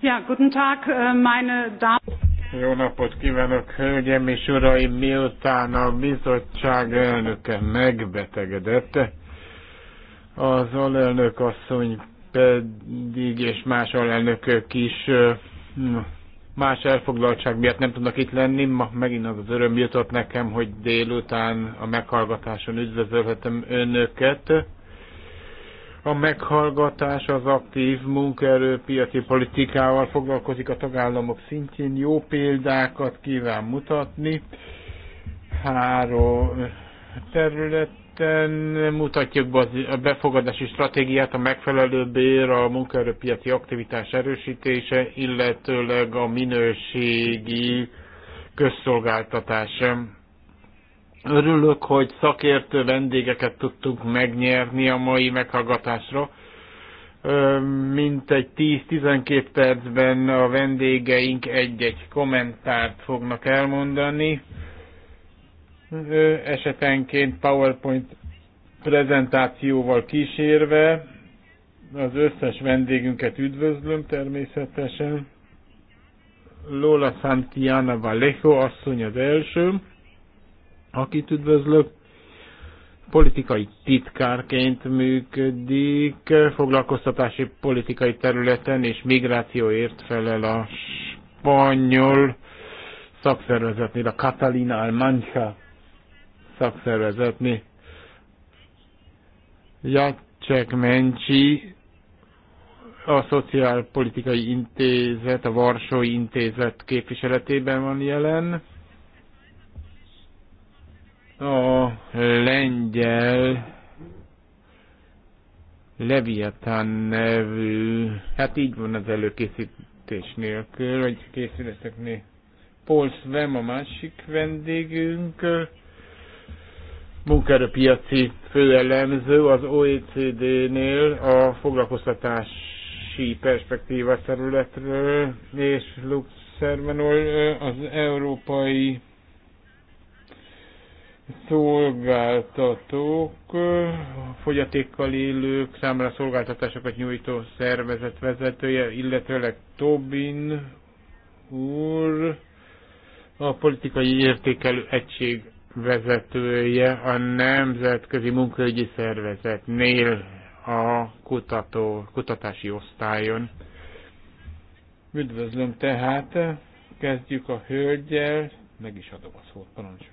Ja, guten Tag, äh, meine Damen. Jó napot kívánok, hölgyem és uraim! Miután a bizottság elnöke megbetegedett, az alelnök asszony pedig, és más alelnökök is más elfoglaltság miatt nem tudnak itt lenni. Ma megint az az öröm jutott nekem, hogy délután a meghallgatáson üdvözölhetem önöket. A meghallgatás az aktív munkaerőpiaci politikával foglalkozik a tagállamok szintjén. Jó példákat kíván mutatni. Három területen mutatjuk be a befogadási stratégiát, a megfelelő bér, a munkaerőpiaci aktivitás erősítése, illetőleg a minőségi közszolgáltatás. Örülök, hogy szakértő vendégeket tudtunk megnyerni a mai meghallgatásra. Mint egy 10-12 percben a vendégeink egy-egy kommentárt fognak elmondani. Esetenként PowerPoint prezentációval kísérve. Az összes vendégünket üdvözlöm természetesen. Lola Santiana Vallejo asszony az első akit üdvözlök. Politikai titkárként működik, foglalkoztatási politikai területen és migrációért felel a spanyol szakszervezetnél, a Catalina Almancha szakszervezetnél. Jacek Mencsi, a Szociálpolitikai Intézet, a Varsói Intézet képviseletében van jelen a lengyel Leviathan nevű, hát így van az előkészítés nélkül, vagy készületek nélkül. Paul Svem a másik vendégünk, munkaerőpiaci főelemző az OECD-nél a foglalkoztatási perspektíva területről, és Lux Szervenol az Európai szolgáltatók, fogyatékkal élők számára szolgáltatásokat nyújtó szervezet vezetője, illetőleg Tobin úr, a politikai értékelő egység vezetője a Nemzetközi Munkaügyi Szervezetnél a kutató, kutatási osztályon. Üdvözlöm tehát, kezdjük a hölgyel, meg is adom a szót, parancsolj.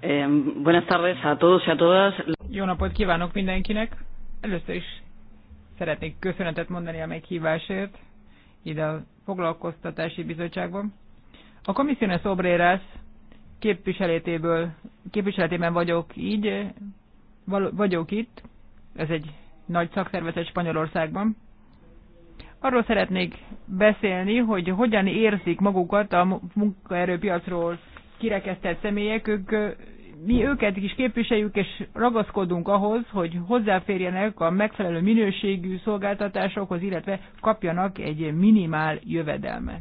Buenas tardes a todos y a todas. Jó napot kívánok mindenkinek! Először is szeretnék köszönetet mondani a meghívásért ide a foglalkoztatási bizottságban. A Comisiones Obreras képviseletéből, képviseletében vagyok így, vagyok itt, ez egy nagy szakszervezet Spanyolországban. Arról szeretnék beszélni, hogy hogyan érzik magukat a munkaerőpiacról kirekesztett személyek, ők, mi őket is képviseljük, és ragaszkodunk ahhoz, hogy hozzáférjenek a megfelelő minőségű szolgáltatásokhoz, illetve kapjanak egy minimál jövedelmet.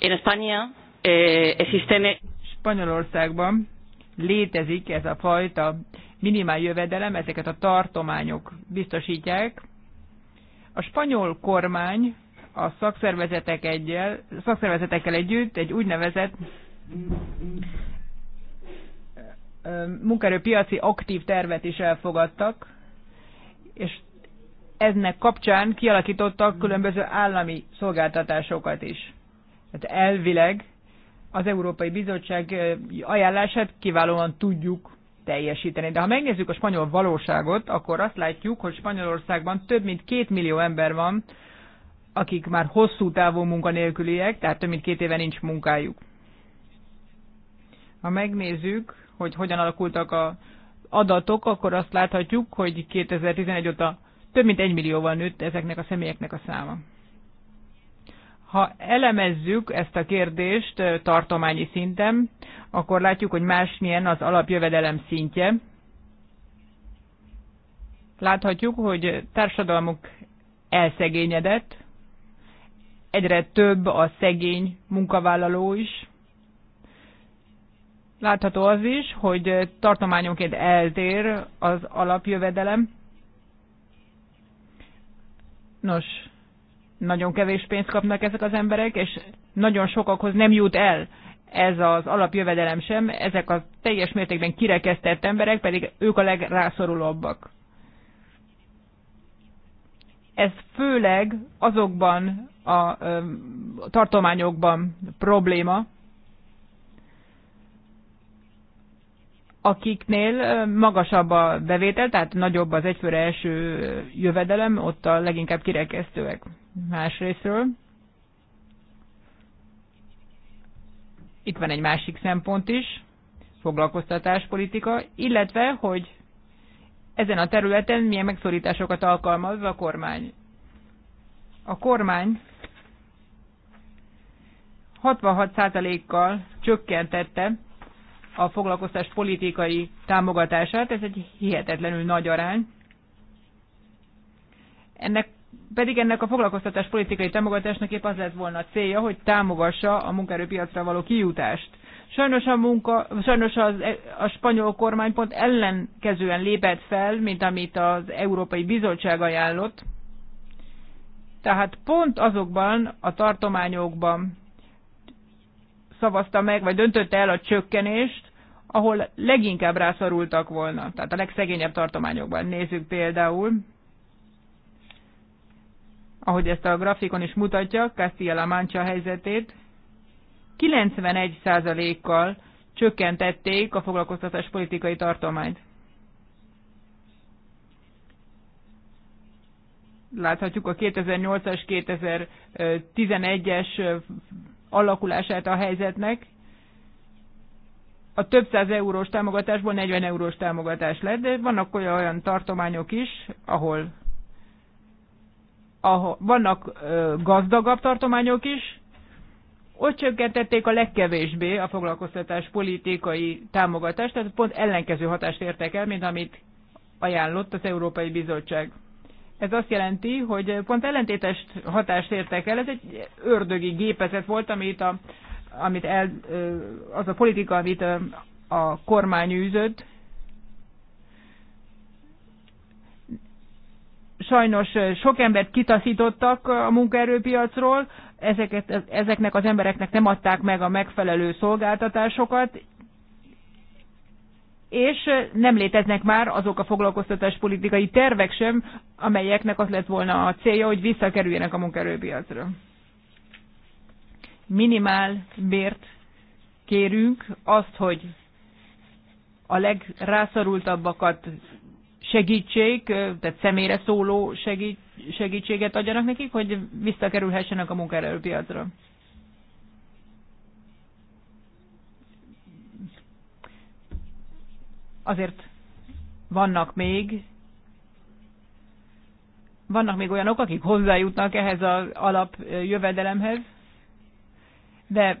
En España eh, existen... Spanyolországban létezik ez a fajta minimál jövedelem, ezeket a tartományok biztosítják. A spanyol kormány a szakszervezetek egyel, szakszervezetekkel együtt egy úgynevezett munkaerőpiaci aktív tervet is elfogadtak, és ennek kapcsán kialakítottak különböző állami szolgáltatásokat is. Tehát elvileg az Európai Bizottság ajánlását kiválóan tudjuk teljesíteni. De ha megnézzük a spanyol valóságot, akkor azt látjuk, hogy Spanyolországban több mint két millió ember van, akik már hosszú távú munkanélküliek, tehát több mint két éve nincs munkájuk. Ha megnézzük, hogy hogyan alakultak a adatok, akkor azt láthatjuk, hogy 2011 óta több mint egy millióval nőtt ezeknek a személyeknek a száma. Ha elemezzük ezt a kérdést tartományi szinten, akkor látjuk, hogy másmilyen az alapjövedelem szintje. Láthatjuk, hogy társadalmuk elszegényedett, egyre több a szegény munkavállaló is. Látható az is, hogy tartományonként eltér az alapjövedelem. Nos, nagyon kevés pénzt kapnak ezek az emberek, és nagyon sokakhoz nem jut el ez az alapjövedelem sem, ezek a teljes mértékben kirekesztett emberek, pedig ők a legrászorulóbbak. Ez főleg azokban a tartományokban probléma, akiknél magasabb a bevétel, tehát nagyobb az egyfőre első jövedelem, ott a leginkább kirekesztőek másrésztről. Itt van egy másik szempont is, foglalkoztatáspolitika, illetve, hogy ezen a területen milyen megszorításokat alkalmaz a kormány. A kormány 66%-kal csökkentette a foglalkoztás politikai támogatását, ez egy hihetetlenül nagy arány. Ennek pedig ennek a foglalkoztatás politikai támogatásnak épp az lett volna a célja, hogy támogassa a munkaerőpiacra való kijutást. Sajnos a, munka, sajnos az, e, a spanyol kormány pont ellenkezően lépett fel, mint amit az Európai Bizottság ajánlott. Tehát pont azokban a tartományokban szavazta meg, vagy döntötte el a csökkenést, ahol leginkább rászorultak volna, tehát a legszegényebb tartományokban. Nézzük például, ahogy ezt a grafikon is mutatja, Castilla-La Mancha helyzetét, 91%-kal csökkentették a foglalkoztatás politikai tartományt. Láthatjuk a 2008-as, 2011-es alakulását a helyzetnek, a több száz eurós támogatásból 40 eurós támogatás lett, de vannak olyan, olyan tartományok is, ahol, ahol vannak ö, gazdagabb tartományok is, ott csökkentették a legkevésbé a foglalkoztatás politikai támogatást, tehát pont ellenkező hatást értek el, mint amit ajánlott az Európai Bizottság. Ez azt jelenti, hogy pont ellentétes hatást értek el, ez egy ördögi gépezet volt, amit a amit el, az a politika, amit a kormány űzött, sajnos sok embert kitaszítottak a munkaerőpiacról, ezeket, ezeknek az embereknek nem adták meg a megfelelő szolgáltatásokat, és nem léteznek már azok a foglalkoztatás politikai tervek sem, amelyeknek az lett volna a célja, hogy visszakerüljenek a munkaerőpiacra minimál bért kérünk, azt, hogy a legrászorultabbakat segítsék, tehát személyre szóló segítséget adjanak nekik, hogy visszakerülhessenek a munkaerőpiacra. Azért vannak még vannak még olyanok, akik hozzájutnak ehhez az alapjövedelemhez, de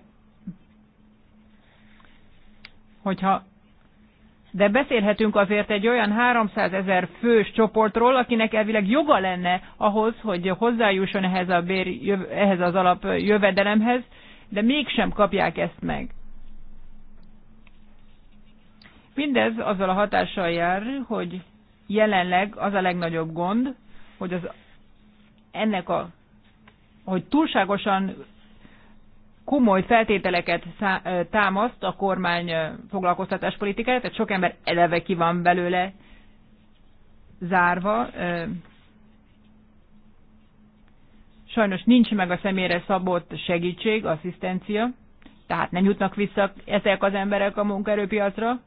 hogyha de beszélhetünk azért egy olyan 300 ezer fős csoportról, akinek elvileg joga lenne ahhoz, hogy hozzájusson ehhez, a bér, ehhez az alap jövedelemhez, de mégsem kapják ezt meg. Mindez azzal a hatással jár, hogy jelenleg az a legnagyobb gond, hogy az ennek a hogy túlságosan komoly feltételeket támaszt a kormány foglalkoztatás politikáját, tehát sok ember eleve ki van belőle zárva. Sajnos nincs meg a személyre szabott segítség, asszisztencia, tehát nem jutnak vissza ezek az emberek a munkaerőpiacra,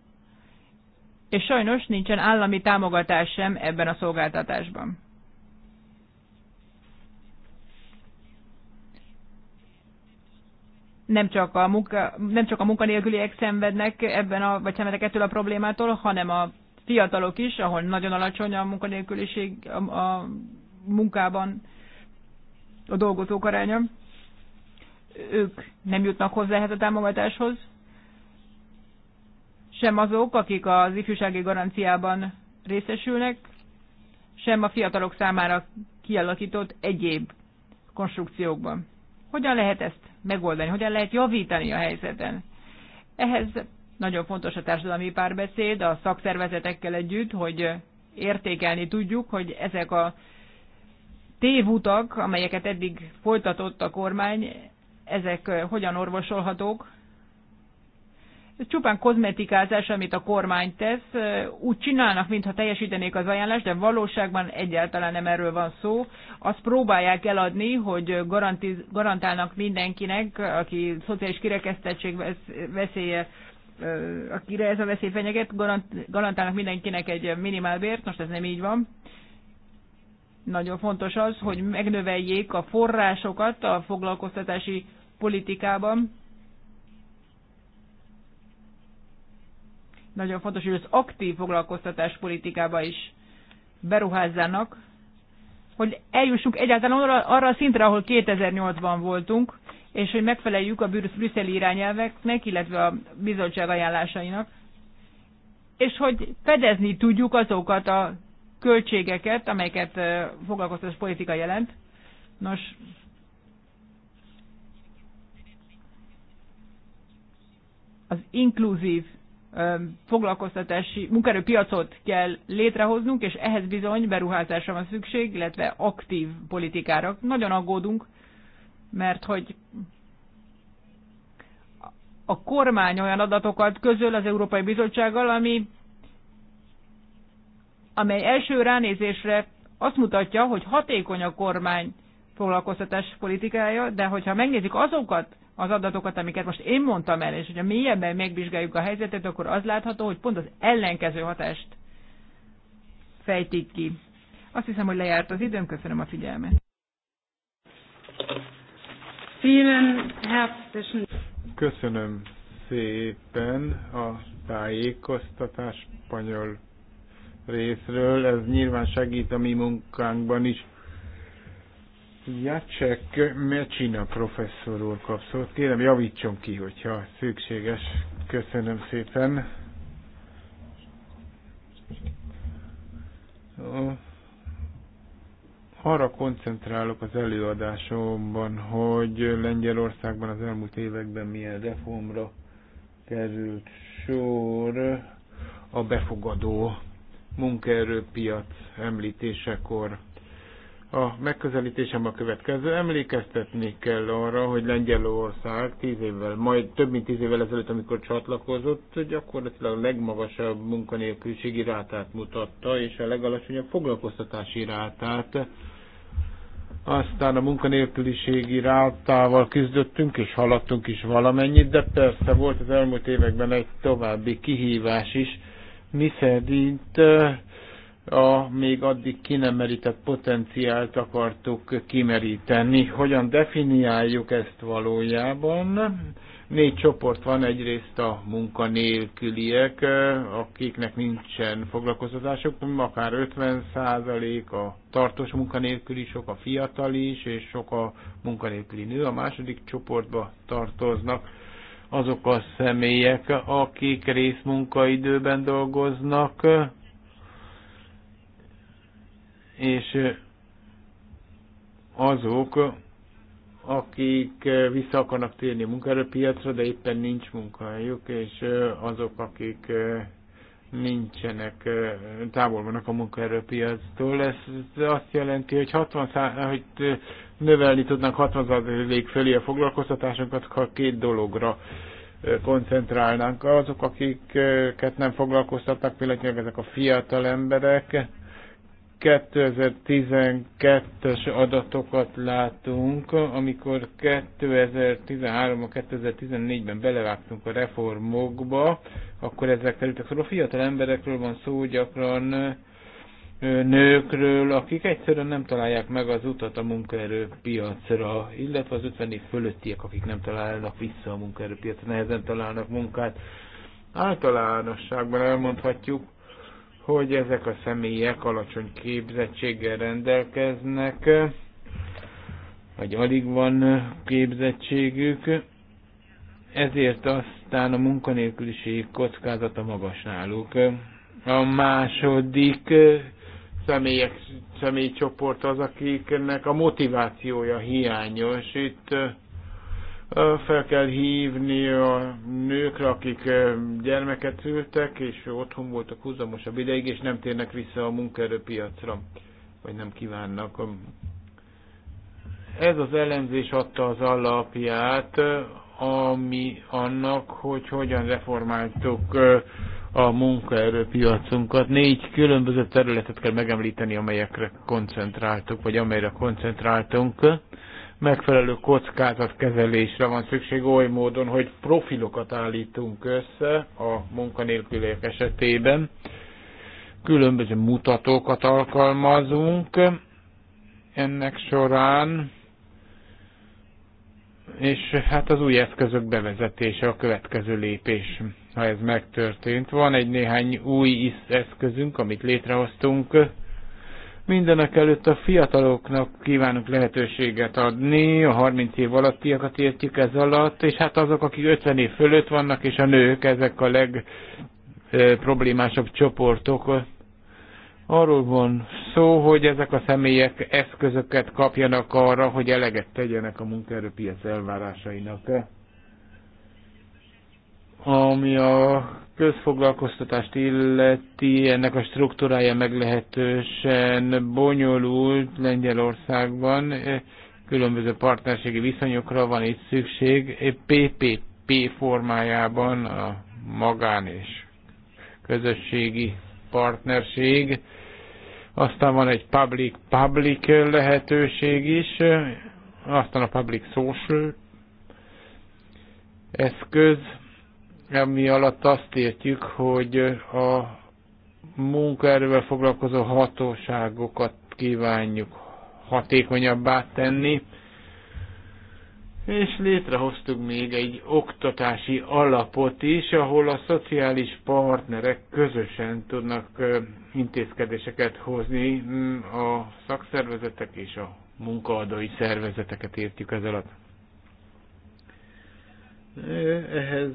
és sajnos nincsen állami támogatás sem ebben a szolgáltatásban. nem csak a, munka, nem csak a munkanélküliek szenvednek ebben a, vagy szenvednek ettől a problémától, hanem a fiatalok is, ahol nagyon alacsony a munkanélküliség a, a munkában a dolgozók aránya. Ők nem jutnak hozzá ehhez a támogatáshoz, sem azok, akik az ifjúsági garanciában részesülnek, sem a fiatalok számára kialakított egyéb konstrukciókban. Hogyan lehet ezt megoldani, hogyan lehet javítani a helyzeten. Ehhez nagyon fontos a társadalmi párbeszéd a szakszervezetekkel együtt, hogy értékelni tudjuk, hogy ezek a tévutak, amelyeket eddig folytatott a kormány, ezek hogyan orvosolhatók, ez csupán kozmetikázás, amit a kormány tesz. Úgy csinálnak, mintha teljesítenék az ajánlást, de valóságban egyáltalán nem erről van szó. Azt próbálják eladni, hogy garantiz, garantálnak mindenkinek, aki szociális kirekesztettség veszélye akire ez a veszély fenyeget, garant, garantálnak mindenkinek egy minimálbért, most ez nem így van. Nagyon fontos az, hogy megnöveljék a forrásokat a foglalkoztatási politikában, Nagyon fontos, hogy az aktív foglalkoztatás politikába is beruházzanak, hogy eljussunk egyáltalán arra, arra a szintre, ahol 2008-ban voltunk, és hogy megfeleljük a brüsszeli irányelveknek, illetve a bizottság ajánlásainak, és hogy fedezni tudjuk azokat a költségeket, amelyeket foglalkoztatás politika jelent. Nos, az inkluzív foglalkoztatási munkerőpiacot kell létrehoznunk, és ehhez bizony beruházásra van szükség, illetve aktív politikára. Nagyon aggódunk, mert hogy a kormány olyan adatokat közöl az Európai Bizottsággal, ami, amely első ránézésre azt mutatja, hogy hatékony a kormány foglalkoztatás politikája, de hogyha megnézik azokat az adatokat, amiket most én mondtam el, és hogyha mélyebben megvizsgáljuk a helyzetet, akkor az látható, hogy pont az ellenkező hatást fejtik ki. Azt hiszem, hogy lejárt az időm, köszönöm a figyelmet. Köszönöm szépen a tájékoztatás spanyol részről. Ez nyilván segít a mi munkánkban is. Jacek Mecsina professzor úr kap szót. Kérem, javítson ki, hogyha szükséges. Köszönöm szépen. Arra koncentrálok az előadásomban, hogy Lengyelországban az elmúlt években milyen reformra került sor a befogadó munkaerőpiac említésekor a megközelítésem a következő. Emlékeztetni kell arra, hogy Lengyelország tíz évvel, majd több mint tíz évvel ezelőtt, amikor csatlakozott, gyakorlatilag a legmagasabb munkanélküliségi rátát mutatta, és a legalacsonyabb foglalkoztatási rátát. Aztán a munkanélküliségi rátával küzdöttünk, és haladtunk is valamennyit, de persze volt az elmúlt években egy további kihívás is, mi szerint a még addig ki nem merített potenciált akartuk kimeríteni. Hogyan definiáljuk ezt valójában? Négy csoport van, egyrészt a munkanélküliek, akiknek nincsen foglalkoztatásuk, akár 50% a tartós munkanélküli, sok a fiatal is, és sok a munkanélküli nő. A második csoportba tartoznak azok a személyek, akik részmunkaidőben dolgoznak, és azok, akik vissza akarnak térni a munkaerőpiacra, de éppen nincs munkahelyük, és azok, akik nincsenek, távol vannak a munkaerőpiactól. Ez azt jelenti, hogy, 60 szá- hogy növelni tudnánk 60% fölé a foglalkoztatásunkat, ha két dologra koncentrálnánk. Azok, akiket nem foglalkoztatnak pillanatnyilag ezek a fiatal emberek, 2012-es adatokat látunk, amikor 2013 2014-ben belevágtunk a reformokba, akkor ezek kerültek. Szóval a fiatal emberekről van szó gyakran, nőkről, akik egyszerűen nem találják meg az utat a munkaerőpiacra, illetve az 50 év fölöttiek, akik nem találnak vissza a munkaerőpiacra, nehezen találnak munkát. Általánosságban elmondhatjuk, hogy ezek a személyek alacsony képzettséggel rendelkeznek, vagy alig van képzettségük, ezért aztán a munkanélküliség kockázata magas náluk. A második személyek, személycsoport az, akiknek a motivációja hiányos. Itt fel kell hívni a nőkre, akik gyermeket szültek, és otthon voltak húzamosabb ideig, és nem térnek vissza a munkaerőpiacra, vagy nem kívánnak. Ez az elemzés adta az alapját, ami annak, hogy hogyan reformáltuk a munkaerőpiacunkat. Négy különböző területet kell megemlíteni, amelyekre koncentráltuk, vagy amelyre koncentráltunk megfelelő kockázatkezelésre van szükség oly módon, hogy profilokat állítunk össze a munkanélküliek esetében, különböző mutatókat alkalmazunk ennek során, és hát az új eszközök bevezetése a következő lépés, ha ez megtörtént. Van egy néhány új eszközünk, amit létrehoztunk, Mindenek előtt a fiataloknak kívánunk lehetőséget adni, a 30 év alattiakat értjük ez alatt, és hát azok, akik 50 év fölött vannak, és a nők, ezek a legproblémásabb csoportok. Arról van szó, hogy ezek a személyek eszközöket kapjanak arra, hogy eleget tegyenek a munkaerőpiac elvárásainak. Ami a közfoglalkoztatást illeti, ennek a struktúrája meglehetősen bonyolult Lengyelországban, különböző partnerségi viszonyokra van itt szükség, PPP formájában a magán és közösségi partnerség, aztán van egy public-public lehetőség is, aztán a public social eszköz, ami alatt azt értjük, hogy a munkaerővel foglalkozó hatóságokat kívánjuk hatékonyabbá tenni, és létrehoztuk még egy oktatási alapot is, ahol a szociális partnerek közösen tudnak intézkedéseket hozni, mm, a szakszervezetek és a munkaadói szervezeteket értjük ez alatt. Ehhez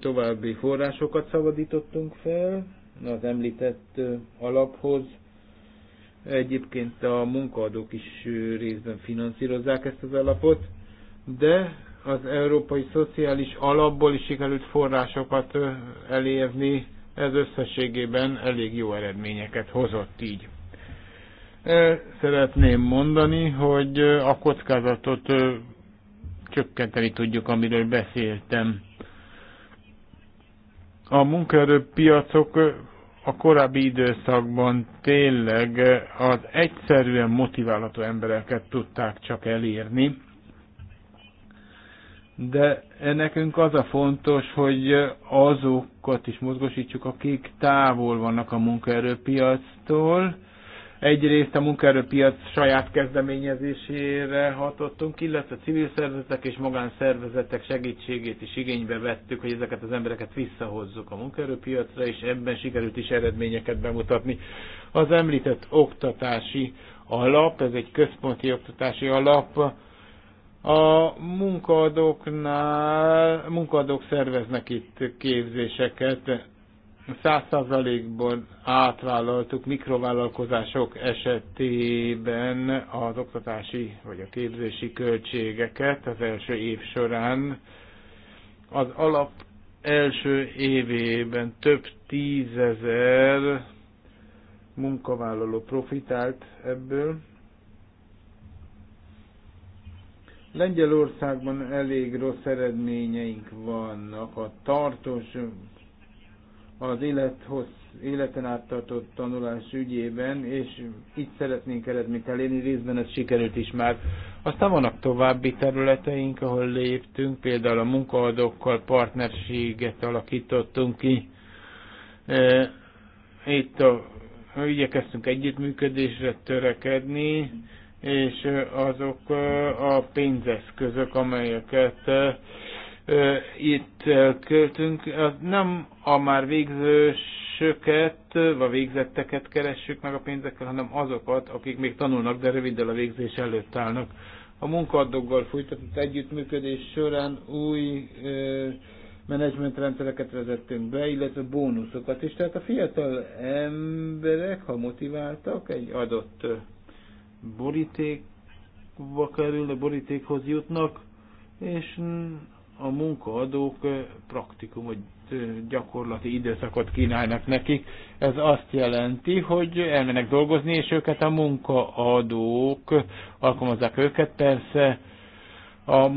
további forrásokat szabadítottunk fel az említett alaphoz. Egyébként a munkaadók is részben finanszírozzák ezt az alapot, de az Európai Szociális Alapból is sikerült forrásokat elérni, ez összességében elég jó eredményeket hozott így. Szeretném mondani, hogy a kockázatot csökkenteni tudjuk, amiről beszéltem. A munkaerőpiacok a korábbi időszakban tényleg az egyszerűen motiválható embereket tudták csak elérni. De nekünk az a fontos, hogy azokat is mozgosítsuk, akik távol vannak a munkaerőpiactól, Egyrészt a munkaerőpiac saját kezdeményezésére hatottunk, illetve civil szervezetek és magánszervezetek segítségét is igénybe vettük, hogy ezeket az embereket visszahozzuk a munkaerőpiacra, és ebben sikerült is eredményeket bemutatni. Az említett oktatási alap, ez egy központi oktatási alap, a munkadóknál, munkadók szerveznek itt képzéseket, százszázalékban átvállaltuk mikrovállalkozások esetében az oktatási vagy a képzési költségeket az első év során. Az alap első évében több tízezer munkavállaló profitált ebből. Lengyelországban elég rossz eredményeink vannak. A tartós az élethoz, életen áttartott tanulás ügyében, és itt szeretnénk eredményt elérni, részben ez sikerült is már. Aztán vannak további területeink, ahol léptünk, például a munkaadókkal partnerséget alakítottunk ki. E, itt a, igyekeztünk együttműködésre törekedni, és azok e, a pénzeszközök, amelyeket e, itt költünk, nem a már végzősöket, vagy végzetteket keressük meg a pénzekkel, hanem azokat, akik még tanulnak, de röviddel a végzés előtt állnak. A munkaadókkal folytatott együttműködés során új menedzsmentrendszereket vezettünk be, illetve bónuszokat is. Tehát a fiatal emberek, ha motiváltak, egy adott borítékba kerülnek, a borítékhoz jutnak, és a munkaadók praktikumot, gyakorlati időszakot kínálnak nekik. Ez azt jelenti, hogy elmennek dolgozni, és őket a munkaadók alkalmazzák őket. Persze a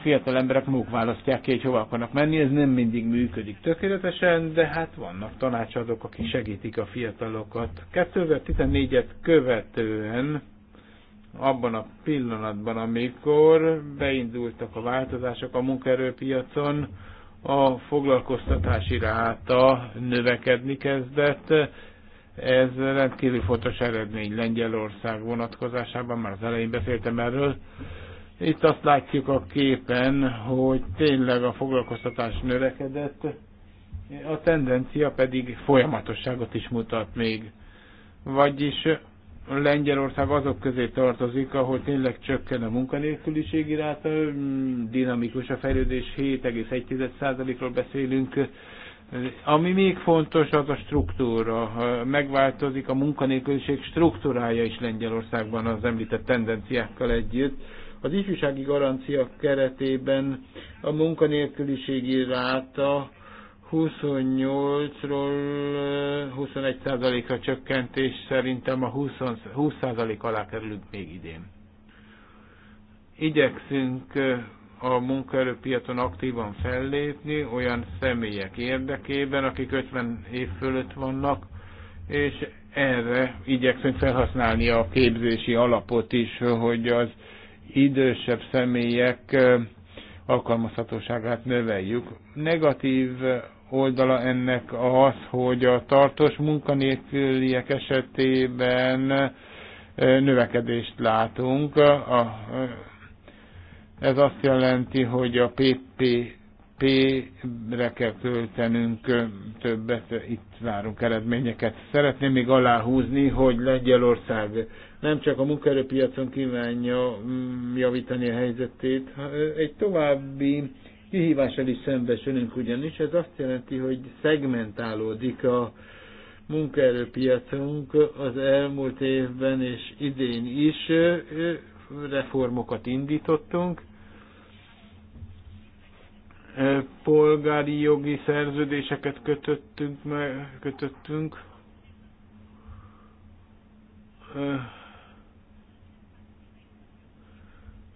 fiatal emberek maguk választják ki, hogy hova akarnak menni, ez nem mindig működik tökéletesen, de hát vannak tanácsadók, akik segítik a fiatalokat. 2014-et követően abban a pillanatban, amikor beindultak a változások a munkaerőpiacon, a foglalkoztatási ráta növekedni kezdett. Ez rendkívül fontos eredmény Lengyelország vonatkozásában, már az elején beszéltem erről. Itt azt látjuk a képen, hogy tényleg a foglalkoztatás növekedett, a tendencia pedig folyamatosságot is mutat még. Vagyis Lengyelország azok közé tartozik, ahol tényleg csökken a munkanélküliség iráta, mm, dinamikus a fejlődés, 7,1%-ról beszélünk. Ami még fontos, az a struktúra. Megváltozik a munkanélküliség struktúrája is Lengyelországban az említett tendenciákkal együtt. Az ifjúsági garancia keretében a munkanélküliség iráta 28-ról 21%-ra eh, csökkentés szerintem a 20, 20% alá kerülünk még idén. Igyekszünk eh, a munkaerőpiacon aktívan fellépni olyan személyek érdekében, akik 50 év fölött vannak, és erre igyekszünk felhasználni a képzési alapot is, hogy az idősebb személyek eh, alkalmazhatóságát növeljük. Negatív oldala ennek az, hogy a tartós munkanélküliek esetében növekedést látunk. Ez azt jelenti, hogy a PPP-re kell költenünk többet, itt várunk eredményeket. Szeretném még aláhúzni, hogy Lengyelország nem csak a munkaerőpiacon kívánja mm, javítani a helyzetét, egy további kihívással is szembesülünk ugyanis. Ez azt jelenti, hogy szegmentálódik a munkaerőpiacunk az elmúlt évben és idén is reformokat indítottunk. Polgári jogi szerződéseket kötöttünk, kötöttünk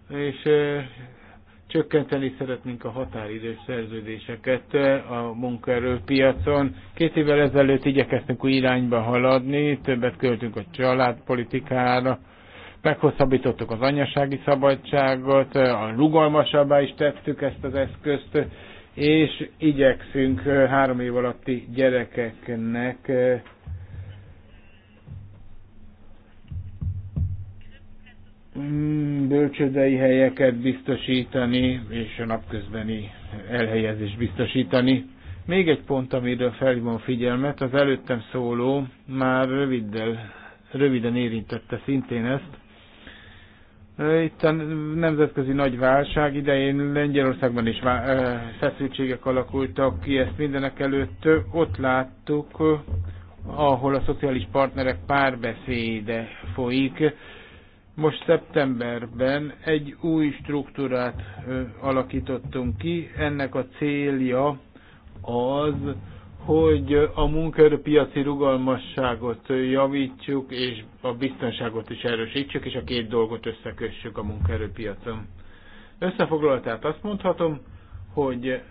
és Csökkenteni szeretnénk a határidős szerződéseket eh, a munkaerőpiacon. Két évvel ezelőtt igyekeztünk új irányba haladni, többet költünk a családpolitikára, meghosszabbítottuk az anyasági szabadságot, eh, a rugalmasabbá is tettük ezt az eszközt, és igyekszünk eh, három év alatti gyerekeknek Mm, bölcsődei helyeket biztosítani, és a napközbeni elhelyezést biztosítani. Még egy pont, amiről felhívom figyelmet, az előttem szóló már röviddel, röviden érintette szintén ezt. Itt a nemzetközi nagy válság idején Lengyelországban is feszültségek alakultak ki, ezt mindenek előtt ott láttuk, ahol a szociális partnerek párbeszéde folyik, most szeptemberben egy új struktúrát alakítottunk ki. Ennek a célja az, hogy a munkaerőpiaci rugalmasságot javítsuk, és a biztonságot is erősítsük, és a két dolgot összekössük a munkaerőpiacon. Összefoglaltát azt mondhatom, hogy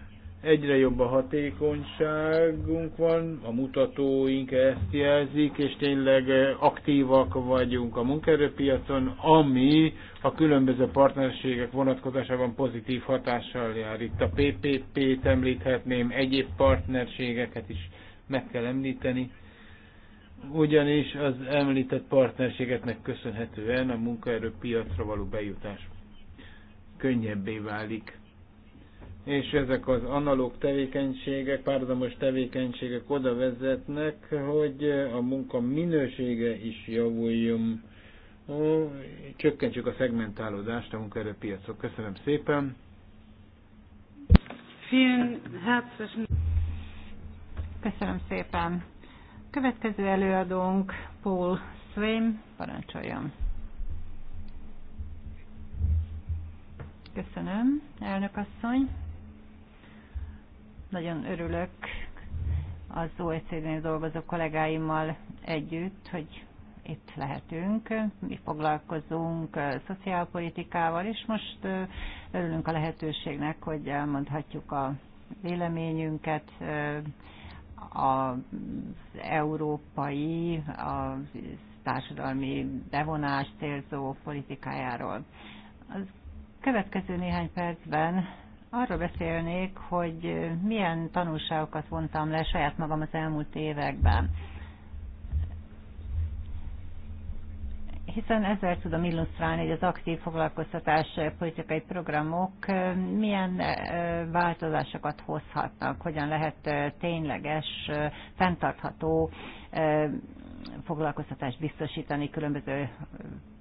Egyre jobb a hatékonyságunk van, a mutatóink ezt jelzik, és tényleg eh, aktívak vagyunk a munkaerőpiacon, ami a különböző partnerségek vonatkozásában pozitív hatással jár. Itt a PPP-t említhetném, egyéb partnerségeket is meg kell említeni ugyanis az említett partnerségeknek köszönhetően a munkaerőpiacra való bejutás könnyebbé válik és ezek az analóg tevékenységek, párhuzamos tevékenységek oda vezetnek, hogy a munka minősége is javuljon. Csökkentsük a szegmentálódást a munkaerőpiacok. Köszönöm szépen! Köszönöm szépen! Következő előadónk Paul Swain, parancsoljon! Köszönöm, elnök asszony! Nagyon örülök az OECD-nél dolgozó kollégáimmal együtt, hogy itt lehetünk, mi foglalkozunk szociálpolitikával, és most örülünk a lehetőségnek, hogy elmondhatjuk a véleményünket, az európai, a társadalmi bevonást célzó politikájáról. Az következő néhány percben arra beszélnék, hogy milyen tanulságokat vontam le saját magam az elmúlt években. hiszen ezzel tudom illusztrálni, hogy az aktív foglalkoztatás politikai programok milyen változásokat hozhatnak, hogyan lehet tényleges, fenntartható foglalkoztatást biztosítani különböző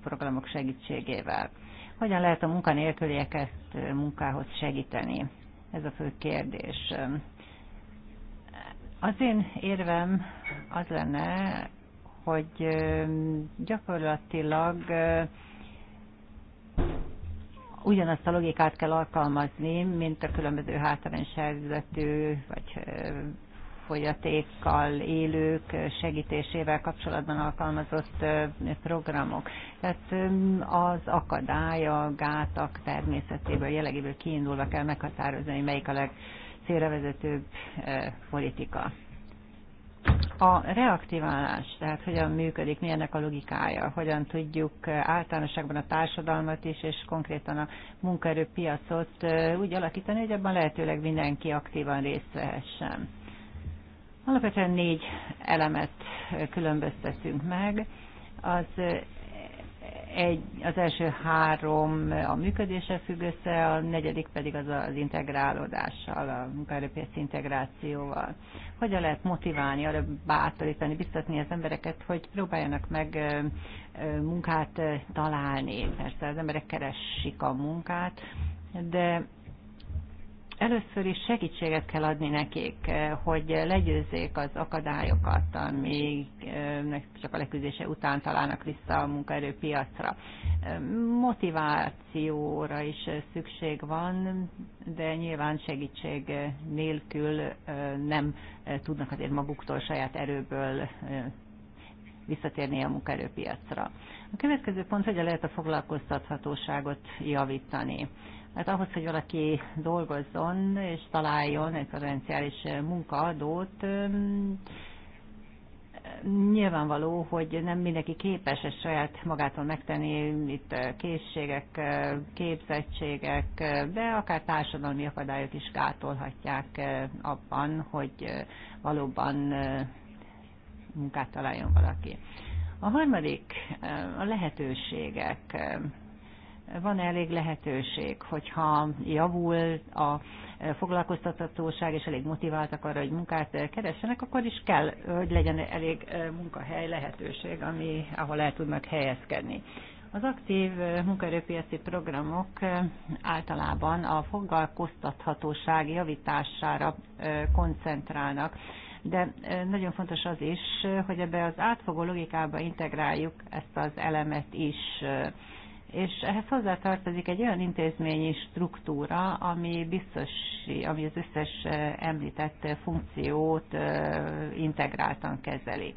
programok segítségével. Hogyan lehet a munkanélkülieket munkához segíteni? Ez a fő kérdés. Az én érvem az lenne, hogy gyakorlatilag ugyanazt a logikát kell alkalmazni, mint a különböző hátrányos helyzetű vagy fogyatékkal élők segítésével kapcsolatban alkalmazott programok. Tehát az akadály, a gátak természetéből, jellegéből kiindulva kell meghatározni, hogy melyik a legszélrevezetőbb politika. A reaktiválás, tehát hogyan működik, milyennek a logikája, hogyan tudjuk általánosságban a társadalmat is, és konkrétan a munkaerőpiacot úgy alakítani, hogy abban lehetőleg mindenki aktívan részt vehessen. Alapvetően négy elemet különböztetünk meg. Az egy, az első három a működése függ össze, a negyedik pedig az az integrálódással, a munkaerőpiac integrációval. Hogyan lehet motiválni, arra bátorítani, biztatni az embereket, hogy próbáljanak meg munkát találni. Persze az emberek keresik a munkát, de Először is segítséget kell adni nekik, eh, hogy legyőzzék az akadályokat, amiknek eh, csak a leküzdése után találnak vissza a munkaerőpiacra. Eh, motivációra is szükség van, de nyilván segítség nélkül nem tudnak azért maguktól saját erőből visszatérni a munkaerőpiacra. A következő pont, hogy lehet a foglalkoztathatóságot javítani. Hát ahhoz, hogy valaki dolgozzon és találjon egy potenciális munkaadót, nyilvánvaló, hogy nem mindenki képes ezt saját magától megtenni, itt készségek, képzettségek, de akár társadalmi akadályok is gátolhatják abban, hogy valóban munkát találjon valaki. A harmadik a lehetőségek van -e elég lehetőség, hogyha javul a e, foglalkoztatatóság, és elég motiváltak arra, hogy munkát e, keressenek, akkor is kell, hogy legyen elég e, munkahely lehetőség, ami, ahol el tudnak helyezkedni. Az aktív munkaerőpiaci programok általában a foglalkoztathatóság javítására koncentrálnak, de nagyon fontos az is, hogy ebbe az átfogó logikába integráljuk ezt az elemet is, és ehhez hozzátartozik egy olyan intézményi struktúra, ami biztos, ami az összes említett funkciót integráltan kezeli.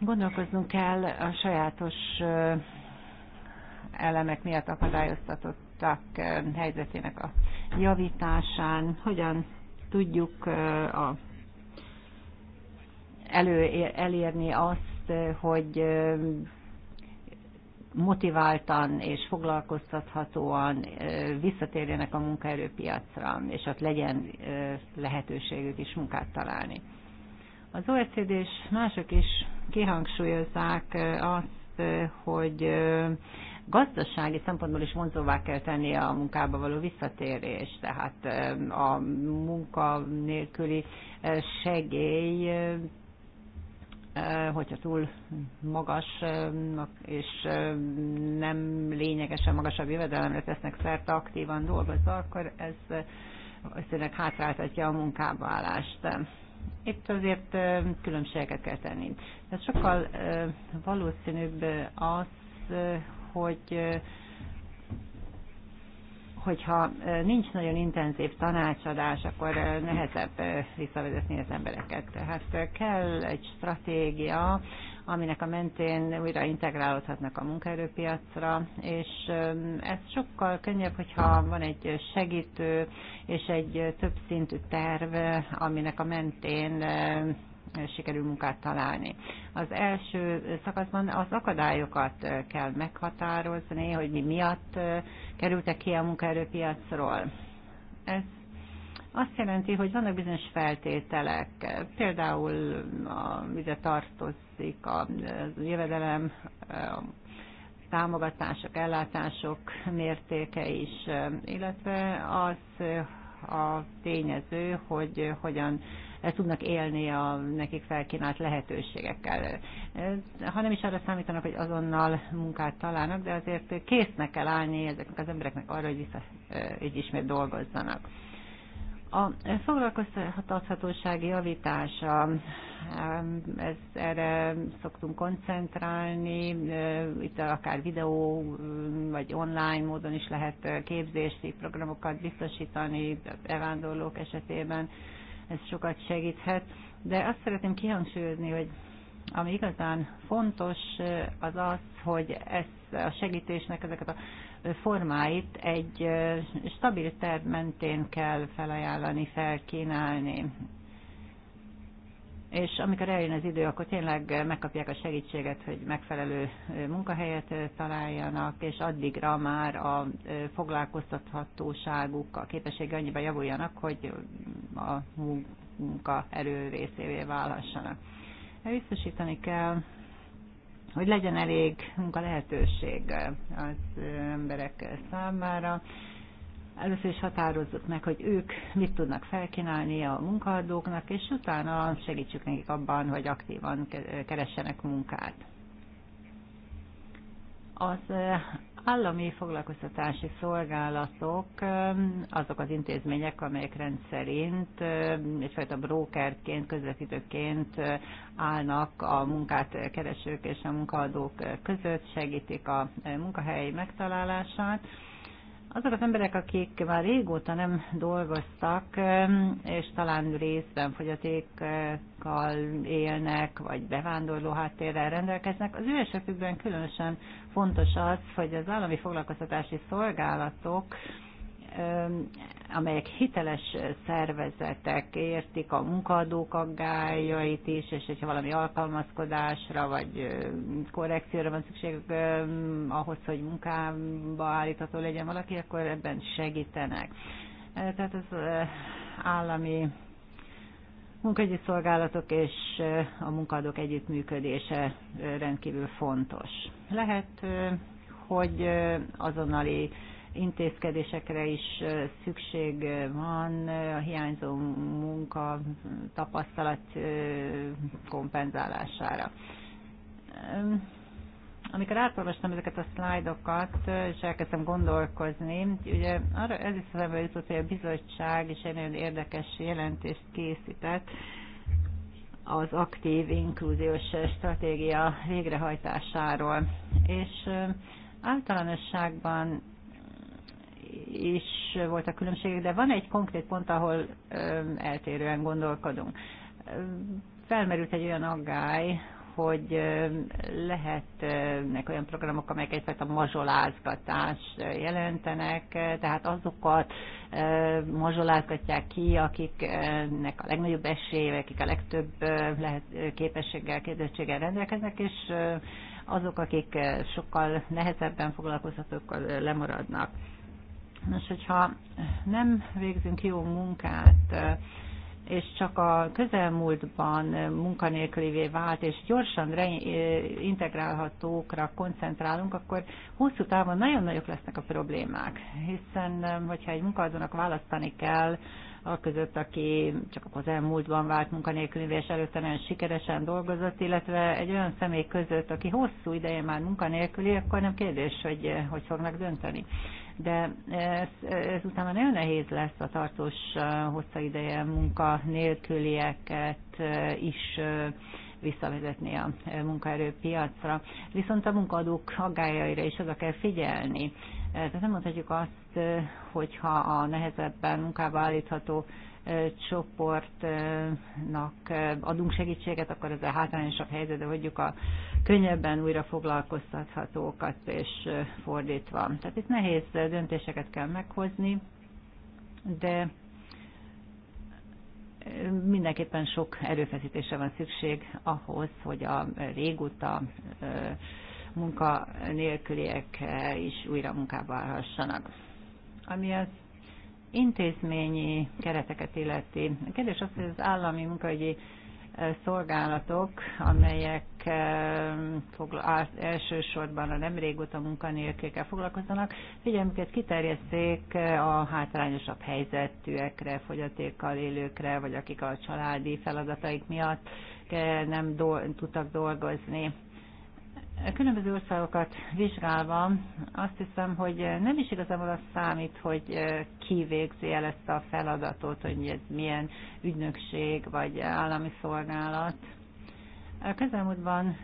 Gondolkoznunk kell a sajátos elemek miatt akadályoztatottak helyzetének a javításán, hogyan tudjuk a, elő, elérni azt, hogy motiváltan és foglalkoztathatóan visszatérjenek a munkaerőpiacra, és ott legyen lehetőségük is munkát találni. Az OECD és mások is kihangsúlyozzák azt, hogy gazdasági szempontból is vonzóvá kell tenni a munkába való visszatérés, tehát a munka nélküli segély hogyha túl magas és nem lényegesen magasabb jövedelemre tesznek szert, aktívan dolgozva, akkor ez valószínűleg hátráltatja a munkába állást. Itt azért különbségeket kell tenni. Ez sokkal valószínűbb az, hogy hogyha nincs nagyon intenzív tanácsadás, akkor nehezebb visszavezetni az embereket. Tehát kell egy stratégia, aminek a mentén újra integrálódhatnak a munkaerőpiacra, és ez sokkal könnyebb, hogyha van egy segítő és egy többszintű terv, aminek a mentén sikerül munkát találni. Az első szakaszban az akadályokat kell meghatározni, hogy mi miatt kerültek ki a munkaerőpiacról. Ez azt jelenti, hogy vannak bizonyos feltételek, például a, ide tartozik a, a jövedelem, a támogatások, ellátások mértéke is, illetve az a tényező, hogy hogyan tudnak élni a nekik felkínált lehetőségekkel. Ha nem is arra számítanak, hogy azonnal munkát találnak, de azért késznek kell állni ezeknek az embereknek arra, hogy, vissza, egy ismét dolgozzanak. A foglalkoztathatósági javítása, ez, erre szoktunk koncentrálni, itt akár videó vagy online módon is lehet képzési programokat biztosítani evándorlók esetében ez sokat segíthet, de azt szeretném kihangsúlyozni, hogy ami igazán fontos, eh, az az, hogy ezt a segítésnek ezeket a eh, formáit egy eh, stabil terv mentén kell felajánlani, felkínálni és amikor eljön az idő, akkor tényleg megkapják a segítséget, hogy megfelelő munkahelyet találjanak, és addigra már a foglalkoztathatóságuk, a képessége annyiba javuljanak, hogy a erő részévé válhassanak. Biztosítani kell, hogy legyen elég munka lehetőség az emberek számára, Először is határozzuk meg, hogy ők mit tudnak felkínálni a munkahadóknak, és utána segítsük nekik abban, hogy aktívan keressenek munkát. Az állami foglalkoztatási szolgálatok azok az intézmények, amelyek rendszerint egyfajta brókerként, közvetítőként állnak a munkát keresők és a munkahadók között, segítik a munkahely megtalálását azok az emberek, akik már régóta nem dolgoztak, és talán részben fogyatékkal élnek, vagy bevándorló háttérrel rendelkeznek, az ő esetükben különösen fontos az, hogy az állami foglalkoztatási szolgálatok amelyek hiteles szervezetek értik a munkaadók aggájait is, és hogyha valami alkalmazkodásra vagy korrekcióra van szükség ahhoz, hogy munkába állítható legyen valaki, akkor ebben segítenek. Tehát az állami munkaügyi szolgálatok és a munkadók együttműködése rendkívül fontos. Lehet, hogy azonnali intézkedésekre is szükség van, a hiányzó munka tapasztalat kompenzálására. Amikor átolvastam ezeket a szlájdokat, és elkezdtem gondolkozni, ugye arra ez is szembe jutott, hogy a bizottság is egy nagyon érdekes jelentést készített, az aktív inkluziós stratégia végrehajtásáról. És általánosságban is voltak különbségek, de van egy konkrét pont, ahol eltérően gondolkodunk. Felmerült egy olyan aggály, hogy lehetnek olyan programok, amelyek egyfajta mazsolázgatást jelentenek, tehát azokat mazsolázgatják ki, akiknek a legnagyobb esélye, akik a legtöbb lehet, képességgel, képzettséggel rendelkeznek, és azok, akik sokkal nehezebben foglalkozhatók, lemaradnak. Nos, hogyha nem végzünk jó munkát, és csak a közelmúltban munkanélkülévé vált, és gyorsan integrálhatókra koncentrálunk, akkor hosszú távon nagyon nagyok lesznek a problémák, hiszen hogyha egy munkahadónak választani kell, a között, aki csak az elmúltban vált munkanélkülvé, és előtte nagyon sikeresen dolgozott, illetve egy olyan személy között, aki hosszú ideje már munkanélküli, akkor nem kérdés, hogy hogy fognak dönteni. De ez, ez utána nagyon nehéz lesz a tartós ideje munkanélkülieket is visszavezetni a munkaerőpiacra. Viszont a munkaadók aggájaira is oda kell figyelni. Tehát nem mondhatjuk azt, hogyha a nehezebben munkába állítható csoportnak adunk segítséget, akkor ezzel hátrányosabb de vagyjuk a könnyebben újra foglalkoztathatókat, és fordítva. Tehát itt nehéz döntéseket kell meghozni, de mindenképpen sok erőfeszítésre van szükség ahhoz, hogy a régóta munkanélküliek eh, is újra munkába állhassanak. Ami az intézményi kereteket illeti. A kérdés az, hogy az állami munkahogyi eh, szolgálatok, amelyek eh, elsősorban a nem régóta munkanélkülkel foglalkoznak, figyelmüket kiterjeszték a hátrányosabb helyzetűekre, fogyatékkal élőkre, vagy akik a családi feladataik miatt nem do- tudtak dolgozni különböző országokat vizsgálva azt hiszem, hogy nem is igazából az számít, hogy ki végzi el ezt a feladatot, hogy ez milyen ügynökség vagy állami szolgálat. Közelmúltban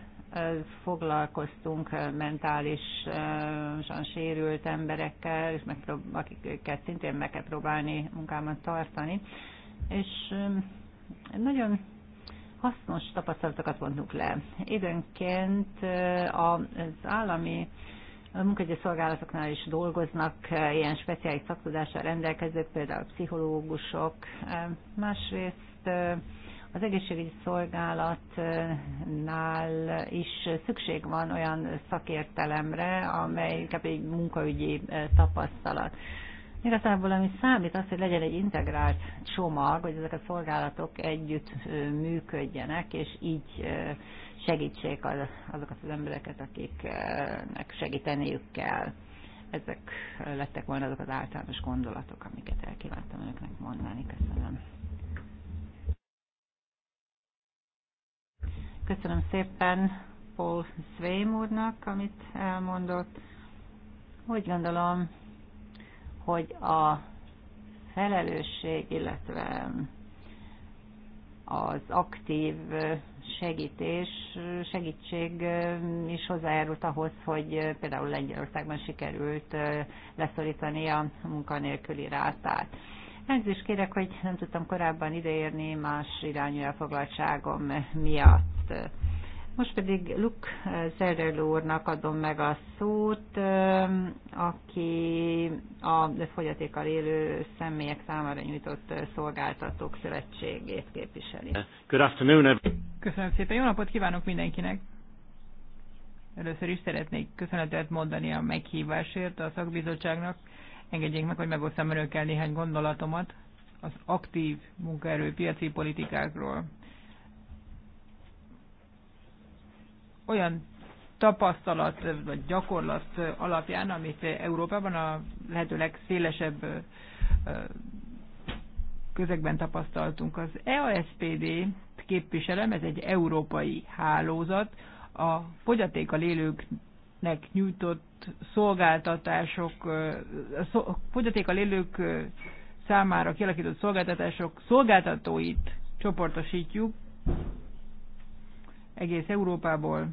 foglalkoztunk mentálisan sérült emberekkel, és akiket szintén meg kell próbálni munkámat tartani. És nagyon hasznos tapasztalatokat vontunk le. Időnként az állami munkahelyi szolgálatoknál is dolgoznak ilyen speciális szaktudással rendelkezők, például pszichológusok. Másrészt az egészségügyi szolgálatnál is szükség van olyan szakértelemre, amely inkább egy munkaügyi tapasztalat. Igazából ami számít az, hogy legyen egy integrált csomag, hogy ezek a szolgálatok együtt működjenek, és így segítsék az, azokat az embereket, akiknek segíteniük kell. Ezek lettek volna azok az általános gondolatok, amiket el önöknek mondani. Köszönöm. Köszönöm szépen Paul Swaim úrnak, amit elmondott. Úgy gondolom, hogy a felelősség, illetve az aktív segítés, segítség is hozzájárult ahhoz, hogy például Lengyelországban sikerült leszorítani a munkanélküli rátát. is kérek, hogy nem tudtam korábban ideérni más irányú elfoglaltságom miatt. Most pedig Luk Zellerló úrnak adom meg a szót, aki a fogyatékkal élő személyek számára nyújtott szolgáltatók szövetségét képviseli. Good afternoon. Köszönöm szépen, jó napot kívánok mindenkinek! Először is szeretnék köszönetet mondani a meghívásért a szakbizottságnak. Engedjék meg, hogy megosztam önökkel néhány gondolatomat az aktív munkaerőpiaci politikákról. olyan tapasztalat vagy gyakorlat alapján, amit Európában a lehető legszélesebb közegben tapasztaltunk. Az EASPD képviselem, ez egy európai hálózat, a fogyatékkal élőknek nyújtott szolgáltatások, a fogyatékkal élők számára kialakított szolgáltatások szolgáltatóit csoportosítjuk egész Európából.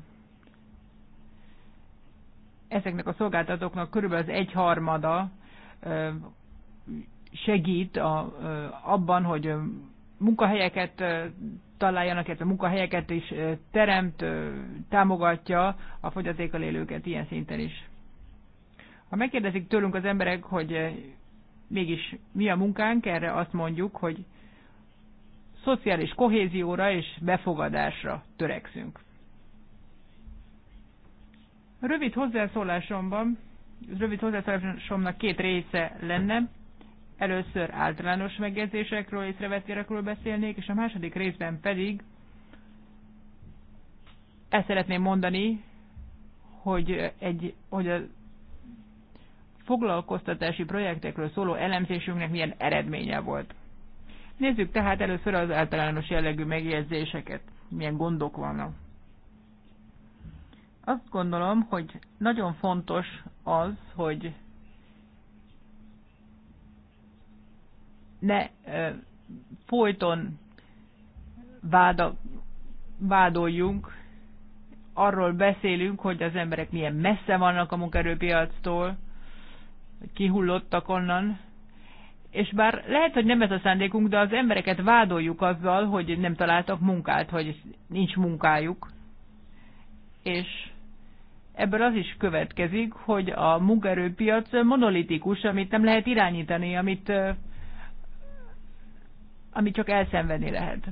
Ezeknek a szolgáltatóknak körülbelül az egyharmada segít a, abban, hogy munkahelyeket találjanak, illetve munkahelyeket is teremt, támogatja a fogyatékkal élőket ilyen szinten is. Ha megkérdezik tőlünk az emberek, hogy mégis mi a munkánk, erre azt mondjuk, hogy szociális kohézióra és befogadásra törekszünk. Rövid hozzászólásomban, rövid hozzászólásomnak két része lenne. Először általános megjegyzésekről, észrevetérekről beszélnék, és a második részben pedig ezt szeretném mondani, hogy, egy, hogy a foglalkoztatási projektekről szóló elemzésünknek milyen eredménye volt. Nézzük tehát először az általános jellegű megjegyzéseket, milyen gondok vannak. Azt gondolom, hogy nagyon fontos az, hogy ne folyton váda, vádoljunk, arról beszélünk, hogy az emberek milyen messze vannak a munkaerőpiactól, kihullottak onnan, és bár lehet, hogy nem ez a szándékunk, de az embereket vádoljuk azzal, hogy nem találtak munkát, hogy nincs munkájuk. És ebből az is következik, hogy a munkaerőpiac monolitikus, amit nem lehet irányítani, amit, amit csak elszenvedni lehet.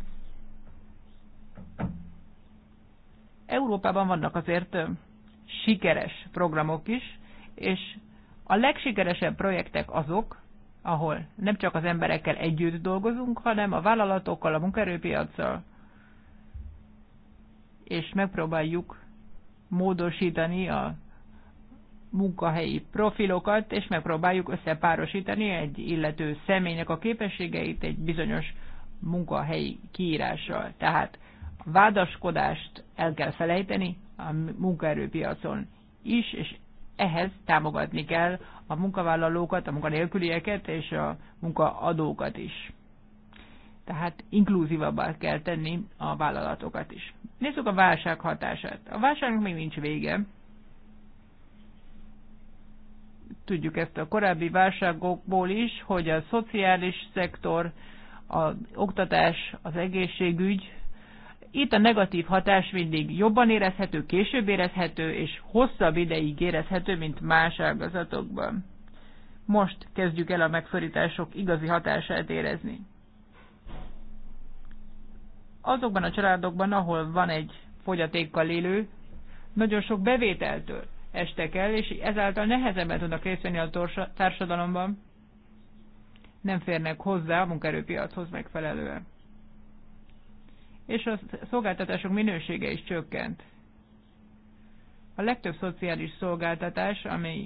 Európában vannak azért sikeres programok is, és a legsikeresebb projektek azok, ahol nem csak az emberekkel együtt dolgozunk, hanem a vállalatokkal, a munkaerőpiacsal, és megpróbáljuk módosítani a munkahelyi profilokat, és megpróbáljuk összepárosítani egy illető személynek a képességeit egy bizonyos munkahelyi kiírással. Tehát a vádaskodást el kell felejteni a munkaerőpiacon is, és ehhez támogatni kell a munkavállalókat, a munkanélkülieket és a munkaadókat is. Tehát inkluzívabbá kell tenni a vállalatokat is. Nézzük a válság hatását. A válságnak még nincs vége. Tudjuk ezt a korábbi válságokból is, hogy a szociális szektor, az oktatás, az egészségügy itt a negatív hatás mindig jobban érezhető, később érezhető, és hosszabb ideig érezhető, mint más ágazatokban. Most kezdjük el a megszorítások igazi hatását érezni. Azokban a családokban, ahol van egy fogyatékkal élő, nagyon sok bevételtől estek el, és ezáltal nehezebben tudnak részt venni a társadalomban. Nem férnek hozzá a munkaerőpiachoz megfelelően és a szolgáltatások minősége is csökkent. A legtöbb szociális szolgáltatás, amely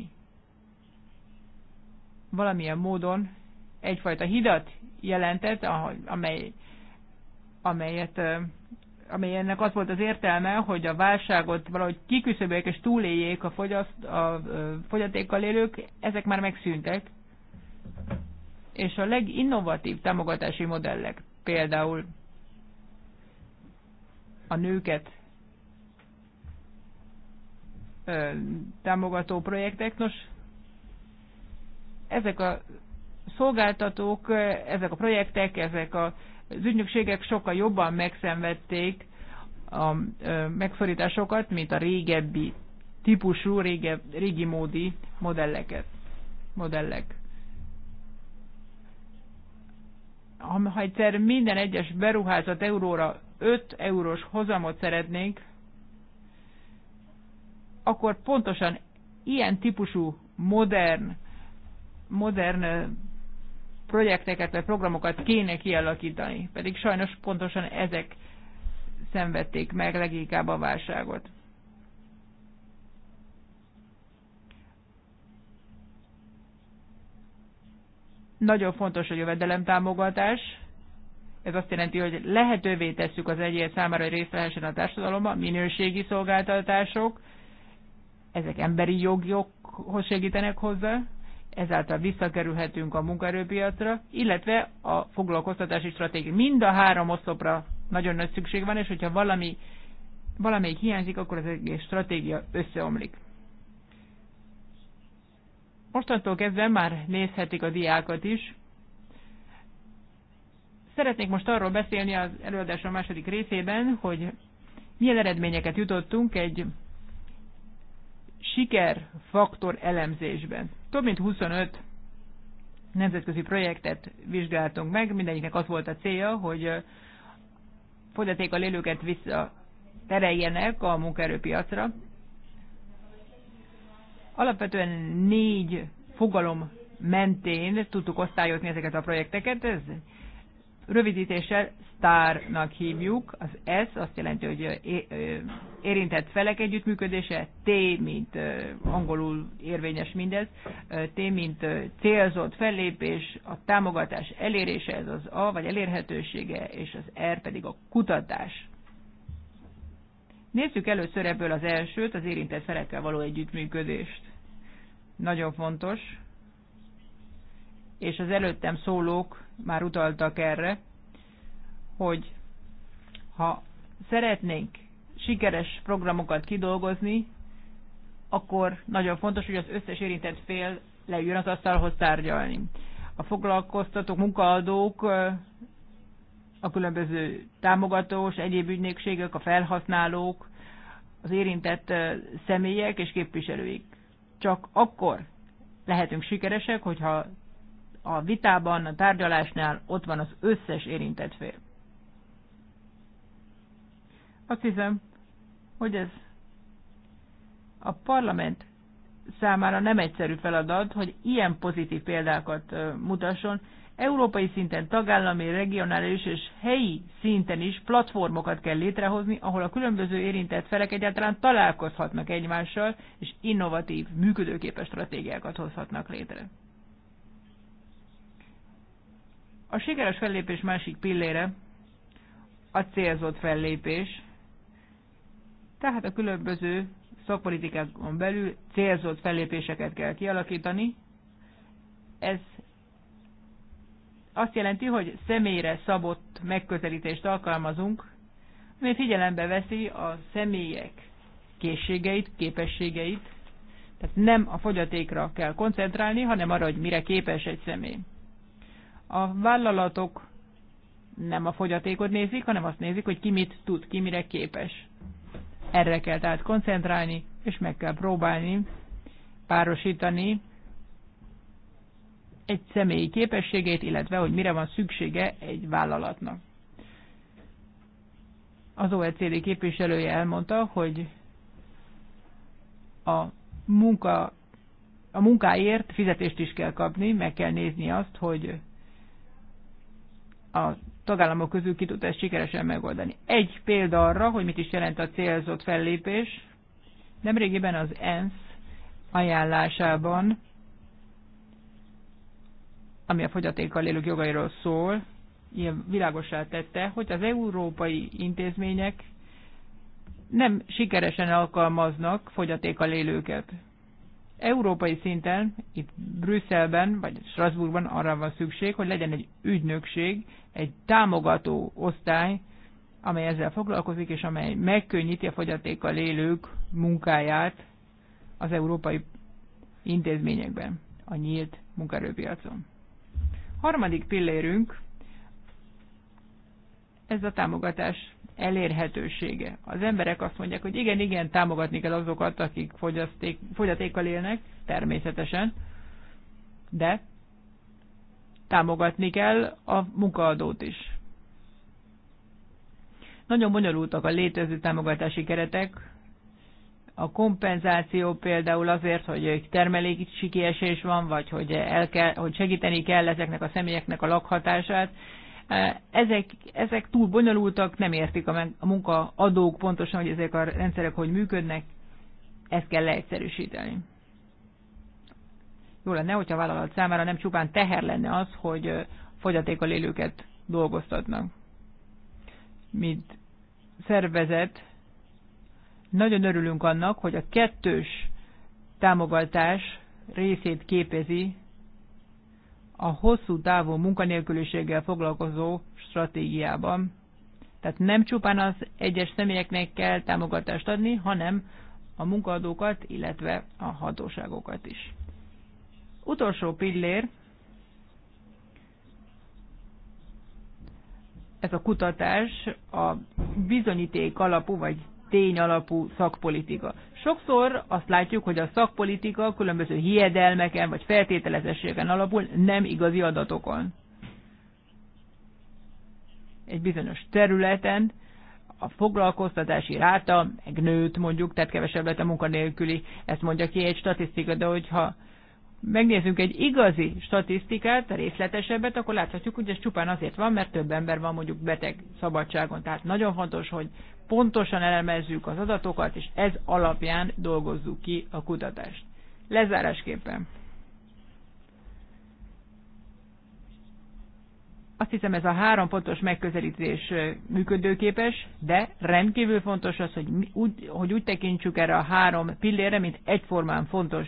valamilyen módon egyfajta hidat jelentett, amely, amelyet, amely ennek az volt az értelme, hogy a válságot valahogy kiküszöböljék és túléljék a, fogyaszt, a fogyatékkal élők, ezek már megszűntek. És a leginnovatív támogatási modellek, például a nőket támogató projektek. Nos, ezek a szolgáltatók, ezek a projektek, ezek a, az ügynökségek sokkal jobban megszenvedték a megszorításokat, mint a régebbi típusú, régebb, régi módi modelleket, modellek. Ha egyszer minden egyes beruházat euróra 5 eurós hozamot szeretnénk, akkor pontosan ilyen típusú modern, modern projekteket vagy programokat kéne kialakítani, pedig sajnos pontosan ezek szenvedték meg leginkább a válságot. Nagyon fontos a jövedelemtámogatás, ez azt jelenti, hogy lehetővé tesszük az egyén számára, hogy részt vehessen a társadalomban, minőségi szolgáltatások, ezek emberi jogokhoz segítenek hozzá, ezáltal visszakerülhetünk a munkaerőpiacra, illetve a foglalkoztatási stratégia. Mind a három oszlopra nagyon nagy szükség van, és hogyha valami, valamelyik hiányzik, akkor az egész stratégia összeomlik. Mostantól kezdve már nézhetik a diákat is, Szeretnék most arról beszélni az előadásom második részében, hogy milyen eredményeket jutottunk egy sikerfaktor elemzésben. Több mint 25 nemzetközi projektet vizsgáltunk meg, mindegyiknek az volt a célja, hogy a lélőket vissza tereljenek a munkaerőpiacra. Alapvetően négy fogalom mentén tudtuk osztályozni ezeket a projekteket, ez rövidítéssel STAR-nak hívjuk, az S azt jelenti, hogy érintett felek együttműködése, T, mint angolul érvényes mindez, T, mint célzott fellépés, a támogatás elérése, ez az A, vagy elérhetősége, és az R pedig a kutatás. Nézzük először ebből az elsőt, az érintett felekkel való együttműködést. Nagyon fontos, és az előttem szólók már utaltak erre, hogy ha szeretnénk sikeres programokat kidolgozni, akkor nagyon fontos, hogy az összes érintett fél leüljön az asztalhoz tárgyalni. A foglalkoztatók, munkaadók, a különböző támogatós, egyéb ügynökségek, a felhasználók, az érintett személyek és képviselőik. Csak akkor lehetünk sikeresek, hogyha a vitában, a tárgyalásnál ott van az összes érintett fél. Azt hiszem, hogy ez a parlament számára nem egyszerű feladat, hogy ilyen pozitív példákat mutasson. Európai szinten, tagállami, regionális és helyi szinten is platformokat kell létrehozni, ahol a különböző érintett felek egyáltalán találkozhatnak egymással, és innovatív, működőképes stratégiákat hozhatnak létre. A sikeres fellépés másik pillére a célzott fellépés, tehát a különböző szakpolitikákon belül célzott fellépéseket kell kialakítani. Ez azt jelenti, hogy személyre szabott megközelítést alkalmazunk, ami figyelembe veszi a személyek készségeit, képességeit, tehát nem a fogyatékra kell koncentrálni, hanem arra, hogy mire képes egy személy a vállalatok nem a fogyatékot nézik, hanem azt nézik, hogy ki mit tud, ki mire képes. Erre kell tehát koncentrálni, és meg kell próbálni párosítani egy személyi képességét, illetve hogy mire van szüksége egy vállalatnak. Az OECD képviselője elmondta, hogy a, munka, a munkáért fizetést is kell kapni, meg kell nézni azt, hogy a tagállamok közül ki tudta ezt sikeresen megoldani. Egy példa arra, hogy mit is jelent a célzott fellépés, nemrégiben az ENSZ ajánlásában, ami a fogyatékkal élők jogairól szól, ilyen világosá tette, hogy az európai intézmények nem sikeresen alkalmaznak fogyatékkal élőket európai szinten, itt Brüsszelben, vagy Strasbourgban arra van szükség, hogy legyen egy ügynökség, egy támogató osztály, amely ezzel foglalkozik, és amely megkönnyíti a fogyatékkal élők munkáját az európai intézményekben, a nyílt munkaerőpiacon. Harmadik pillérünk, ez a támogatás elérhetősége. Az emberek azt mondják, hogy igen, igen, támogatni kell azokat, akik fogyaszték, fogyatékkal élnek, természetesen, de támogatni kell a munkaadót is. Nagyon bonyolultak a létező támogatási keretek, a kompenzáció például azért, hogy termelési kiesés van, vagy hogy, el kell, hogy segíteni kell ezeknek a személyeknek a lakhatását, Eh, ezek, ezek túl bonyolultak, nem értik a, a munkaadók pontosan, hogy ezek a rendszerek hogy működnek, ezt kell leegyszerűsíteni. Jó lenne, hogyha a vállalat számára nem csupán teher lenne az, hogy eh, fogyatékkal élőket dolgoztatnak. Mint szervezet, nagyon örülünk annak, hogy a kettős támogatás részét képezi a hosszú távú munkanélküliséggel foglalkozó stratégiában. Tehát nem csupán az egyes személyeknek kell támogatást adni, hanem a munkaadókat, illetve a hatóságokat is. Utolsó pillér, ez a kutatás a bizonyíték alapú vagy tényalapú szakpolitika. Sokszor azt látjuk, hogy a szakpolitika különböző hiedelmeken vagy feltételezességen alapul, nem igazi adatokon. Egy bizonyos területen a foglalkoztatási ráta megnőtt mondjuk, tehát kevesebb lett a munkanélküli, ezt mondja ki egy statisztika, de hogyha megnézzünk egy igazi statisztikát, részletesebbet, akkor láthatjuk, hogy ez csupán azért van, mert több ember van mondjuk beteg szabadságon. Tehát nagyon fontos, hogy pontosan elemezzük az adatokat, és ez alapján dolgozzuk ki a kutatást. Lezárásképpen. Azt hiszem ez a három pontos megközelítés működőképes, de rendkívül fontos az, hogy, úgy, hogy úgy tekintsük erre a három pillére, mint egyformán fontos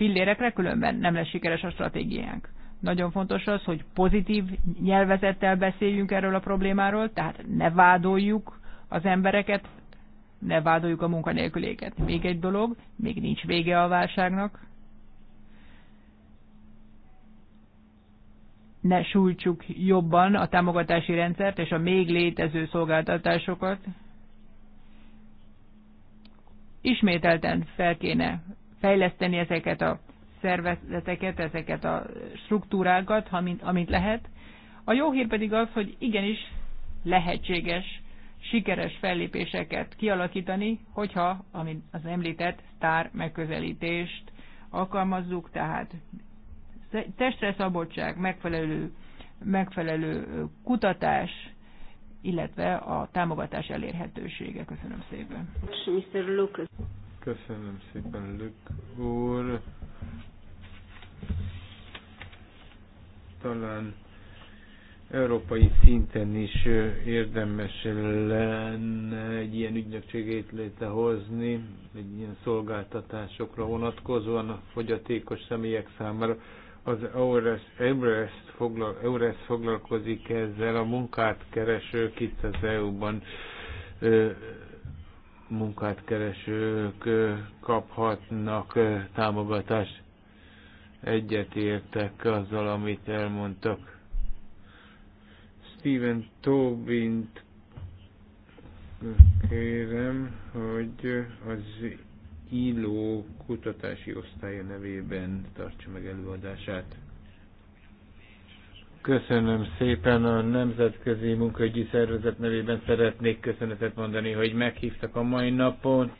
pillérekre, különben nem lesz sikeres a stratégiánk. Nagyon fontos az, hogy pozitív nyelvezettel beszéljünk erről a problémáról, tehát ne vádoljuk az embereket, ne vádoljuk a munkanélküléket. Még egy dolog, még nincs vége a válságnak. Ne sújtsuk jobban a támogatási rendszert és a még létező szolgáltatásokat. Ismételten fel kéne fejleszteni ezeket a szervezeteket, ezeket a struktúrákat, amint, amint lehet. A jó hír pedig az, hogy igenis lehetséges, sikeres fellépéseket kialakítani, hogyha amit az említett sztár megközelítést alkalmazzuk, tehát testre szabadság, megfelelő, megfelelő kutatás, illetve a támogatás elérhetősége. Köszönöm szépen. Mr. Lucas. Köszönöm szépen, Lük úr. Talán európai szinten is érdemes lenne egy ilyen ügynökségét létrehozni, egy ilyen szolgáltatásokra vonatkozóan a fogyatékos személyek számára. Az EURES, EURES, foglal, EURES foglalkozik ezzel, a munkát keresők itt az EU-ban munkát keresők kaphatnak támogatást. Egyetértek azzal, amit elmondtak. Steven Tobint kérem, hogy az ILO kutatási osztálya nevében tartsa meg előadását. Köszönöm szépen a Nemzetközi Munkahogyi Szervezet nevében szeretnék köszönetet mondani, hogy meghívtak a mai napon.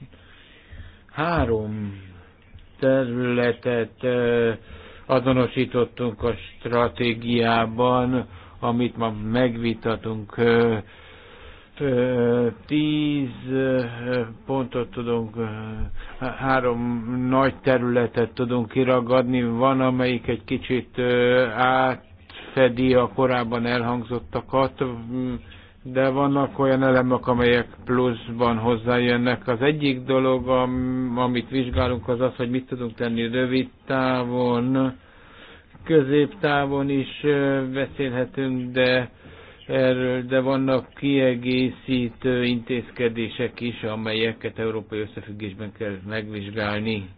Három területet azonosítottunk a stratégiában, amit ma megvitatunk. Tíz pontot tudunk, három nagy területet tudunk kiragadni, van amelyik egy kicsit át fedi a korábban elhangzottakat, de vannak olyan elemek, amelyek pluszban hozzájönnek. Az egyik dolog, amit vizsgálunk, az az, hogy mit tudunk tenni rövid távon, középtávon is beszélhetünk, de erről, de vannak kiegészítő intézkedések is, amelyeket európai összefüggésben kell megvizsgálni.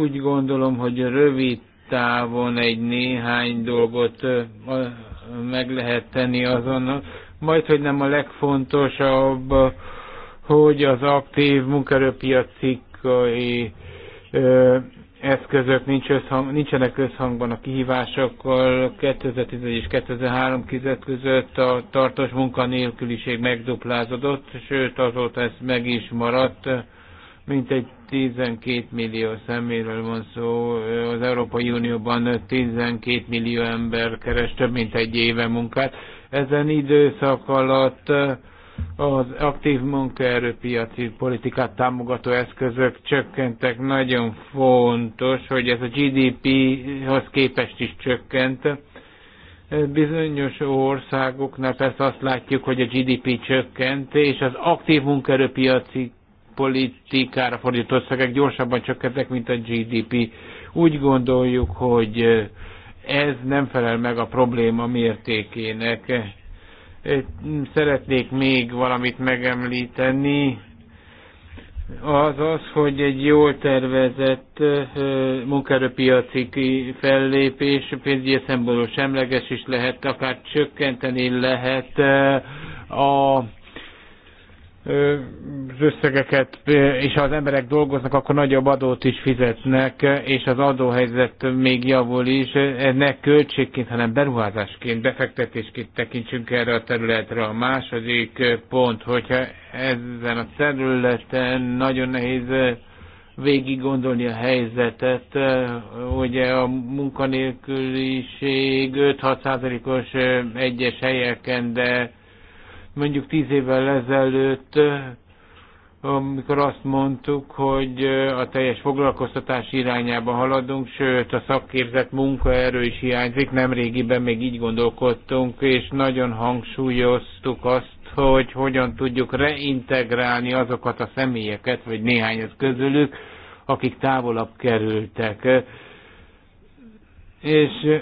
Úgy gondolom, hogy rövid távon egy néhány dolgot meg lehet tenni azonnal. Majd, hogy nem a legfontosabb, hogy az aktív munkerőpiacikai eszközök nincs összhang, nincsenek összhangban a kihívásokkal. 2011 és 2003 kizet között a tartós munkanélküliség megduplázódott, sőt azóta ez meg is maradt, mint egy 12 millió szeméről van szó, az Európai Unióban 12 millió ember keres több mint egy éve munkát. Ezen időszak alatt az aktív munkaerőpiaci politikát támogató eszközök csökkentek. Nagyon fontos, hogy ez a GDP-hoz képest is csökkent. Bizonyos országoknál persze azt látjuk, hogy a GDP csökkent, és az aktív munkaerőpiaci politikára fordított összegek gyorsabban csökkentek, mint a GDP. Úgy gondoljuk, hogy ez nem felel meg a probléma mértékének. Szeretnék még valamit megemlíteni, az az, hogy egy jól tervezett munkaerőpiaci fellépés pénzügyi szempontból semleges is lehet, akár csökkenteni lehet a az összegeket, és ha az emberek dolgoznak, akkor nagyobb adót is fizetnek, és az adóhelyzet még javul is. Ne költségként, hanem beruházásként, befektetésként tekintsünk erre a területre. A második pont, hogyha ezen a területen nagyon nehéz végig gondolni a helyzetet. Ugye a munkanélküliség 5-6 százalékos egyes helyeken, de Mondjuk tíz évvel ezelőtt, amikor azt mondtuk, hogy a teljes foglalkoztatás irányába haladunk, sőt a szakképzett munkaerő is hiányzik, nem régiben még így gondolkodtunk, és nagyon hangsúlyoztuk azt, hogy hogyan tudjuk reintegrálni azokat a személyeket, vagy néhányat közülük, akik távolabb kerültek. És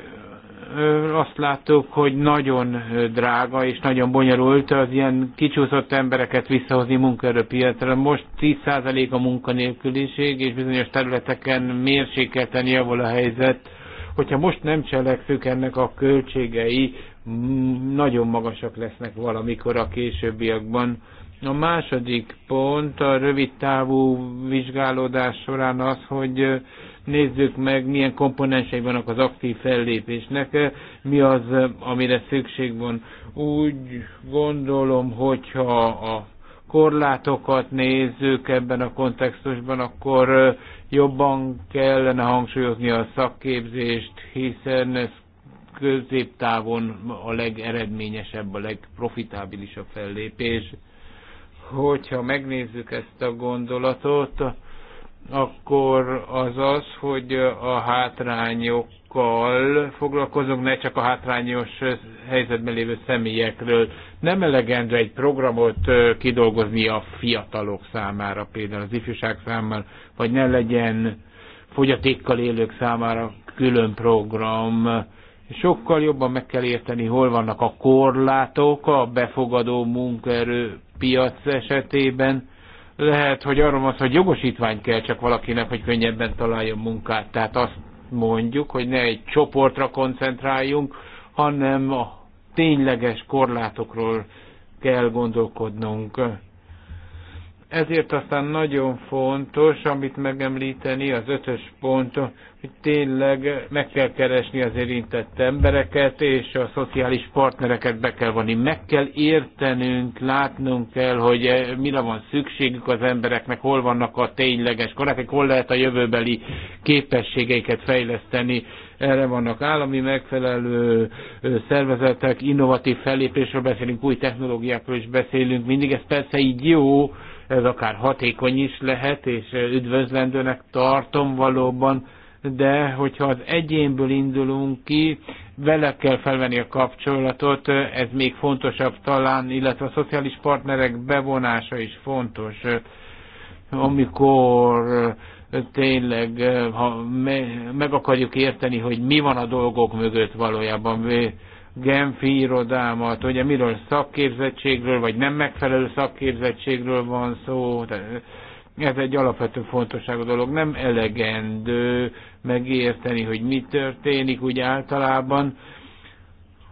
azt láttuk, hogy nagyon drága és nagyon bonyolult az ilyen kicsúszott embereket visszahozni munkaerőpiacra. Most 10% a munkanélküliség, és bizonyos területeken mérsékelten javul a helyzet. Hogyha most nem cselekszük, ennek a költségei nagyon magasak lesznek valamikor a későbbiakban. A második pont a rövid távú vizsgálódás során az, hogy nézzük meg, milyen komponensei vannak az aktív fellépésnek, mi az, amire szükség van. Úgy gondolom, hogyha a korlátokat nézzük ebben a kontextusban, akkor jobban kellene hangsúlyozni a szakképzést, hiszen ez középtávon a legeredményesebb, a legprofitábilisabb fellépés. Hogyha megnézzük ezt a gondolatot, akkor az az, hogy a hátrányokkal foglalkozunk, ne csak a hátrányos helyzetben lévő személyekről. Nem elegendő egy programot kidolgozni a fiatalok számára, például az ifjúság számára, vagy ne legyen fogyatékkal élők számára külön program. Sokkal jobban meg kell érteni, hol vannak a korlátok a befogadó munkaerő piac esetében, lehet, hogy arról van hogy jogosítványt kell csak valakinek, hogy könnyebben találjon munkát. Tehát azt mondjuk, hogy ne egy csoportra koncentráljunk, hanem a tényleges korlátokról kell gondolkodnunk ezért aztán nagyon fontos, amit megemlíteni, az ötös pont, hogy tényleg meg kell keresni az érintett embereket, és a szociális partnereket be kell vonni. Meg kell értenünk, látnunk kell, hogy eh, mire van szükségük az embereknek, hol vannak a tényleges korlátok, hol lehet a jövőbeli képességeiket fejleszteni. Erre vannak állami megfelelő szervezetek, innovatív fellépésről beszélünk, új technológiákról is beszélünk. Mindig ez persze így jó, ez akár hatékony is lehet, és üdvözlendőnek tartom valóban, de hogyha az egyénből indulunk ki, vele kell felvenni a kapcsolatot, ez még fontosabb talán, illetve a szociális partnerek bevonása is fontos. Amikor tényleg ha meg akarjuk érteni, hogy mi van a dolgok mögött valójában, Genfi irodámat, ugye miről szakképzettségről, vagy nem megfelelő szakképzettségről van szó, ez egy alapvető fontosságú dolog. Nem elegendő megérteni, hogy mi történik úgy általában,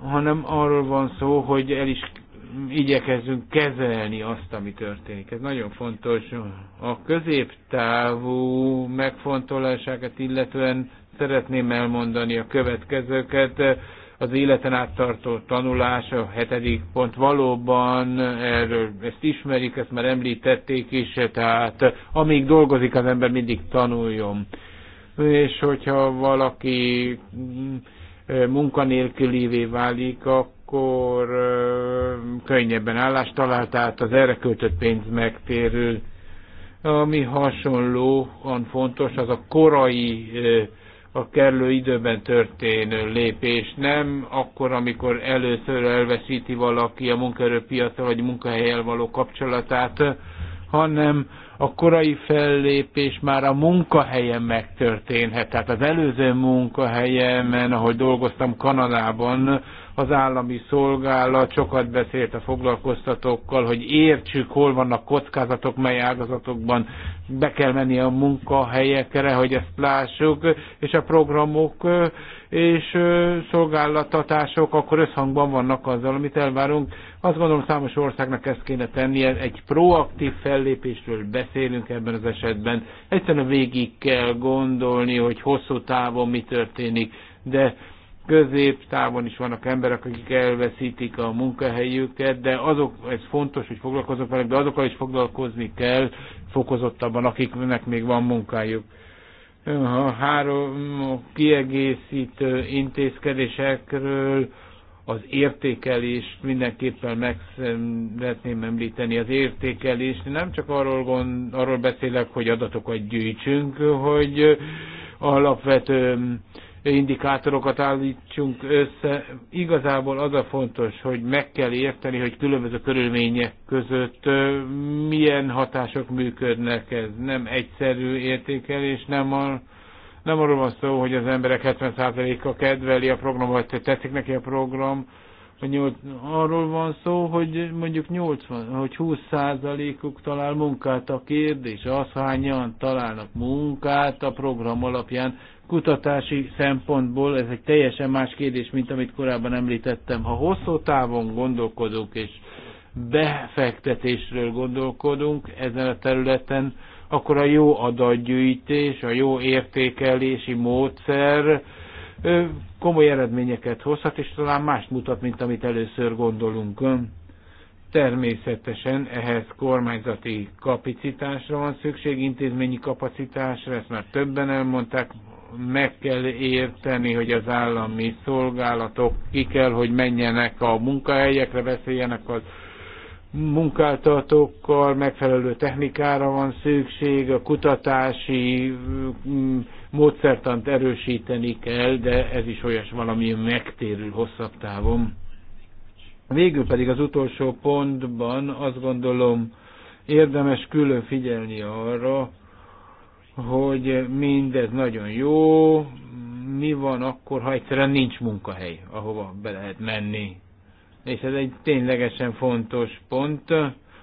hanem arról van szó, hogy el is igyekezzünk kezelni azt, ami történik. Ez nagyon fontos. A középtávú megfontolásákat illetően szeretném elmondani a következőket az életen át tartó tanulás, a hetedik pont valóban, erről ezt ismerik, ezt már említették is, tehát amíg dolgozik az ember, mindig tanuljon. És hogyha valaki mm, munkanélkülévé válik, akkor könnyebben állást talál, tehát az erre költött pénz megtérül. Ami hasonlóan fontos, az a korai a kellő időben történő lépés, nem akkor, amikor először elveszíti valaki a munkaerőpiacra vagy munkahelyel való kapcsolatát, hanem a korai fellépés már a munkahelyen megtörténhet. Tehát az előző munkahelyemen, ahogy dolgoztam Kanadában, az állami szolgálat sokat beszélt a foglalkoztatókkal, hogy értsük, hol vannak kockázatok, mely ágazatokban be kell menni a munkahelyekre, hogy ezt lássuk, és a programok és szolgáltatások akkor összhangban vannak azzal, amit elvárunk. Azt gondolom számos országnak ezt kéne tennie, egy proaktív fellépésről beszélünk ebben az esetben. Egyszerűen végig kell gondolni, hogy hosszú távon mi történik, de középtávon is vannak emberek, akik elveszítik a munkahelyüket, de azok, ez fontos, hogy foglalkozunk velük, de azokkal is foglalkozni kell fokozottabban, akiknek még van munkájuk. A három kiegészítő intézkedésekről az értékelést mindenképpen meg szeretném említeni. Az értékelést nem csak arról, gond, arról beszélek, hogy adatokat gyűjtsünk, hogy alapvető indikátorokat állítsunk össze. Igazából az a fontos, hogy meg kell érteni, hogy különböző körülmények között milyen hatások működnek. Ez nem egyszerű értékelés, nem a nem arról van szó, hogy az emberek 70%-a kedveli a programot, vagy tetszik neki a program, vagy 8, arról van szó, hogy mondjuk 80, hogy 20%-uk talál munkát. A kérdés az, hányan találnak munkát a program alapján kutatási szempontból ez egy teljesen más kérdés, mint amit korábban említettem. Ha hosszú távon gondolkodunk és befektetésről gondolkodunk ezen a területen, akkor a jó adatgyűjtés, a jó értékelési módszer komoly eredményeket hozhat, és talán más mutat, mint amit először gondolunk. Természetesen ehhez kormányzati kapacitásra van szükség, intézményi kapacitásra, ezt már többen elmondták, meg kell érteni, hogy az állami szolgálatok ki kell, hogy menjenek a munkahelyekre, beszéljenek az munkáltatókkal, megfelelő technikára van szükség, a kutatási mm, módszertant erősíteni kell, de ez is olyas valami megtérül hosszabb távon. Végül pedig az utolsó pontban azt gondolom érdemes külön figyelni arra, hogy mindez nagyon jó, mi van akkor, ha egyszerűen nincs munkahely, ahova be lehet menni. És ez egy ténylegesen fontos pont.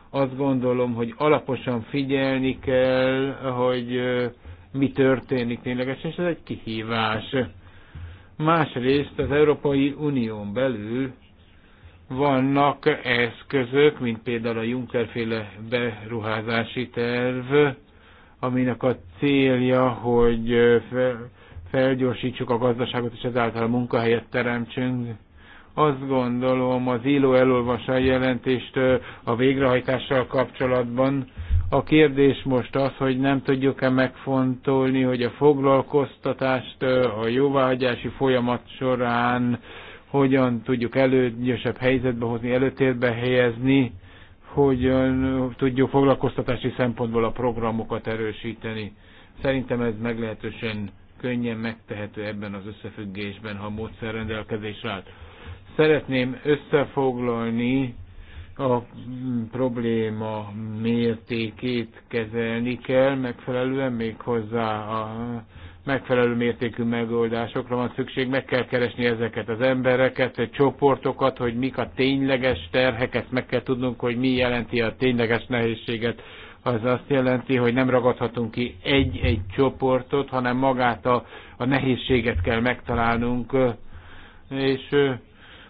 Azt gondolom, hogy alaposan figyelni kell, hogy mi történik ténylegesen, és ez egy kihívás. Másrészt az Európai Unión belül vannak eszközök, mint például a Juncker-féle beruházási terv, aminek a célja, hogy felgyorsítsuk a gazdaságot, és ezáltal munkahelyet teremtsünk. Azt gondolom, az ILO elolvassa a jelentést a végrehajtással kapcsolatban. A kérdés most az, hogy nem tudjuk-e megfontolni, hogy a foglalkoztatást a jóváhagyási folyamat során hogyan tudjuk elődnyösebb helyzetbe hozni, előtérbe helyezni, hogy tudjuk foglalkoztatási szempontból a programokat erősíteni. Szerintem ez meglehetősen könnyen megtehető ebben az összefüggésben, ha a módszer rendelkezésre áll. Szeretném összefoglalni a probléma mértékét kezelni kell megfelelően, méghozzá a megfelelő mértékű megoldásokra van szükség, meg kell keresni ezeket az embereket, egy csoportokat, hogy mik a tényleges terhek, ezt meg kell tudnunk, hogy mi jelenti a tényleges nehézséget. Az azt jelenti, hogy nem ragadhatunk ki egy-egy csoportot, hanem magát a, a nehézséget kell megtalálnunk, és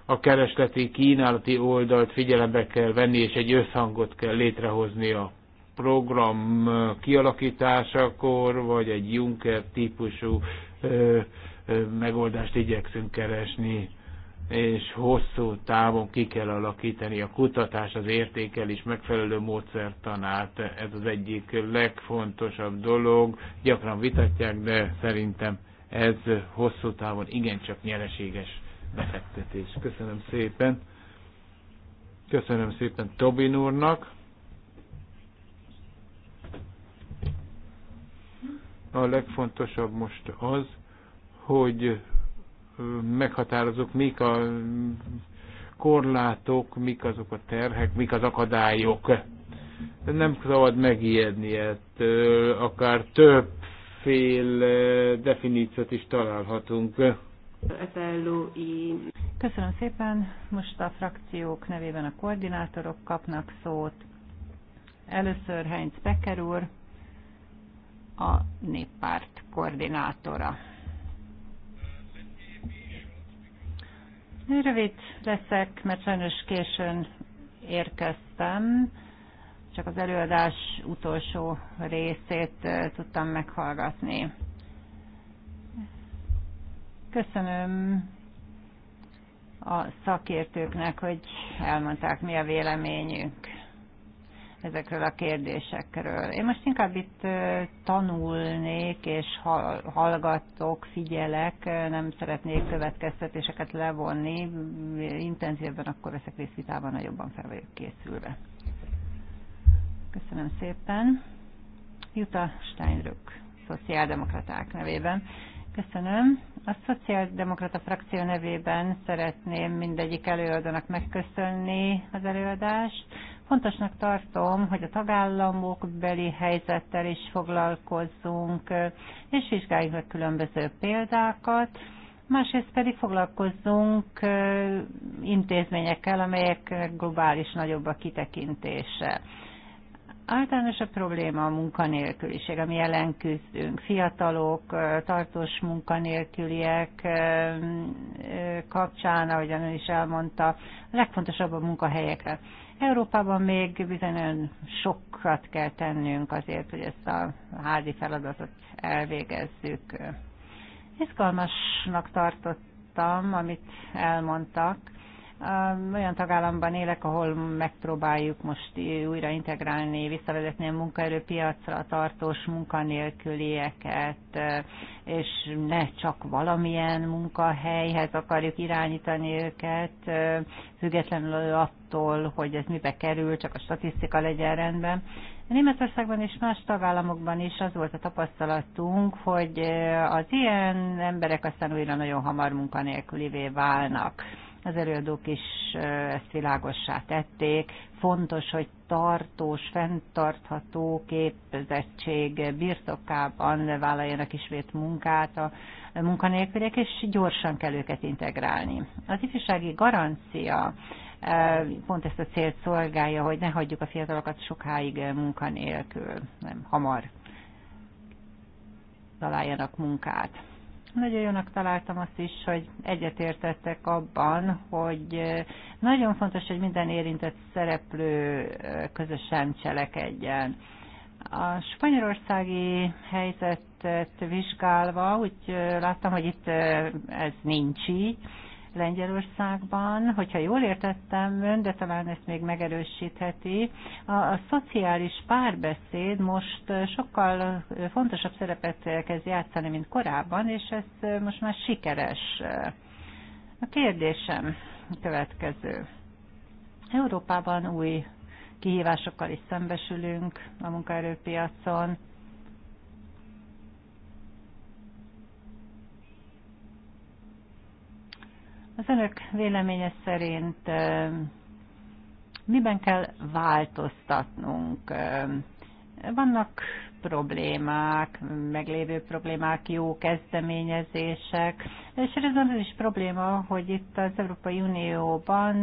a keresleti, kínálati oldalt figyelembe kell venni, és egy összhangot kell létrehozni a program kialakításakor, vagy egy Juncker típusú ö, ö, megoldást igyekszünk keresni, és hosszú távon ki kell alakítani a kutatás, az értékelés, megfelelő módszertanát. Ez az egyik legfontosabb dolog. Gyakran vitatják, de szerintem ez hosszú távon igencsak nyereséges befektetés. Köszönöm szépen. Köszönöm szépen Tobin úrnak A legfontosabb most az, hogy meghatározok, mik a korlátok, mik azok a terhek, mik az akadályok. Nem szabad megijedni ettől, akár többféle definíciót is találhatunk. Köszönöm szépen. Most a frakciók nevében a koordinátorok kapnak szót. Először Heinz Becker úr a néppárt koordinátora. Rövid leszek, mert sajnos későn érkeztem, csak az előadás utolsó részét tudtam meghallgatni. Köszönöm a szakértőknek, hogy elmondták, mi a véleményünk ezekről a kérdésekről. Én most inkább itt tanulnék, és hallgatok, figyelek, nem szeretnék következtetéseket levonni, intenzívebben akkor veszek részt vitában, jobban fel vagyok készülve. Köszönöm szépen. Jutta Steinrück, szociáldemokraták nevében. Köszönöm. A Szociáldemokrata frakció nevében szeretném mindegyik előadónak megköszönni az előadást. Fontosnak tartom, hogy a tagállamok beli helyzettel is foglalkozzunk, és vizsgáljuk meg különböző példákat, másrészt pedig foglalkozzunk intézményekkel, amelyek globális nagyobb a kitekintése. Általános a probléma a munkanélküliség, ami jelen küzdünk. Fiatalok, tartós munkanélküliek kapcsán, ahogyan ön is elmondta, a legfontosabb a munkahelyekre Európában még bizonyosan sokat kell tennünk azért, hogy ezt a házi feladatot elvégezzük. Izgalmasnak tartottam, amit elmondtak, olyan tagállamban élek, ahol megpróbáljuk most újra integrálni, visszavezetni a munkaerőpiacra a tartós munkanélkülieket, és ne csak valamilyen munkahelyhez akarjuk irányítani őket, függetlenül attól, hogy ez mibe kerül, csak a statisztika legyen rendben. Németországban és más tagállamokban is az volt a tapasztalatunk, hogy az ilyen emberek aztán újra nagyon hamar munkanélkülivé válnak az előadók is ezt világossá tették. Fontos, hogy tartós, fenntartható képzettség birtokában vállaljanak ismét munkát a munkanélküliek, és gyorsan kell őket integrálni. Az ifjúsági garancia pont ezt a célt szolgálja, hogy ne hagyjuk a fiatalokat sokáig munkanélkül, nem hamar találjanak munkát. Nagyon jónak találtam azt is, hogy egyetértettek abban, hogy nagyon fontos, hogy minden érintett szereplő közösen cselekedjen. A spanyolországi helyzetet vizsgálva úgy láttam, hogy itt ez nincs így, Lengyelországban, hogyha jól értettem ön, de talán ezt még megerősítheti, a, a szociális párbeszéd most eh, sokkal eh, fontosabb szerepet kezd játszani, mint korábban, és ez eh, most már sikeres. A kérdésem következő. Európában új kihívásokkal is szembesülünk a munkaerőpiacon, Az önök véleménye szerint miben kell változtatnunk? Vannak problémák, meglévő problémák, jó kezdeményezések, és ez az is probléma, hogy itt az Európai Unióban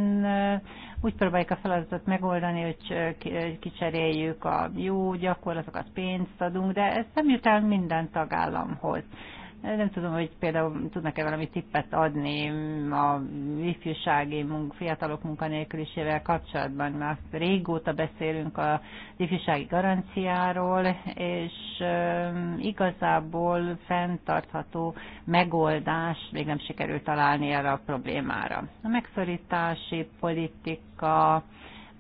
úgy próbáljuk a feladatot megoldani, hogy kicseréljük a jó gyakorlatokat, pénzt adunk, de ez nem jut el minden tagállamhoz. Nem tudom, hogy például tudnak-e valami tippet adni a ifjúsági munk, fiatalok munkanélkülisével kapcsolatban. mert régóta beszélünk a ifjúsági garanciáról, és igazából fenntartható megoldás még nem sikerült találni erre a problémára. A megszorítási politika,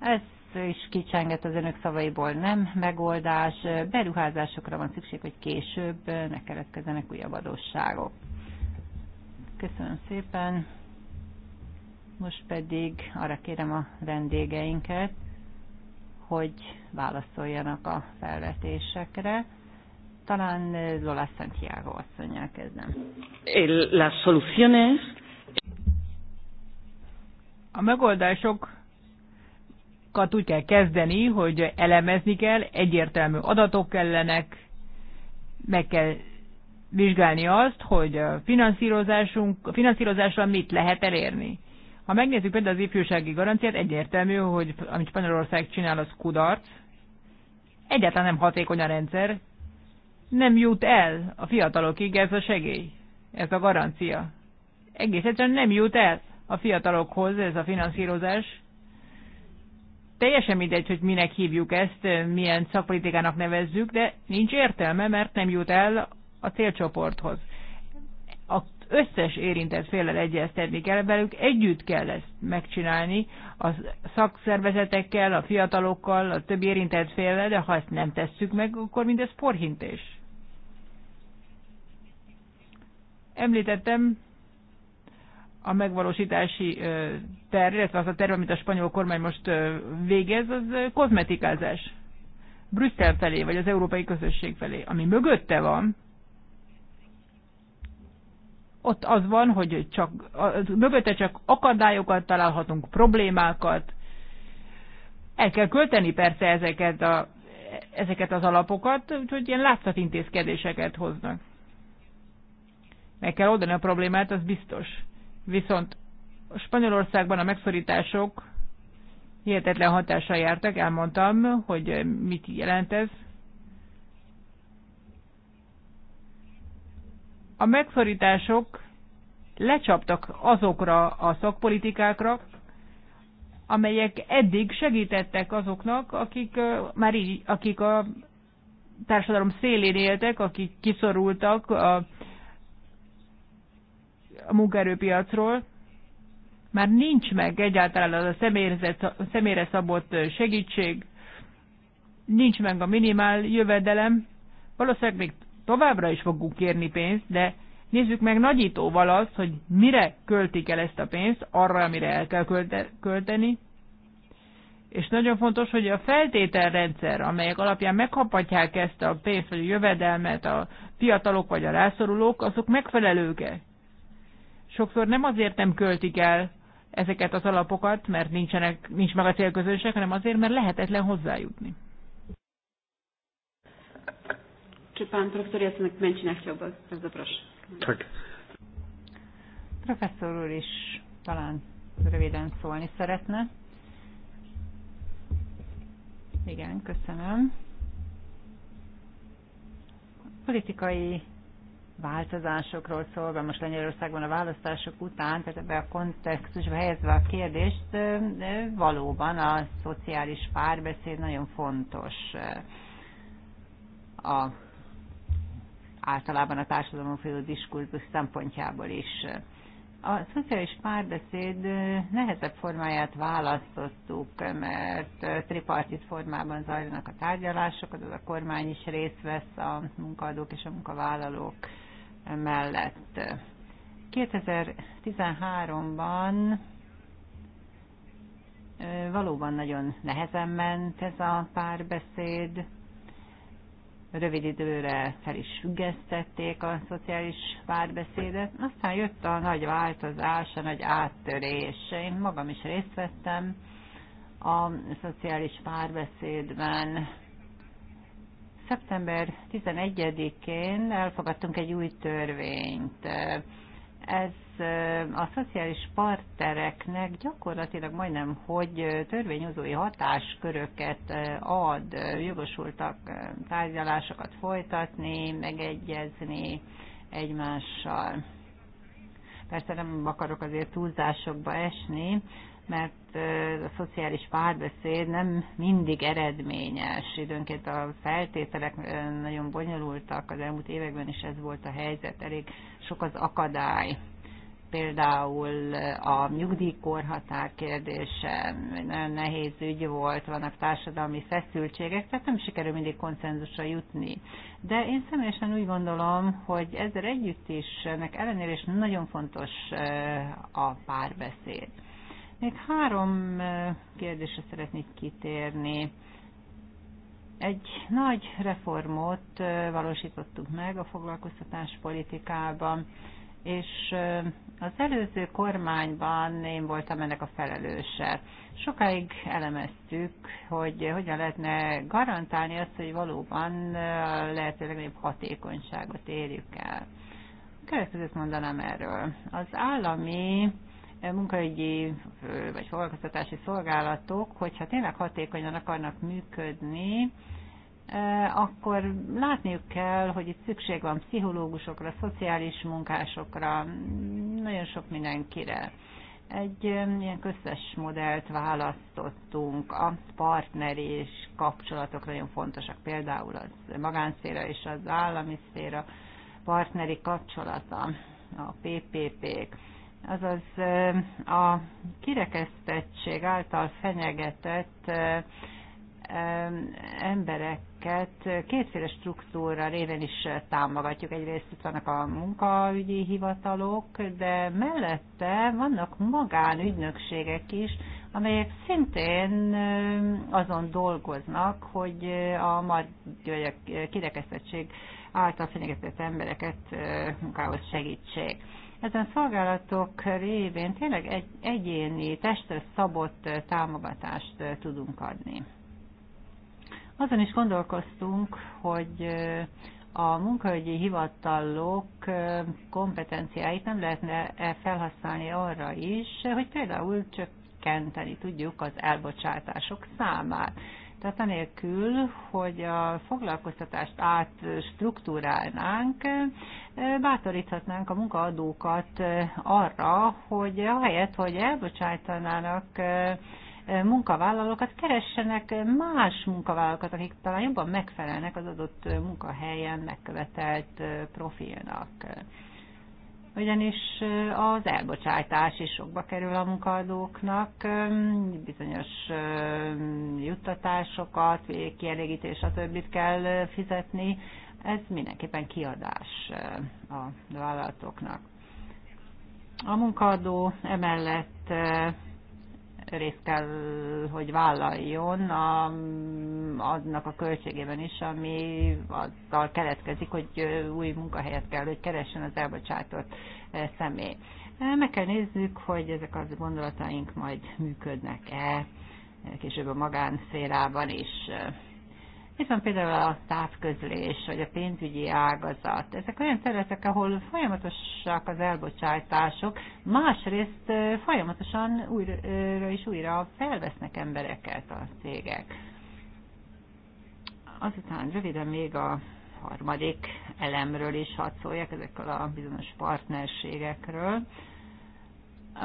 ez is kicsengett az önök szavaiból, nem megoldás, beruházásokra van szükség, hogy később ne keletkezzenek újabb adósságok. Köszönöm szépen. Most pedig arra kérem a vendégeinket, hogy válaszoljanak a felvetésekre. Talán Lola Santiago asszonyjal kezdem. Las soluciones. A megoldások adatokat úgy kell kezdeni, hogy elemezni kell, egyértelmű adatok kellenek, meg kell vizsgálni azt, hogy a finanszírozásunk, a finanszírozással mit lehet elérni. Ha megnézzük például az ifjúsági garanciát, egyértelmű, hogy amit Spanyolország csinál, az kudarc. Egyáltalán nem hatékony a rendszer. Nem jut el a fiatalokig ez a segély, ez a garancia. Egész egyszerűen nem jut el a fiatalokhoz ez a finanszírozás teljesen mindegy, hogy minek hívjuk ezt, milyen szakpolitikának nevezzük, de nincs értelme, mert nem jut el a célcsoporthoz. Az összes érintett félel egyeztetni kell, velük együtt kell ezt megcsinálni, a szakszervezetekkel, a fiatalokkal, a többi érintett félel, de ha ezt nem tesszük meg, akkor mindez porhintés. Említettem a megvalósítási terv, illetve az a terv, amit a spanyol kormány most végez, az kozmetikázás. Brüsszel felé, vagy az európai közösség felé. Ami mögötte van, ott az van, hogy csak, az, mögötte csak akadályokat találhatunk, problémákat. El kell költeni persze ezeket, a, ezeket az alapokat, úgyhogy ilyen látszatintézkedéseket hoznak. Meg kell oldani a problémát, az biztos viszont Spanyolországban a megszorítások hihetetlen hatással jártak, elmondtam, hogy mit jelent ez. A megszorítások lecsaptak azokra a szakpolitikákra, amelyek eddig segítettek azoknak, akik már így, akik a társadalom szélén éltek, akik kiszorultak a a munkaerőpiacról, már nincs meg egyáltalán az a személyre szabott segítség, nincs meg a minimál jövedelem, valószínűleg még továbbra is fogunk kérni pénzt, de nézzük meg nagyítóval azt, hogy mire költik el ezt a pénzt, arra, amire el kell költeni, és nagyon fontos, hogy a feltételrendszer, amelyek alapján megkaphatják ezt a pénzt vagy a jövedelmet a fiatalok vagy a rászorulók, azok megfelelők-e? sokszor nem azért nem költik el ezeket az alapokat, mert nincsenek, nincs meg a célközönség, hanem azért, mert lehetetlen hozzájutni. Czy pan profesor Jacek Męcina chciałby? Bardzo Tak. Professzor úr is talán röviden szólni szeretne. Igen, köszönöm. politikai változásokról mert most Lengyelországban a választások után, tehát ebbe a kontextusba helyezve a kérdést, valóban a szociális párbeszéd nagyon fontos a, általában a társadalom fölül diskurzus szempontjából is. A szociális párbeszéd nehezebb formáját választottuk, mert tripartit formában zajlanak a tárgyalások, az a kormány is részt vesz, a munkaadók és a munkavállalók mellett. 2013-ban valóban nagyon nehezen ment ez a párbeszéd. Rövid időre fel is függesztették a szociális párbeszédet. Aztán jött a nagy változás, a nagy áttörés. Én magam is részt vettem a szociális párbeszédben Szeptember 11-én elfogadtunk egy új törvényt. Ez eh, a szociális partnereknek gyakorlatilag majdnem, hogy eh, törvényozói hatásköröket eh, ad, jogosultak tárgyalásokat folytatni, megegyezni egymással. Persze nem akarok azért túlzásokba esni, mert a szociális párbeszéd nem mindig eredményes. Időnként a feltételek nagyon bonyolultak, az elmúlt években is ez volt a helyzet, elég sok az akadály. Például a nyugdíjkorhatár kérdése nagyon nehéz ügy volt, vannak társadalmi feszültségek, tehát nem sikerül mindig konszenzusra jutni. De én személyesen úgy gondolom, hogy ezzel együtt is, ennek ellenére is nagyon fontos a párbeszéd még három kérdésre szeretnék kitérni. Egy nagy reformot valósítottuk meg a foglalkoztatás politikában, és az előző kormányban én voltam ennek a felelőse. Sokáig elemeztük, hogy hogyan lehetne garantálni azt, hogy valóban lehető legnagyobb hatékonyságot érjük el. Következőt mondanám erről. Az állami munkaügyi vagy foglalkoztatási szolgálatok, hogyha tényleg hatékonyan akarnak működni, akkor látniuk kell, hogy itt szükség van pszichológusokra, szociális munkásokra, nagyon sok mindenkire. Egy ilyen köztes modellt választottunk, a partner és kapcsolatok nagyon fontosak, például az magánszféra és az állami szféra partneri kapcsolata, a PPP-k azaz a kirekesztettség által fenyegetett embereket kétféle struktúra révén is támogatjuk. Egyrészt itt vannak a munkaügyi hivatalok, de mellette vannak magánügynökségek is, amelyek szintén azon dolgoznak, hogy a kirekesztettség által fenyegetett embereket munkához segítsék. Ezen szolgálatok révén tényleg egy egyéni, testre szabott támogatást tudunk adni. Azon is gondolkoztunk, hogy a munkahogyi hivatalok kompetenciáit nem lehetne e felhasználni arra is, hogy például csökkenteni tudjuk az elbocsátások számát. Tehát anélkül, hogy a foglalkoztatást átstruktúrálnánk, eh, bátoríthatnánk a munkaadókat eh, arra, hogy ahelyett, hogy elbocsájtanának eh, munkavállalókat, keressenek más munkavállalókat, akik talán jobban megfelelnek az adott munkahelyen megkövetelt profilnak ugyanis az elbocsátás is sokba kerül a munkadóknak, bizonyos juttatásokat, kielégítés, stb. kell fizetni. Ez mindenképpen kiadás a vállalatoknak. A munkadó emellett részt kell, hogy vállaljon a, annak a költségében is, ami azzal keletkezik, hogy új munkahelyet kell, hogy keressen az elbocsátott eh, személy. Eh, meg kell nézzük, hogy ezek az gondolataink majd működnek-e eh, később a magánszférában is. Itt van például a távközlés, vagy a pénzügyi ágazat. Ezek olyan területek, ahol folyamatosak az elbocsátások, másrészt folyamatosan újra és újra felvesznek embereket a cégek. Azután röviden még a harmadik elemről is hadd szóljak, ezekkel a bizonyos partnerségekről.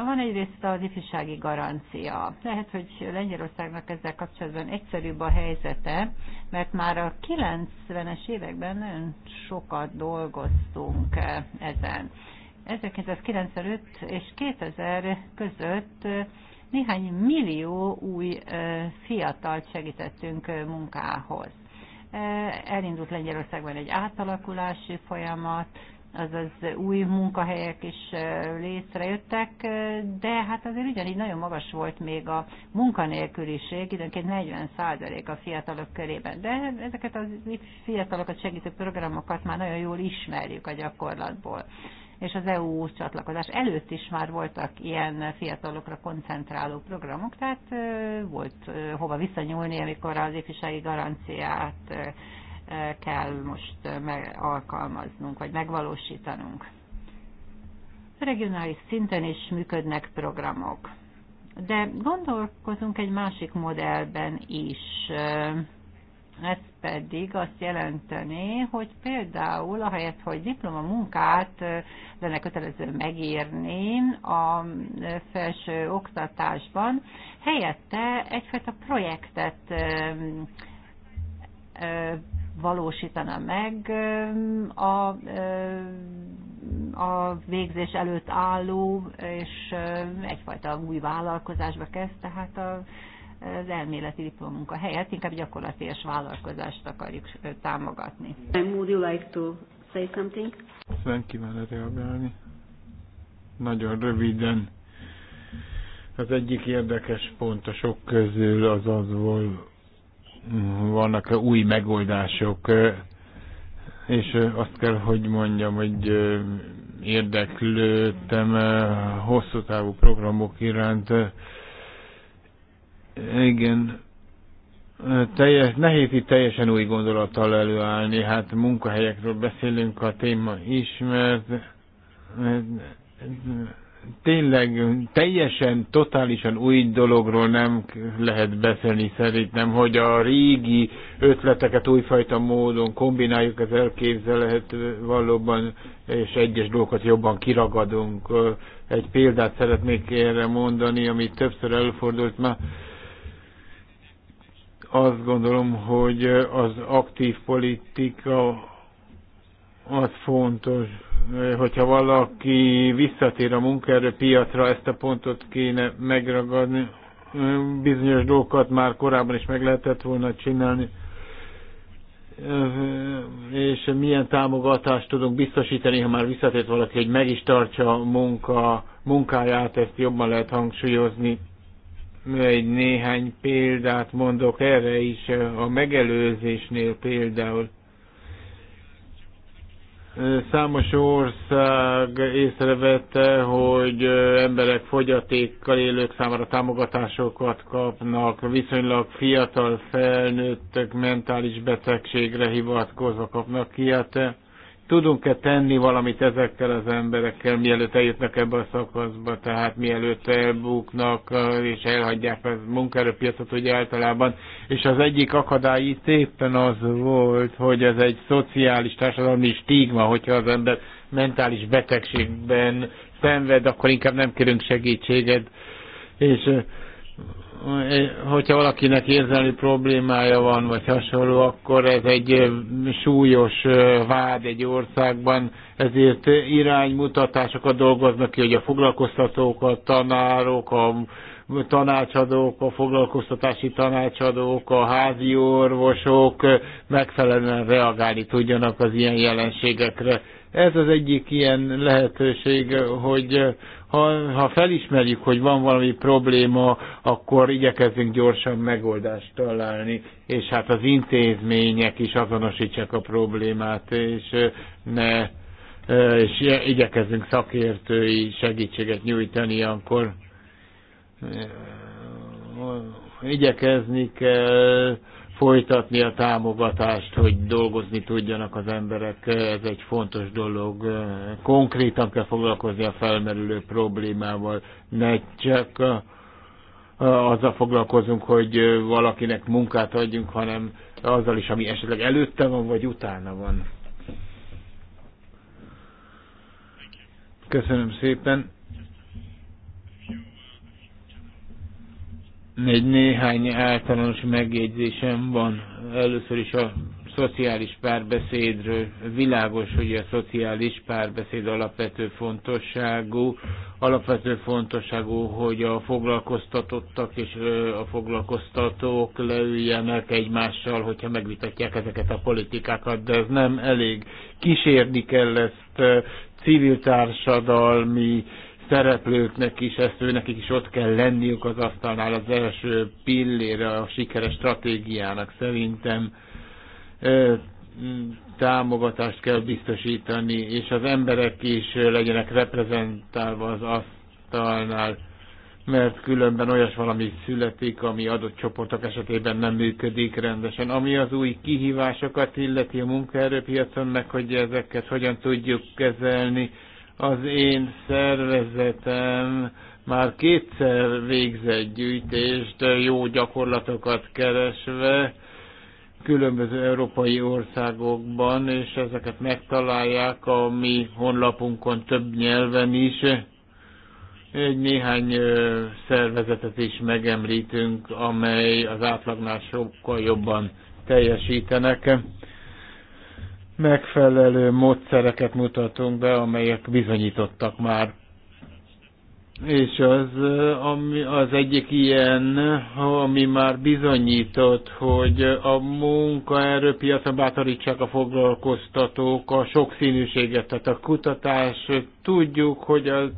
Van egyrészt az ifjúsági garancia. Lehet, hogy Lengyelországnak ezzel kapcsolatban egyszerűbb a helyzete, mert már a 90-es években nagyon sokat dolgoztunk eh, ezen. 1995 és 2000 között eh, néhány millió új eh, fiatalt segítettünk munkához. Elindult Lengyelországban egy átalakulási folyamat, azaz új munkahelyek is létrejöttek, de hát azért ugyanígy nagyon magas volt még a munkanélküliség, időnként 40 a fiatalok körében. De ezeket a fiatalokat segítő programokat már nagyon jól ismerjük a gyakorlatból és az EU csatlakozás előtt is már voltak ilyen fiatalokra koncentráló programok, tehát volt hova visszanyúlni, amikor az ifjúsági garanciát kell most eh, alkalmaznunk, vagy megvalósítanunk. Regionális szinten is működnek programok. De gondolkozunk egy másik modellben is. Eh, ez pedig azt jelenteni, hogy például ahelyett, hogy diploma munkát eh, lenne kötelező megírni a felső oktatásban, helyette egyfajta projektet valósítana meg a, a végzés előtt álló, és egyfajta új vállalkozásba kezd, tehát a, az elméleti a helyett inkább gyakorlatilag vállalkozást akarjuk támogatni. Would you like to say something? Nem kíván reagálni. Nagyon röviden. Az egyik érdekes pont a sok közül az az volt, vannak új megoldások, és azt kell, hogy mondjam, hogy érdeklődtem hosszú távú programok iránt. Igen, teljes, nehéz itt teljesen új gondolattal előállni, hát munkahelyekről beszélünk, a téma ismert, tényleg teljesen, totálisan új dologról nem lehet beszélni szerintem, hogy a régi ötleteket újfajta módon kombináljuk, ez elképzelhető valóban, és egyes dolgokat jobban kiragadunk. Egy példát szeretnék erre mondani, ami többször előfordult már. Azt gondolom, hogy az aktív politika az fontos, hogyha valaki visszatér a munkaerőpiacra, ezt a pontot kéne megragadni. Bizonyos dolgokat már korábban is meg lehetett volna csinálni. És milyen támogatást tudunk biztosítani, ha már visszatért valaki, hogy meg is tartsa a munka, munkáját, ezt jobban lehet hangsúlyozni. Egy néhány példát mondok erre is, a megelőzésnél például Számos ország észrevette, hogy emberek fogyatékkal élők számára támogatásokat kapnak, viszonylag fiatal felnőttek mentális betegségre hivatkozva kapnak ilyet tudunk-e tenni valamit ezekkel az emberekkel, mielőtt eljutnak ebbe a szakaszba, tehát mielőtt elbuknak és elhagyják a munkaerőpiacot ugye általában. És az egyik akadály itt éppen az volt, hogy ez egy szociális társadalmi stigma, hogyha az ember mentális betegségben szenved, akkor inkább nem kérünk segítséget. És hogyha valakinek érzelmi problémája van, vagy hasonló, akkor ez egy súlyos vád egy országban, ezért iránymutatásokat dolgoznak ki, hogy a foglalkoztatók, a tanárok, a tanácsadók, a foglalkoztatási tanácsadók, a házi orvosok megfelelően reagálni tudjanak az ilyen jelenségekre. Ez az egyik ilyen lehetőség, hogy eh, ha, ha felismerjük, hogy van valami probléma, akkor igyekezzünk gyorsan megoldást találni, és hát az intézmények is azonosítsák a problémát, és eh, ne eh, és igyekezzünk szakértői segítséget nyújtani ilyenkor. Igyekezni kell folytatni a támogatást, hogy dolgozni tudjanak az emberek, ez egy fontos dolog. Konkrétan kell foglalkozni a felmerülő problémával, ne csak azzal foglalkozunk, hogy valakinek munkát adjunk, hanem azzal is, ami esetleg előtte van, vagy utána van. Köszönöm szépen. egy néhány általános megjegyzésem van. Először is a szociális párbeszédről. Világos, hogy a szociális párbeszéd alapvető fontosságú. Alapvető fontosságú, hogy a foglalkoztatottak és a foglalkoztatók leüljenek egymással, hogyha megvitatják ezeket a politikákat, de ez nem elég. Kísérni kell ezt civil társadalmi szereplőknek is, ezt nekik is ott kell lenniük az asztalnál az első pillére a sikeres stratégiának szerintem támogatást kell biztosítani, és az emberek is legyenek reprezentálva az asztalnál, mert különben olyas valami születik, ami adott csoportok esetében nem működik rendesen. Ami az új kihívásokat illeti a munkaerőpiacon, meg hogy ezeket hogyan tudjuk kezelni, az én szervezetem már kétszer végzett gyűjtést, jó gyakorlatokat keresve különböző európai országokban, és ezeket megtalálják a mi honlapunkon több nyelven is. Egy néhány szervezetet is megemlítünk, amely az átlagnál sokkal jobban teljesítenek megfelelő módszereket mutatunk be, amelyek bizonyítottak már. És az, eh, ami az egyik ilyen, ami már bizonyított, hogy a munkaerőpiacon bátorítsák a foglalkoztatók a sokszínűséget, tehát a kutatás tudjuk, hogy a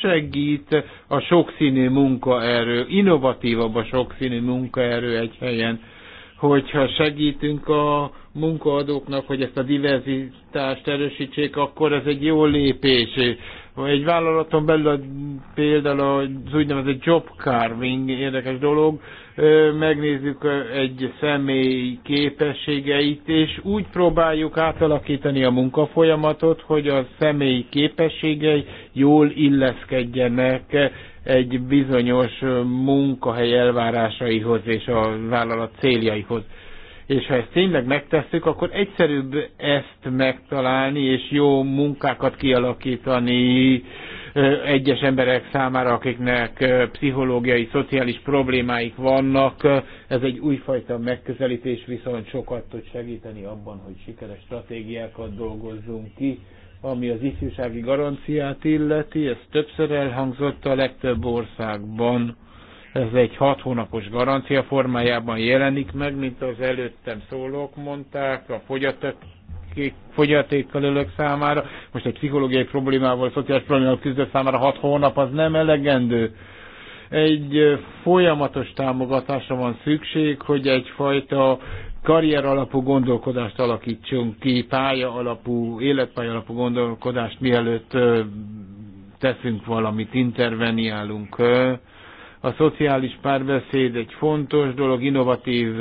segít a sokszínű munkaerő, innovatívabb a sokszínű munkaerő egy helyen hogyha segítünk a munkaadóknak, hogy ezt a diverzitást erősítsék, akkor ez egy jó lépés. Egy vállalaton belül például az úgynevezett job carving érdekes dolog, megnézzük egy személy képességeit, és úgy próbáljuk átalakítani a munkafolyamatot, hogy a személy képességei jól illeszkedjenek egy bizonyos munkahely elvárásaihoz és a vállalat céljaihoz. És ha ezt tényleg megtesszük, akkor egyszerűbb ezt megtalálni, és jó munkákat kialakítani egyes emberek számára, akiknek pszichológiai, szociális problémáik vannak. Ez egy újfajta megközelítés, viszont sokat tud segíteni abban, hogy sikeres stratégiákat dolgozzunk ki ami az ifjúsági garanciát illeti, ez többször elhangzott a legtöbb országban. Ez egy hat hónapos garancia formájában jelenik meg, mint az előttem szólók mondták, a fogyatok fogyatékkal ölök számára, most egy pszichológiai problémával, szociális problémával küzdő számára hat hónap az nem elegendő. Egy folyamatos támogatásra van szükség, hogy egyfajta karrier alapú gondolkodást alakítsunk ki, pálya alapú, életpálya alapú gondolkodást, mielőtt teszünk valamit, interveniálunk. A szociális párbeszéd egy fontos dolog, innovatív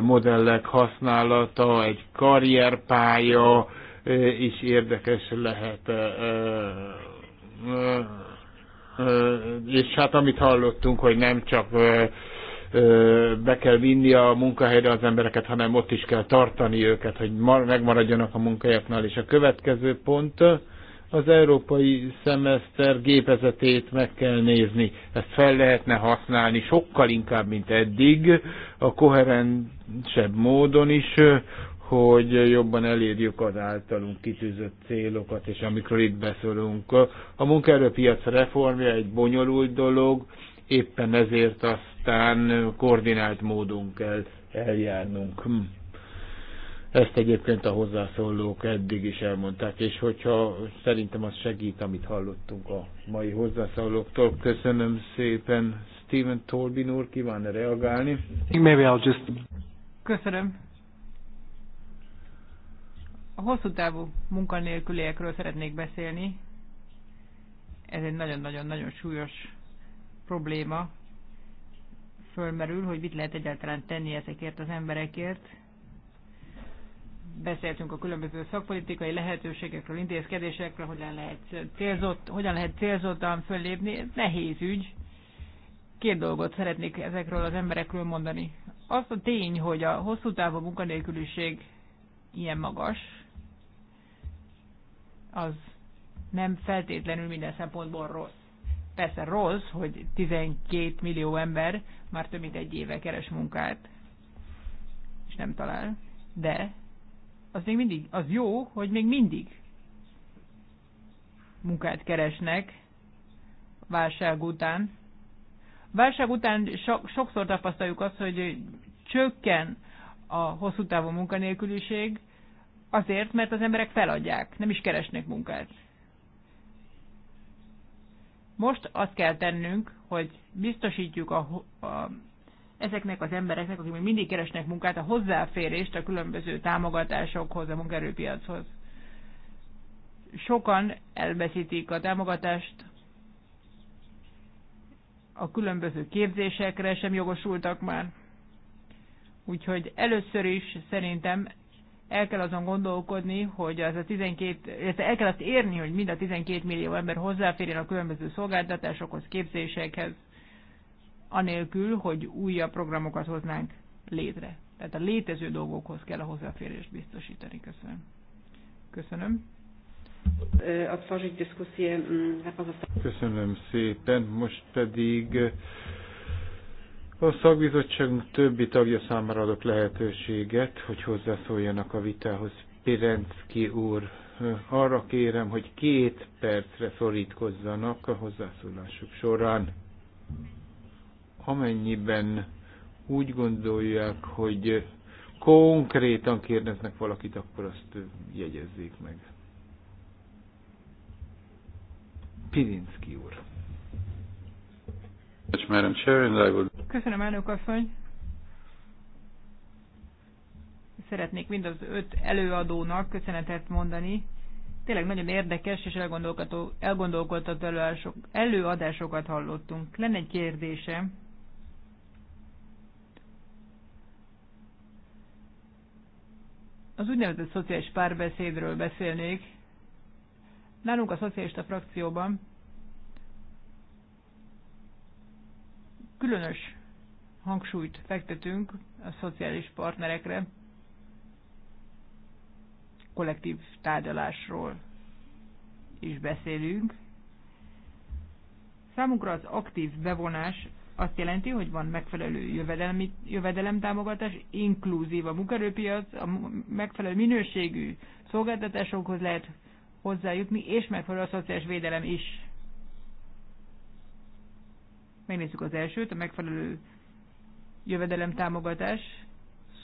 modellek használata, egy karrierpálya is érdekes lehet. És hát amit hallottunk, hogy nem csak be kell vinni a munkahelyre az embereket, hanem ott is kell tartani őket, hogy megmaradjanak a munkahelyeknál. És a következő pont az európai szemeszter gépezetét meg kell nézni. Ezt fel lehetne használni sokkal inkább, mint eddig, a koherensebb módon is, hogy jobban elérjük az általunk kitűzött célokat, és amikről itt beszélünk. A munkaerőpiac reformja egy bonyolult dolog, éppen ezért aztán koordinált módon kell eljárnunk. Hm. Ezt egyébként a hozzászólók eddig is elmondták, és hogyha szerintem az segít, amit hallottunk a mai hozzászólóktól. Köszönöm szépen. Stephen Torbin úr kíván -e reagálni? Maybe I'll just... Köszönöm. A hosszú távú munkanélküliekről szeretnék beszélni. Ez egy nagyon-nagyon-nagyon súlyos probléma fölmerül, hogy mit lehet egyáltalán tenni ezekért az emberekért. Beszéltünk a különböző szakpolitikai lehetőségekről, intézkedésekről, hogyan lehet, célzott, hogyan lehet célzottan föllépni. Ez nehéz ügy. Két dolgot szeretnék ezekről az emberekről mondani. Azt a tény, hogy a hosszú távú munkanélküliség ilyen magas, az nem feltétlenül minden szempontból rossz persze rossz, hogy 12 millió ember már több mint egy éve keres munkát, és nem talál, de az még mindig, az jó, hogy még mindig munkát keresnek válság után. Válság után so- sokszor tapasztaljuk azt, hogy csökken a hosszú távú munkanélküliség, azért, mert az emberek feladják, nem is keresnek munkát. Most azt kell tennünk, hogy biztosítjuk a, a, ezeknek az embereknek, akik még mindig keresnek munkát, a hozzáférést a különböző támogatásokhoz, a munkerőpiachoz. Sokan elveszítik a támogatást, a különböző képzésekre sem jogosultak már. Úgyhogy először is szerintem el kell azon gondolkodni, hogy az a 12, el kell azt érni, hogy mind a 12 millió ember hozzáférjen a különböző szolgáltatásokhoz, képzésekhez, anélkül, hogy újabb programokat hoznánk létre. Tehát a létező dolgokhoz kell a hozzáférést biztosítani. Köszönöm. Köszönöm. Mm, Köszönöm szépen. Most pedig a szakbizottságunk többi tagja számára adok lehetőséget, hogy hozzászóljanak a vitához. Pirenszki úr, arra kérem, hogy két percre szorítkozzanak a hozzászólásuk során. Amennyiben úgy gondolják, hogy konkrétan kérdeznek valakit, akkor azt jegyezzék meg. Pirinszki úr. Köszönöm, elnök asszony. Szeretnék mind az öt előadónak köszönetet mondani. Tényleg nagyon érdekes és elgondolkodható, elgondolkodható előadásokat hallottunk. Lenne egy kérdésem. Az úgynevezett szociális párbeszédről beszélnék. Nálunk a szocialista frakcióban Különös hangsúlyt fektetünk a szociális partnerekre, kollektív tárgyalásról is beszélünk. Számukra az aktív bevonás azt jelenti, hogy van megfelelő jövedelmi, jövedelemtámogatás, inkluzív a munkerőpiac, a megfelelő minőségű szolgáltatásokhoz lehet hozzájutni, és megfelelő a szociális védelem is. Megnézzük az elsőt, a megfelelő jövedelem támogatás.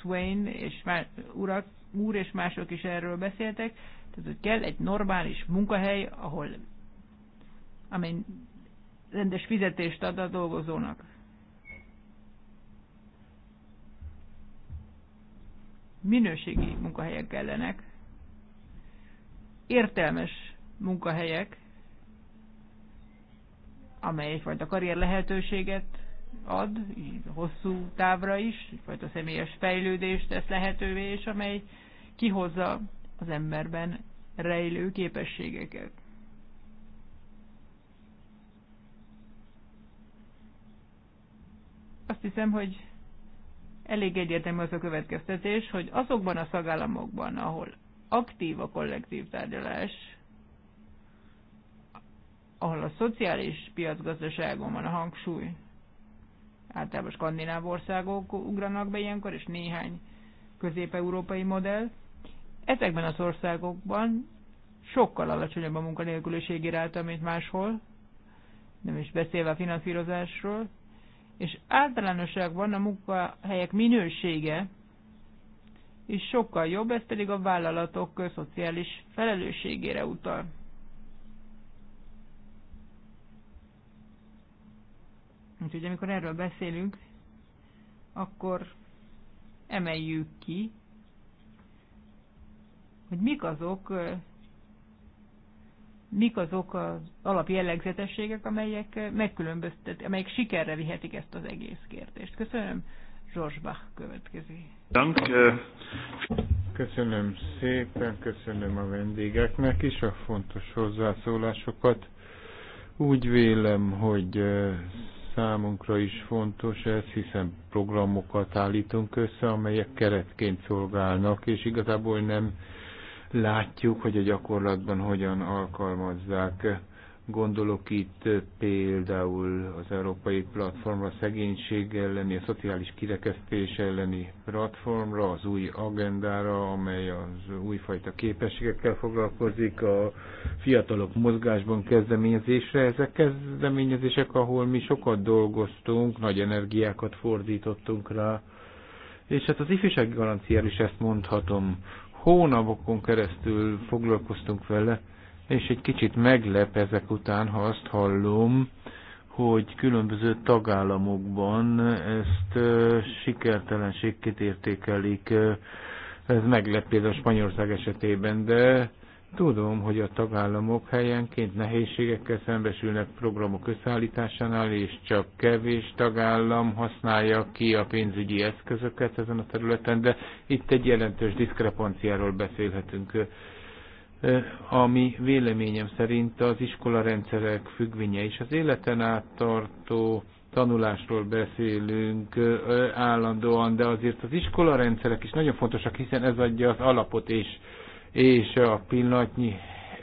Swain és más, urak, úr és mások is erről beszéltek. Tehát, hogy kell egy normális munkahely, ahol amely rendes fizetést ad a dolgozónak. Minőségi munkahelyek kellenek, értelmes munkahelyek, amely egyfajta karrier lehetőséget ad, így hosszú távra is, egyfajta személyes fejlődést tesz lehetővé, és amely kihozza az emberben rejlő képességeket. Azt hiszem, hogy elég egyértelmű az a következtetés, hogy azokban a szagállamokban, ahol aktív a kollektív tárgyalás, ahol a szociális piacgazdaságon van a hangsúly, általában skandináv országok ugranak be ilyenkor, és néhány közép-európai modell. Ezekben az országokban sokkal alacsonyabb a munkanélküliség iráta, mint máshol, nem is beszélve a finanszírozásról, és általánosságban a munkahelyek minősége is sokkal jobb, ez pedig a vállalatok szociális felelősségére utal. Úgyhogy amikor erről beszélünk, akkor emeljük ki, hogy mik azok, mik azok az alapjellegzetességek, amelyek megkülönböztet, amelyek sikerre vihetik ezt az egész kérdést. Köszönöm. Bach következő. Köszönöm szépen, köszönöm a vendégeknek is a fontos hozzászólásokat. Úgy vélem, hogy számunkra is fontos ez, hiszen programokat állítunk össze, amelyek keretként szolgálnak, és igazából nem látjuk, hogy a gyakorlatban hogyan alkalmazzák Gondolok itt például az Európai Platformra, a szegénység elleni, a szociális kirekesztés elleni platformra, az új agendára, amely az újfajta képességekkel foglalkozik, a fiatalok mozgásban kezdeményezésre. Ezek kezdeményezések, ahol mi sokat dolgoztunk, nagy energiákat fordítottunk rá, és hát az ifjúsági garanciára is ezt mondhatom. Hónapokon keresztül foglalkoztunk vele, és egy kicsit meglep ezek után, ha azt hallom, hogy különböző tagállamokban ezt sikertelenségként értékelik. Ez meglep például Spanyolország esetében, de tudom, hogy a tagállamok helyenként nehézségekkel szembesülnek programok összeállításánál, és csak kevés tagállam használja ki a pénzügyi eszközöket ezen a területen, de itt egy jelentős diszkrepanciáról beszélhetünk ami véleményem szerint az iskola rendszerek függvénye is. Az életen át tartó tanulásról beszélünk állandóan, de azért az iskola rendszerek is nagyon fontosak, hiszen ez adja az alapot és, és a pillanatnyi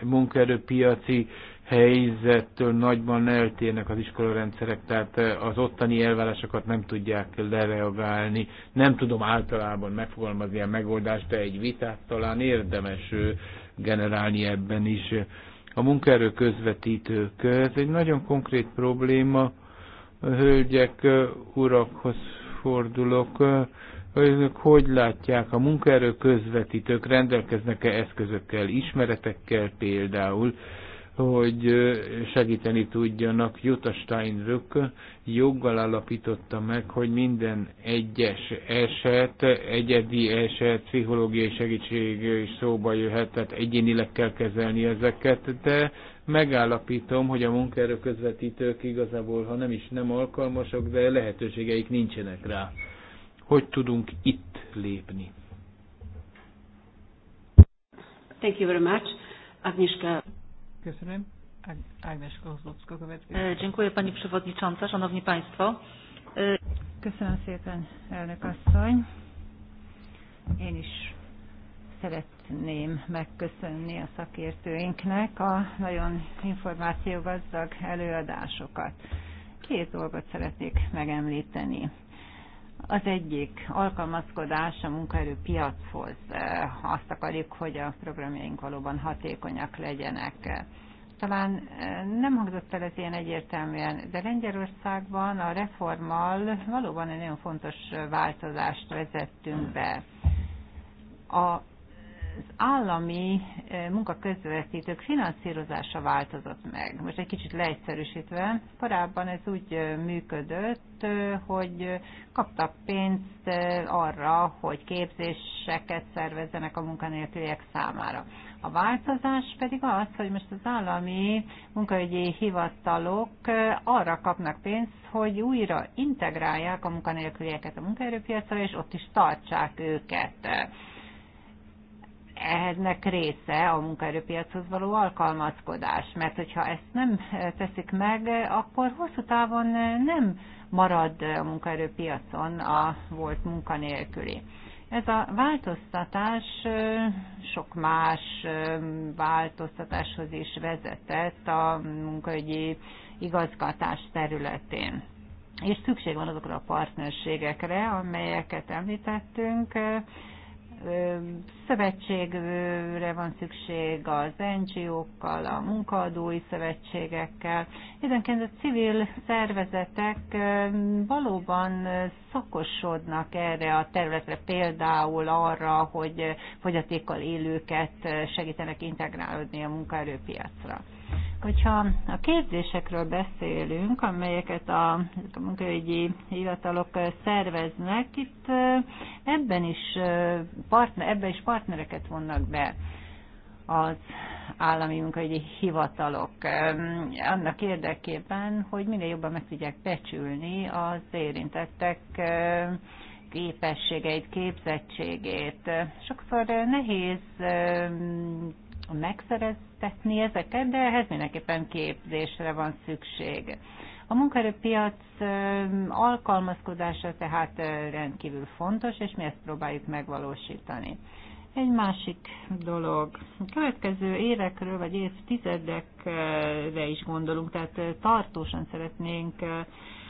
munkaerőpiaci helyzettől nagyban eltérnek az iskolarendszerek, tehát az ottani elvárásokat nem tudják lereagálni. Nem tudom általában megfogalmazni a megoldást, de egy vitát talán érdemes generálni ebben is. A munkaerő közvetítők, ez egy nagyon konkrét probléma, hölgyek, urakhoz fordulok, önök hogy látják, a munkaerő közvetítők rendelkeznek-e eszközökkel, ismeretekkel például, hogy segíteni tudjanak. Jutta Steinrück joggal alapította meg, hogy minden egyes eset, egyedi eset, pszichológiai segítség is szóba jöhet, tehát egyénileg kell kezelni ezeket, de megállapítom, hogy a munkaerő közvetítők igazából, ha nem is nem alkalmasak, de lehetőségeik nincsenek rá. Hogy tudunk itt lépni? Thank you very much. Agnieszka. Köszönöm. Ágnes Kozlowska következik. E, dziękuję Pani Przewodnicząca, Szanowni Państwo. E, Köszönöm szépen, elnök asszony. Én is szeretném megköszönni a szakértőinknek a nagyon információgazdag előadásokat. Két dolgot szeretnék megemlíteni. Az egyik alkalmazkodás a munkaerőpiachoz. Azt akarjuk, hogy a programjaink valóban hatékonyak legyenek. Talán eh, nem hangzott el ez ilyen egyértelműen, de Lengyelországban a reformmal valóban egy nagyon fontos változást vezettünk be. A az állami eh, munkaközvetítők finanszírozása változott meg. Most egy kicsit leegyszerűsítve, korábban ez úgy eh, működött, azt, hogy kaptak pénzt arra, hogy képzéseket szervezzenek a munkanélküliek számára. A változás pedig az, hogy most az állami munkaügyi hivatalok arra kapnak pénzt, hogy újra integrálják a munkanélkülieket a munkaerőpiacra, és ott is tartsák őket Ehhez része a munkaerőpiachoz való alkalmazkodás, mert hogyha ezt nem teszik meg, akkor hosszú távon nem marad a munkaerőpiacon a volt munkanélküli. Ez a változtatás sok más változtatáshoz is vezetett a munkaügyi igazgatás területén. És szükség van azokra a partnerségekre, amelyeket említettünk, szövetségre van szükség az NGO-kkal, a munkaadói szövetségekkel. Időnként a civil szervezetek valóban szakosodnak erre a területre, például arra, hogy fogyatékkal élőket segítenek integrálódni a munkaerőpiacra. Hogyha a képzésekről beszélünk, amelyeket a munkaügyi hivatalok szerveznek, itt ebben is, partner, ebben is partnereket vonnak be az állami munkaügyi hivatalok annak érdekében, hogy minél jobban meg tudják becsülni az érintettek képességeit, képzettségét. Sokszor nehéz megszereztetni ezeket, de ehhez mindenképpen képzésre van szükség. A munkaerőpiac alkalmazkodása tehát rendkívül fontos, és mi ezt próbáljuk megvalósítani. Egy másik dolog. A következő évekről vagy évtizedekre is gondolunk, tehát tartósan szeretnénk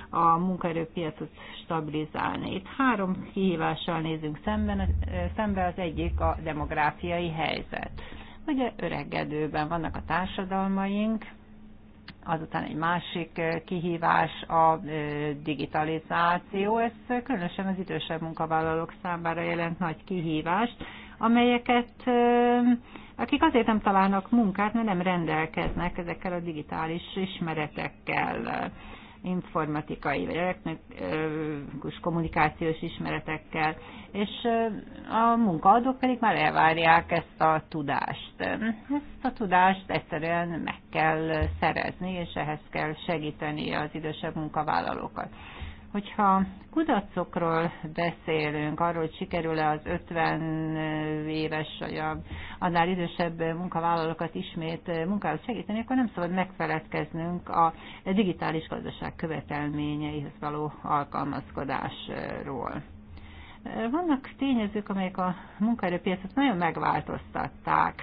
a munkaerőpiacot stabilizálni. Itt három kihívással nézünk szemben, szembe az egyik a demográfiai helyzet. Ugye öregedőben vannak a társadalmaink, azután egy másik kihívás a digitalizáció. Ez különösen az idősebb munkavállalók számára jelent nagy kihívást, amelyeket akik azért nem találnak munkát, mert nem rendelkeznek ezekkel a digitális ismeretekkel informatikai vagy elektronikus kommunikációs ismeretekkel, és a munkaadók pedig már elvárják ezt a tudást. Ezt a tudást egyszerűen meg kell szerezni, és ehhez kell segíteni az idősebb munkavállalókat. Hogyha kudarcokról beszélünk, arról, hogy sikerül-e az 50 éves vagy a, annál idősebb munkavállalókat ismét munkához segíteni, akkor nem szabad megfeledkeznünk a digitális gazdaság követelményeihez való alkalmazkodásról. Vannak tényezők, amelyek a munkaerőpiacot nagyon megváltoztatták.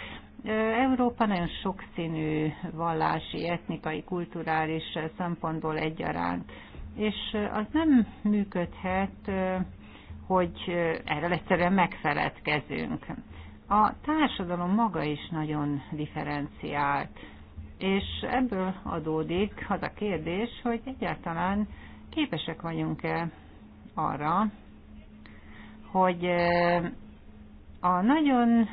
Európa nagyon sokszínű vallási, etnikai, kulturális szempontból egyaránt és az nem működhet, hogy erről egyszerűen megfeledkezünk. A társadalom maga is nagyon differenciált, és ebből adódik az a kérdés, hogy egyáltalán képesek vagyunk-e arra, hogy a nagyon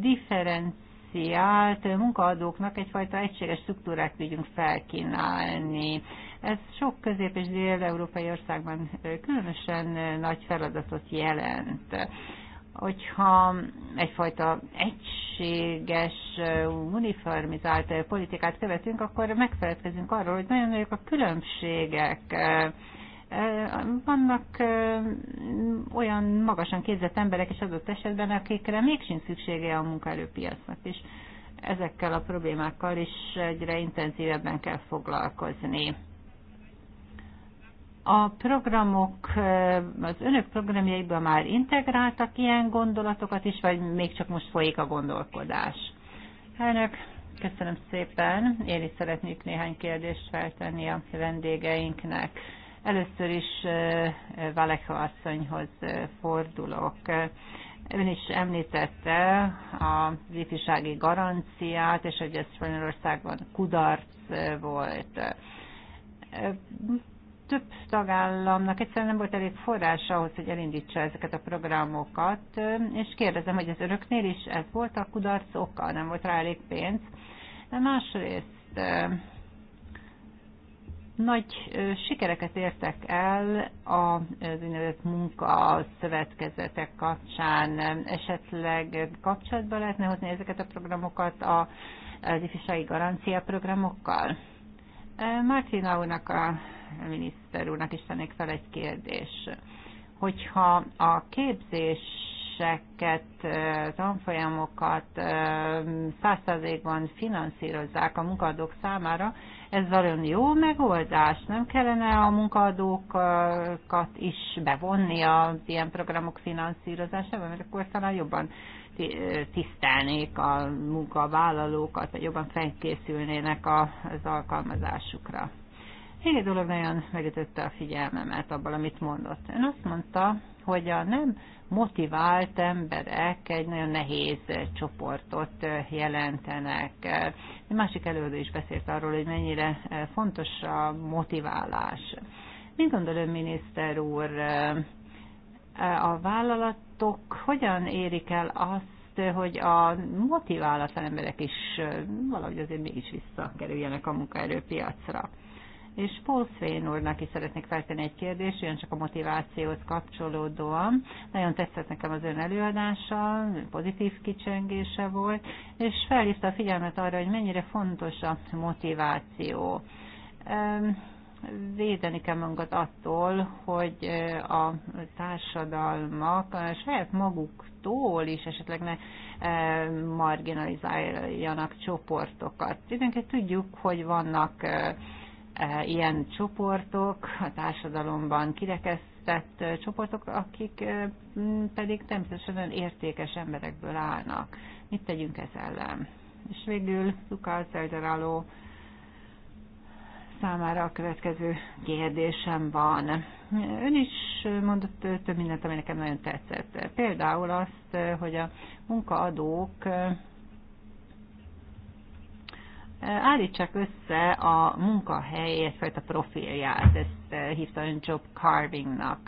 differenciált munkaadóknak egyfajta egységes struktúrát tudjunk felkínálni. Ez sok közép- és dél-európai országban különösen nagy feladatot jelent hogyha egyfajta egységes, uniformizált politikát követünk, akkor megfelelkezünk arról, hogy nagyon nagyok a különbségek. Vannak olyan magasan képzett emberek is adott esetben, akikre még sincs szüksége a munkaerőpiacnak is. Ezekkel a problémákkal is egyre intenzívebben kell foglalkozni a programok, az önök programjaiban már integráltak ilyen gondolatokat is, vagy még csak most folyik a gondolkodás? Elnök, köszönöm szépen. Én is szeretnék néhány kérdést feltenni a vendégeinknek. Először is Valeka asszonyhoz fordulok. Ön is említette a ifjúsági garanciát, és hogy ez Spanyolországban kudarc volt több tagállamnak egyszerűen nem volt elég forrás ahhoz, hogy elindítsa ezeket a programokat, és kérdezem, hogy az öröknél is ez volt a kudarc oka, nem volt rá elég pénz. De másrészt nagy sikereket értek el az úgynevezett szövetkezetek kapcsán. Esetleg kapcsolatba lehetne hozni ezeket a programokat a az ifjúsági garancia programokkal? Martina úrnak, a miniszter úrnak is tennék fel egy kérdés. Hogyha a képzéseket, tanfolyamokat százszerzékban finanszírozzák a munkadók számára, ez valami jó megoldás? Nem kellene a munkadókat is bevonni az ilyen programok finanszírozásába, mert akkor talán jobban tisztelnék a munkavállalókat, vagy jobban felkészülnének az alkalmazásukra. Még egy dolog nagyon megütötte a figyelmemet abban, amit mondott. Ön azt mondta, hogy a nem motivált emberek egy nagyon nehéz csoportot jelentenek. Egy másik előadó is beszélt arról, hogy mennyire fontos a motiválás. Mit gondol ön, miniszter úr, a vállalat vállalatok hogyan érik el azt, hogy a motiválatlan emberek is valahogy azért mégis visszakerüljenek a munkaerőpiacra. És Paul Svén úrnak is szeretnék feltenni egy kérdést, jön csak a motivációhoz kapcsolódóan. Nagyon tetszett nekem az ön előadása, pozitív kicsengése volt, és felhívta a figyelmet arra, hogy mennyire fontos a motiváció védeni kell magunkat attól, hogy a társadalmak a saját maguktól is esetleg ne marginalizáljanak csoportokat. Mindenki tudjuk, hogy vannak ilyen csoportok a társadalomban kirekesztett csoportok, akik pedig természetesen értékes emberekből állnak. Mit tegyünk ez ellen? És végül Lukács Elderáló számára a következő kérdésem van. Ön is mondott több mindent, ami nekem nagyon tetszett. Például azt, hogy a munkaadók eh, állítsák össze a munkahely egyfajta profilját, ezt eh, hívta ön job carvingnak.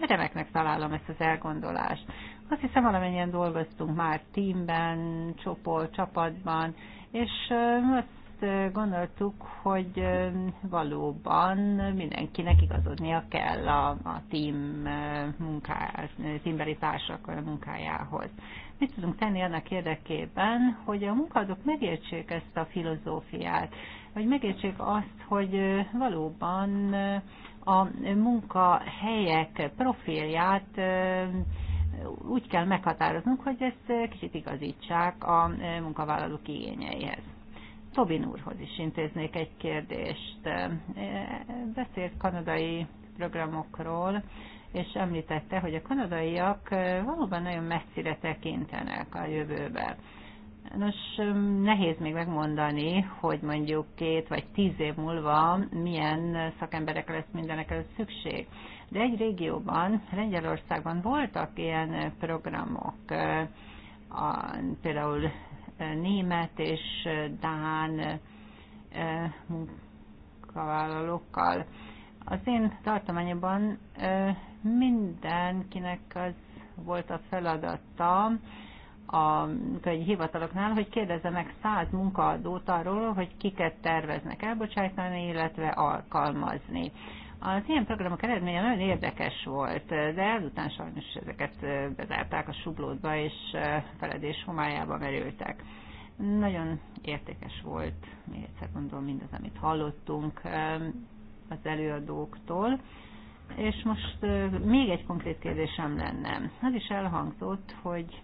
Remeknek találom ezt az elgondolást. Azt hiszem valamennyien dolgoztunk már teamben, csoport, csapatban, és eh, azt azt gondoltuk, hogy valóban mindenkinek igazodnia kell a, a team munká, teambeli társak munkájához. Mit tudunk tenni annak érdekében, hogy a munkadók megértsék ezt a filozófiát, hogy megértsék azt, hogy valóban a munkahelyek profilját úgy kell meghatároznunk, hogy ezt kicsit igazítsák a munkavállalók igényeihez. Tobin úrhoz is intéznék egy kérdést. E, beszélt kanadai programokról, és említette, hogy a kanadaiak e, valóban nagyon messzire tekintenek a jövőbe. Nos, e, nehéz még megmondani, hogy mondjuk két vagy tíz év múlva milyen szakemberekre lesz mindenek előtt szükség. De egy régióban, Lengyelországban voltak ilyen programok, a, például német és dán munkavállalókkal. Az én tartományban mindenkinek az volt a feladata, a egy hivataloknál, hogy kérdezze meg száz munkaadót arról, hogy kiket terveznek elbocsájtani, illetve alkalmazni. Az ilyen programok eredménye nagyon érdekes volt, de azután sajnos ezeket bezárták a sublótba, és feledés homályába merültek. Nagyon értékes volt, még egyszer mondom, mindaz, amit hallottunk az előadóktól. És most még egy konkrét kérdésem lenne. Az is elhangzott, hogy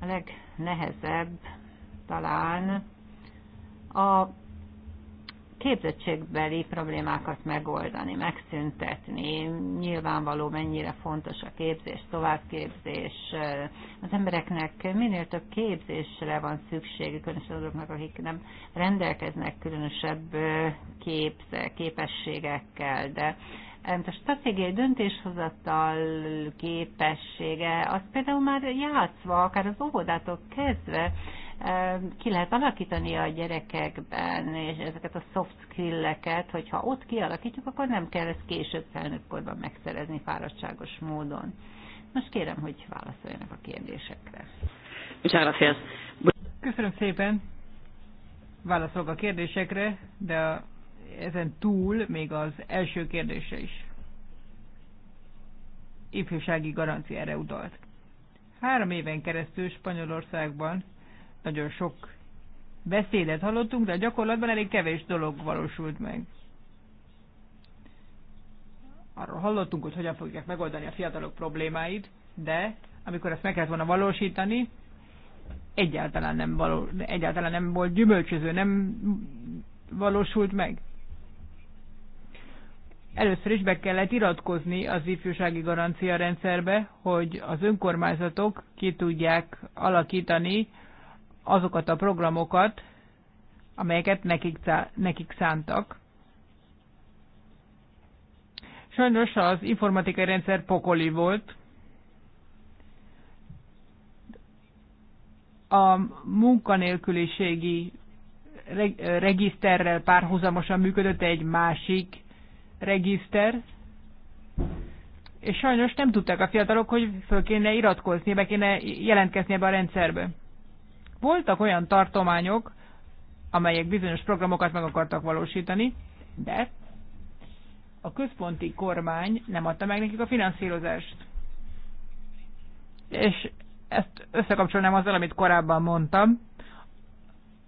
a legnehezebb talán a képzettségbeli problémákat megoldani, megszüntetni. Nyilvánvaló, mennyire fontos a képzés, továbbképzés. Az embereknek minél több képzésre van szükségük, különösen azoknak, akik nem rendelkeznek különösebb képze, képességekkel, de a stratégiai döntéshozatal képessége, az például már játszva, akár az óvodától kezdve ki lehet alakítani a gyerekekben, és ezeket a soft skill-eket, hogyha ott kialakítjuk, akkor nem kell ezt később felnőttkorban megszerezni fáradtságos módon. Most kérem, hogy válaszoljanak a kérdésekre. Köszönöm szépen. Válaszolok a kérdésekre, de ezen túl még az első kérdése is ifjúsági garanciára utalt. Három éven keresztül Spanyolországban nagyon sok beszédet hallottunk, de a gyakorlatban elég kevés dolog valósult meg. Arról hallottunk, hogy hogyan fogják megoldani a fiatalok problémáit, de amikor ezt meg kellett volna valósítani, egyáltalán nem, való, egyáltalán nem volt gyümölcsöző, nem valósult meg. Először is be kellett iratkozni az ifjúsági garancia rendszerbe, hogy az önkormányzatok ki tudják alakítani azokat a programokat, amelyeket nekik, nekik szántak. Sajnos az informatikai rendszer pokoli volt. A munkanélküliségi regiszterrel párhuzamosan működött egy másik regiszter, és sajnos nem tudták a fiatalok, hogy föl kéne iratkozni, be kéne jelentkezni ebbe a rendszerbe. Voltak olyan tartományok, amelyek bizonyos programokat meg akartak valósítani, de a központi kormány nem adta meg nekik a finanszírozást. És ezt összekapcsolnám azzal, amit korábban mondtam.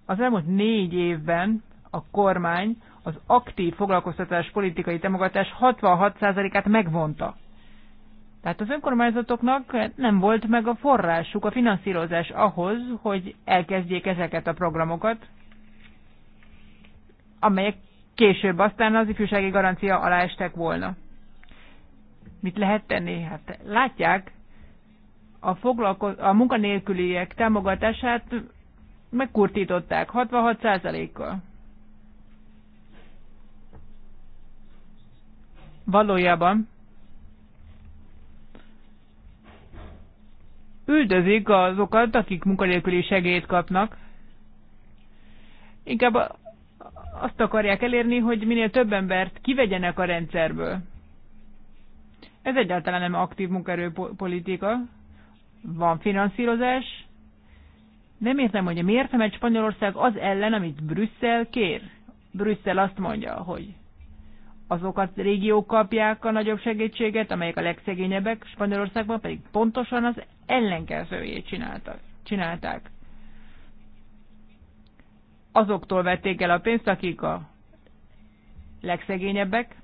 Az elmúlt négy évben a kormány az aktív foglalkoztatás politikai támogatás 66%-át megvonta. Tehát az önkormányzatoknak nem volt meg a forrásuk, a finanszírozás ahhoz, hogy elkezdjék ezeket a programokat, amelyek később aztán az ifjúsági garancia alá estek volna. Mit lehet tenni? Hát látják, a, foglalko- a munkanélküliek támogatását megkurtították 66%-kal. Valójában üldözik azokat, akik munkanélküli segélyt kapnak. Inkább azt akarják elérni, hogy minél több embert kivegyenek a rendszerből. Ez egyáltalán nem aktív munkaerőpolitika. Van finanszírozás. Nem értem, hogy miért nem egy Spanyolország az ellen, amit Brüsszel kér. Brüsszel azt mondja, hogy azokat régiók kapják a nagyobb segítséget, amelyek a legszegényebbek, Spanyolországban pedig pontosan az ellenkezőjét csináltak, csinálták. Azoktól vették el a pénzt, akik a legszegényebbek,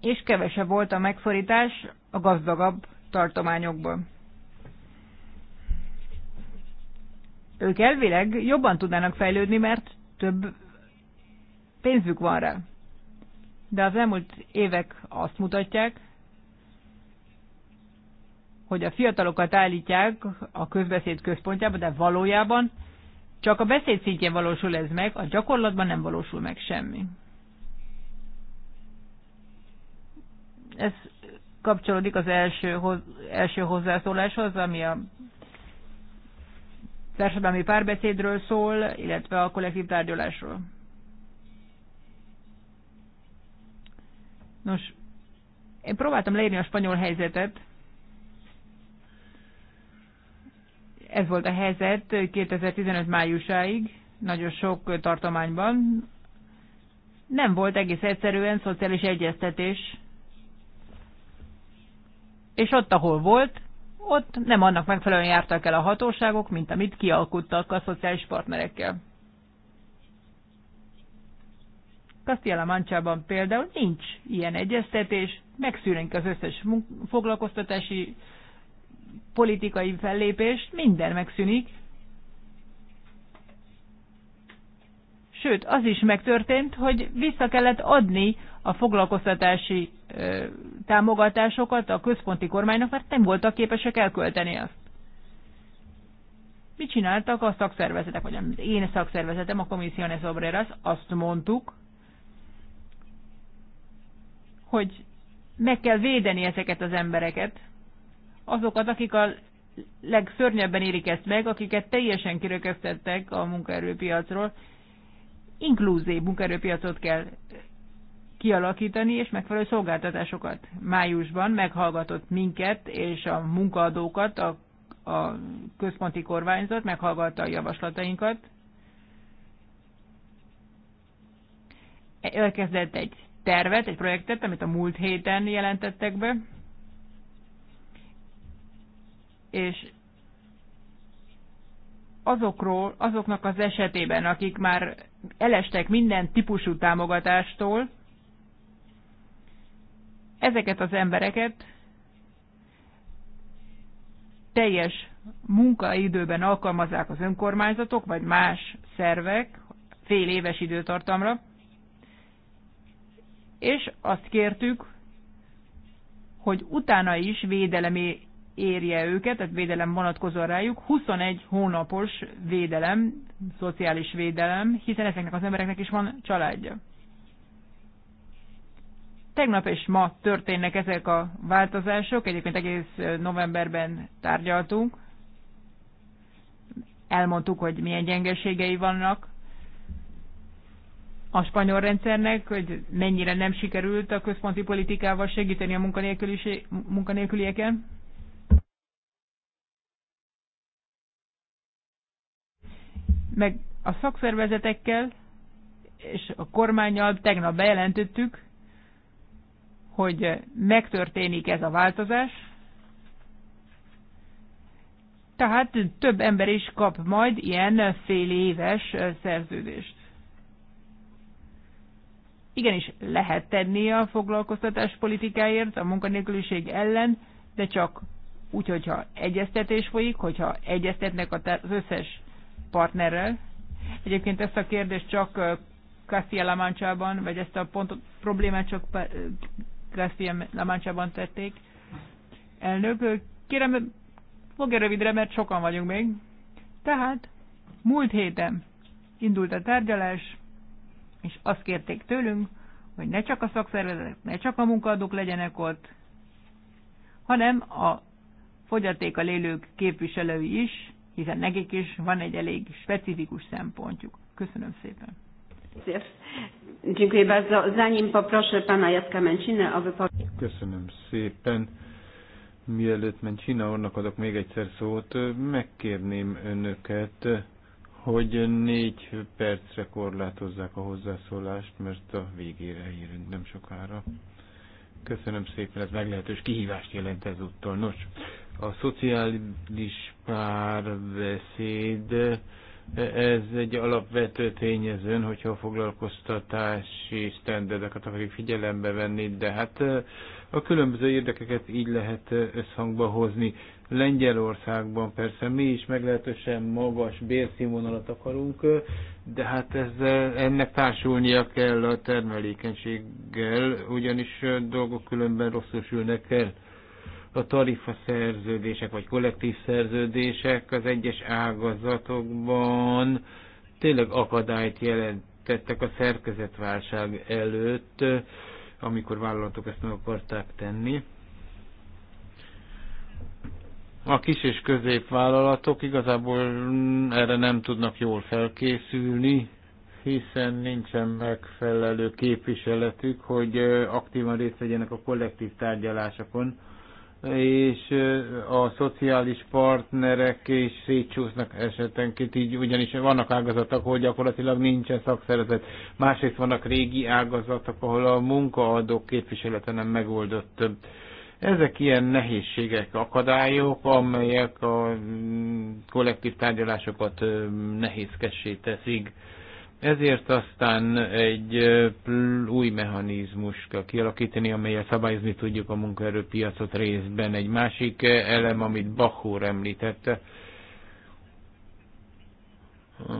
és kevesebb volt a megszorítás a gazdagabb tartományokban. Ők elvileg jobban tudnának fejlődni, mert több pénzük van rá. De az elmúlt évek azt mutatják, hogy a fiatalokat állítják a közbeszéd központjába, de valójában csak a beszéd szintjén valósul ez meg, a gyakorlatban nem valósul meg semmi. Ez kapcsolódik az első, hoz, első hozzászóláshoz, ami a társadalmi párbeszédről szól, illetve a kollektív tárgyalásról. Nos, én próbáltam leírni a spanyol helyzetet. Ez volt a helyzet 2015 májusáig, nagyon sok tartományban. Nem volt egész egyszerűen szociális egyeztetés. És ott, ahol volt, ott nem annak megfelelően jártak el a hatóságok, mint amit kialkuttak a szociális partnerekkel. Castilla Mancsában például nincs ilyen egyeztetés, megszűnik az összes foglalkoztatási politikai fellépést, minden megszűnik. Sőt, az is megtörtént, hogy vissza kellett adni a foglalkoztatási ö, támogatásokat a központi kormánynak, mert nem voltak képesek elkölteni azt. Mit csináltak a szakszervezetek, vagy az én szakszervezetem, a Comisión Obreras, azt mondtuk, hogy meg kell védeni ezeket az embereket, azokat, akik a legszörnyebben érik ezt meg, akiket teljesen kirökeztettek a munkaerőpiacról. Inkluzív munkaerőpiacot kell kialakítani, és megfelelő szolgáltatásokat. Májusban meghallgatott minket és a munkaadókat, a, a központi kormányzat meghallgatta a javaslatainkat. Elkezdett egy tervet, egy projektet, amit a múlt héten jelentettek be, és azokról, azoknak az esetében, akik már elestek minden típusú támogatástól, ezeket az embereket teljes munkaidőben alkalmazzák az önkormányzatok, vagy más szervek fél éves időtartamra, és azt kértük, hogy utána is védelemé érje őket, tehát védelem vonatkozó rájuk, 21 hónapos védelem, szociális védelem, hiszen ezeknek az embereknek is van családja. Tegnap és ma történnek ezek a változások, egyébként egész novemberben tárgyaltunk, elmondtuk, hogy milyen gyengeségei vannak a spanyol rendszernek, hogy mennyire nem sikerült a központi politikával segíteni a munkanélkülieken. Meg a szakszervezetekkel és a kormányjal tegnap bejelentettük, hogy megtörténik ez a változás, tehát több ember is kap majd ilyen fél éves szerződést. Igenis lehet tenni a foglalkoztatás politikáért, a munkanélküliség ellen, de csak úgy, hogyha egyeztetés folyik, hogyha egyeztetnek az összes partnerrel. Egyébként ezt a kérdést csak castilla Lamáncsában, vagy ezt a pont, problémát csak castilla Lamáncsában tették. Elnök, kérem, fogja rövidre, mert sokan vagyunk még. Tehát múlt héten indult a tárgyalás, és azt kérték tőlünk, hogy ne csak a szakszervezetek, ne csak a munkaadók legyenek ott, hanem a fogyatékkal élők képviselői is, hiszen nekik is van egy elég specifikus szempontjuk. Köszönöm szépen. Dziękuję bardzo. Zanim poproszę pana Jacka Męcinę o wypowiedź. Köszönöm szépen. Mielőtt Mencsina annak adok még egyszer szót, megkérném önöket, hogy négy percre korlátozzák a hozzászólást, mert a végére érünk nem sokára. Köszönöm szépen, ez meglehetős kihívást jelent ezúttal. Nos, a szociális párbeszéd, ez egy alapvető tényezőn, hogyha a foglalkoztatási standardokat akarjuk figyelembe venni, de hát a különböző érdekeket így lehet összhangba hozni. Lengyelországban persze mi is meglehetősen magas bérszínvonalat akarunk, de hát ezzel, ennek társulnia kell a termelékenységgel, ugyanis dolgok különben rosszul sülnek el. A szerződések vagy kollektív szerződések az egyes ágazatokban tényleg akadályt jelentettek a szerkezetválság előtt, amikor vállalatok ezt meg akarták tenni a kis és középvállalatok igazából erre nem tudnak jól felkészülni, hiszen nincsen megfelelő képviseletük, hogy aktívan részt vegyenek a kollektív tárgyalásokon, és a szociális partnerek is szétcsúsznak esetenként, így ugyanis vannak ágazatok, ahol gyakorlatilag nincsen szakszervezet. Másrészt vannak régi ágazatok, ahol a munkaadók képviselete nem megoldott több ezek ilyen nehézségek, akadályok, amelyek a mm, kollektív tárgyalásokat nehézkessé teszik. Ezért aztán egy új mechanizmus kell kialakítani, amelyet szabályozni tudjuk a munkaerőpiacot részben. Egy másik elem, amit Bachor említette,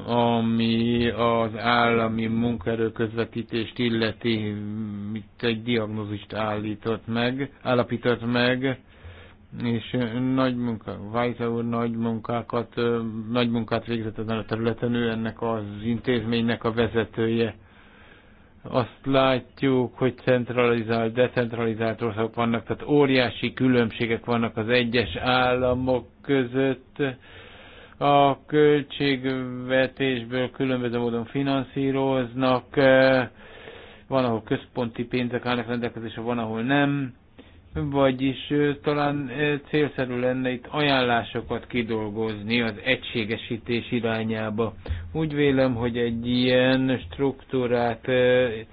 ami az állami munkaerő közvetítést illeti, itt egy diagnózist állított meg, állapított meg, és nagy munka, Vajza úr nagy munkákat, nagy munkát végzett ezen a területen, ő ennek az intézménynek a vezetője. Azt látjuk, hogy centralizált, decentralizált országok vannak, tehát óriási különbségek vannak az egyes államok között, a költségvetésből különböző módon finanszíroznak, eh, van, ahol központi pénzek állnak rendelkezésre, van, ahol nem, vagyis eh, talán eh, célszerű lenne itt ajánlásokat kidolgozni az egységesítés irányába. Úgy vélem, hogy egy ilyen struktúrát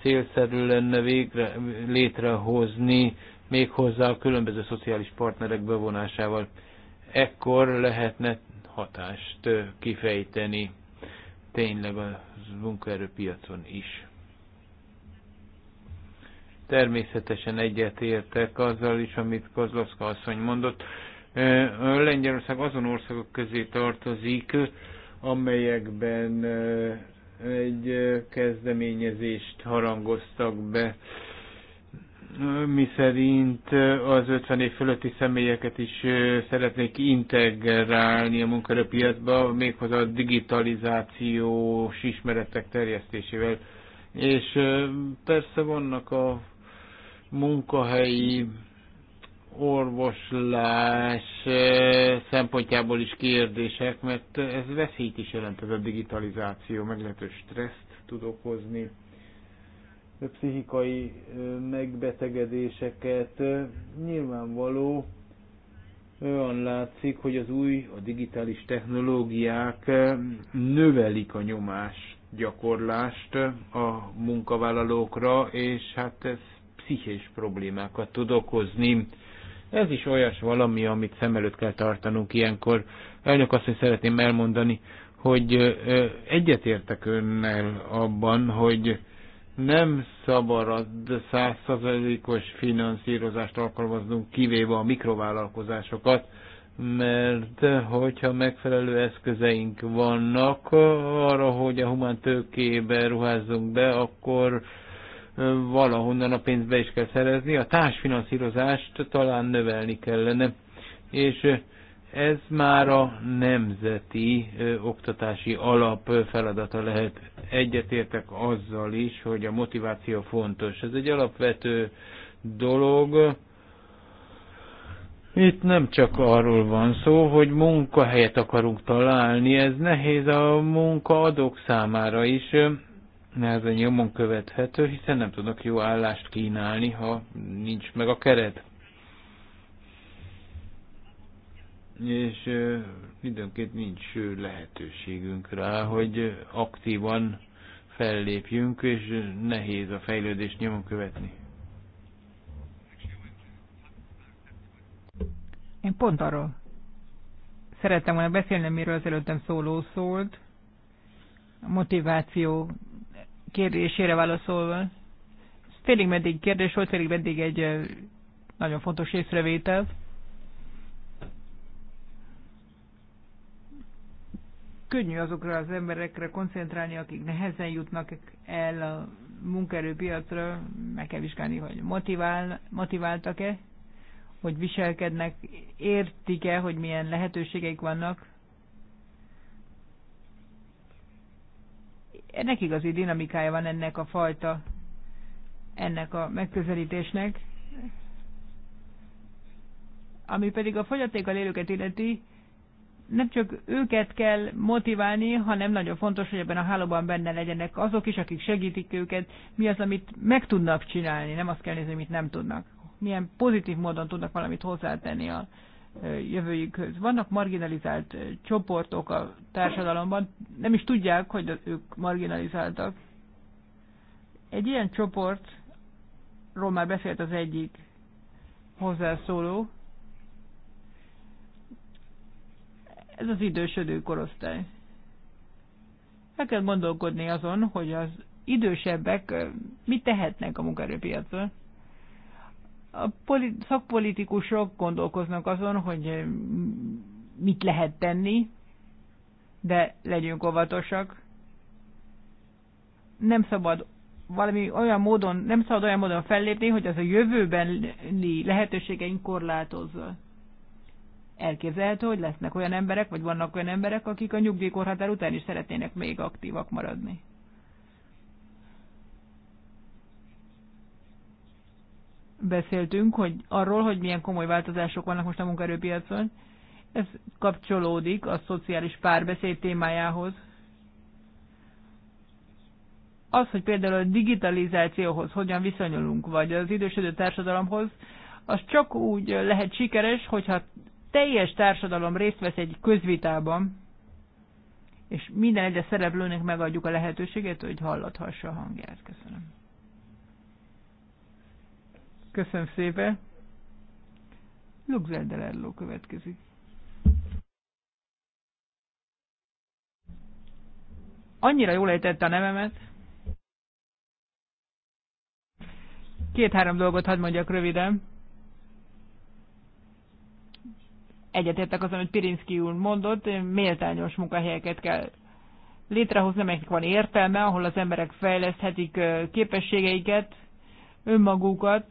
célszerű lenne végre létrehozni, méghozzá a különböző szociális partnerek bevonásával. Ekkor lehetne hatást kifejteni tényleg a munkaerőpiacon is. Természetesen egyetértek azzal is, amit Kozlaszka asszony mondott. Lengyelország azon országok közé tartozik, amelyekben egy kezdeményezést harangoztak be mi szerint az 50 év fölötti személyeket is szeretnék integrálni a munkaerőpiacba, méghozzá a digitalizációs ismeretek terjesztésével. És persze vannak a munkahelyi orvoslás szempontjából is kérdések, mert ez veszélyt is jelent ez a digitalizáció, meglehetős stresszt tud okozni pszichikai megbetegedéseket. Nyilvánvaló olyan látszik, hogy az új, a digitális technológiák növelik a nyomás gyakorlást a munkavállalókra, és hát ez pszichés problémákat tud okozni. Ez is olyas valami, amit szem előtt kell tartanunk ilyenkor. Elnök azt, hogy szeretném elmondani, hogy egyetértek önnel abban, hogy nem szabad százszerzalékos finanszírozást alkalmaznunk, kivéve a mikrovállalkozásokat, mert hogyha megfelelő eszközeink vannak arra, hogy a humán tőkébe ruházzunk be, akkor valahonnan a pénzt be is kell szerezni. A társfinanszírozást talán növelni kellene, és ez már a nemzeti ö, oktatási alap feladata lehet. Egyetértek azzal is, hogy a motiváció fontos. Ez egy alapvető dolog. Itt nem csak arról van szó, hogy munkahelyet akarunk találni, ez nehéz a munkaadók számára is, nehezen nyomon követhető, hiszen nem tudnak jó állást kínálni, ha nincs meg a keret. és időnként nincs lehetőségünk rá, hogy aktívan fellépjünk, és nehéz a fejlődést nyomon követni. Én pont arról szerettem volna beszélni, miről az előttem szóló szólt, a motiváció kérdésére válaszolva. Ez félig meddig kérdés volt, félig meddig egy nagyon fontos észrevétel. könnyű azokra az emberekre koncentrálni, akik nehezen jutnak el a munkaerőpiacra, meg kell vizsgálni, hogy motivál, motiváltak-e, hogy viselkednek, értik-e, hogy milyen lehetőségeik vannak. Ennek igazi dinamikája van ennek a fajta, ennek a megközelítésnek. Ami pedig a fogyatékkal élőket illeti, nem csak őket kell motiválni, hanem nagyon fontos, hogy ebben a hálóban benne legyenek azok is, akik segítik őket, mi az, amit meg tudnak csinálni, nem azt kell nézni, amit nem tudnak. Milyen pozitív módon tudnak valamit hozzátenni a jövőjükhöz. Vannak marginalizált csoportok a társadalomban, nem is tudják, hogy ők marginalizáltak. Egy ilyen csoportról már beszélt az egyik hozzászóló, Ez az idősödő korosztály. El kell gondolkodni azon, hogy az idősebbek mit tehetnek a munkaerőpiacon. A szakpolitikusok gondolkoznak azon, hogy mit lehet tenni, de legyünk óvatosak. Nem szabad valami olyan módon, nem szabad olyan módon fellépni, hogy az a jövőbeni lehetőségeink korlátozza elképzelhető, hogy lesznek olyan emberek, vagy vannak olyan emberek, akik a nyugdíjkorhatár után is szeretnének még aktívak maradni. Beszéltünk hogy arról, hogy milyen komoly változások vannak most a munkaerőpiacon. Ez kapcsolódik a szociális párbeszéd témájához. Az, hogy például a digitalizációhoz hogyan viszonyulunk, vagy az idősödő társadalomhoz, az csak úgy lehet sikeres, hogyha teljes társadalom részt vesz egy közvitában, és minden egyes szereplőnek megadjuk a lehetőséget, hogy hallathassa a hangját. Köszönöm. Köszönöm szépen. Lugzeldelerló következik. Annyira jól ejtette a nevemet. Két-három dolgot hadd mondjak röviden. egyetértek azon, hogy Pirinszki úr mondott, méltányos munkahelyeket kell létrehozni, amelyeknek van értelme, ahol az emberek fejleszthetik képességeiket, önmagukat,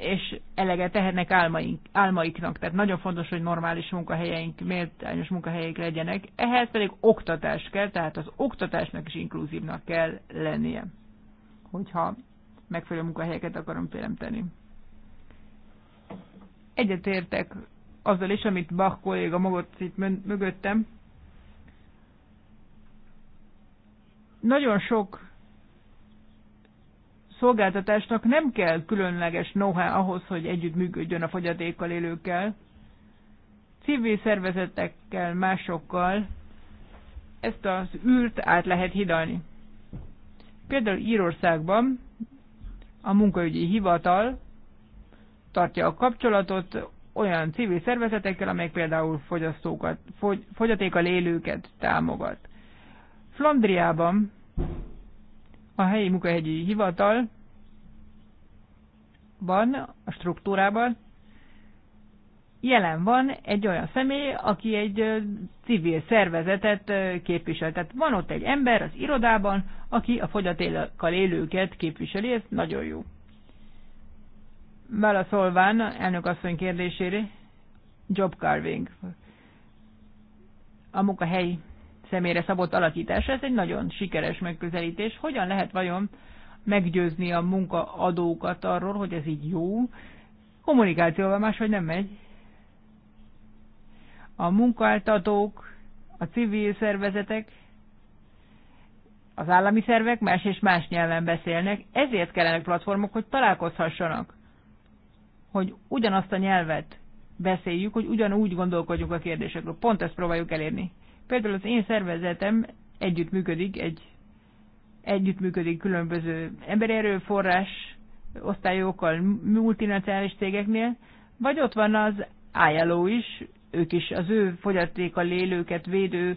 és eleget tehetnek álmaink, álmaiknak. Tehát nagyon fontos, hogy normális munkahelyeink, méltányos munkahelyek legyenek. Ehhez pedig oktatás kell, tehát az oktatásnak is inkluzívnak kell lennie, hogyha megfelelő munkahelyeket akarom teremteni. Egyetértek azzal is, amit Bach kolléga magott itt mögöttem. Nagyon sok szolgáltatásnak nem kell különleges know-how ahhoz, hogy együtt működjön a fogyatékkal élőkkel. Civil szervezetekkel, másokkal ezt az űrt át lehet hidalni. Például Írországban a munkaügyi hivatal tartja a kapcsolatot olyan civil szervezetekkel, amelyek például fogyasztókat, fogy, fogyatékkal élőket támogat. Flandriában a helyi munkahegyi hivatal van, a struktúrában jelen van egy olyan személy, aki egy civil szervezetet képvisel. Tehát van ott egy ember az irodában, aki a fogyatékkal élőket képviseli, ez nagyon jó. Válaszolván elnök asszony kérdésére, job carving, a munkahely személyre szabott alakítás, ez egy nagyon sikeres megközelítés. Hogyan lehet vajon meggyőzni a munkaadókat arról, hogy ez így jó? Kommunikációval máshogy nem megy. A munkáltatók, a civil szervezetek, az állami szervek más és más nyelven beszélnek, ezért kellenek platformok, hogy találkozhassanak hogy ugyanazt a nyelvet beszéljük, hogy ugyanúgy gondolkodjunk a kérdésekről. Pont ezt próbáljuk elérni. Például az én szervezetem együttműködik, egy, együttműködik különböző emberi erőforrás osztályokkal, multinacionális cégeknél, vagy ott van az ájáló is, ők is, az ő fogyatéka lélőket védő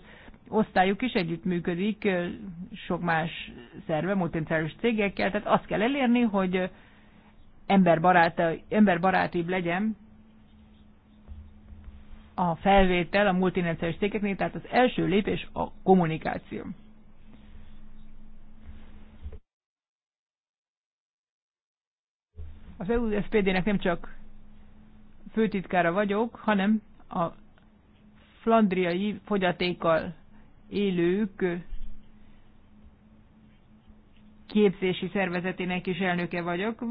osztályuk is együttműködik sok más szerve, multinacionális cégekkel, tehát azt kell elérni, hogy emberbaráta, emberbarátibb legyen a felvétel a multinacionális cégeknél, tehát az első lépés a kommunikáció. Az e spd nek nem csak főtitkára vagyok, hanem a flandriai fogyatékkal élők képzési szervezetének is elnöke vagyok.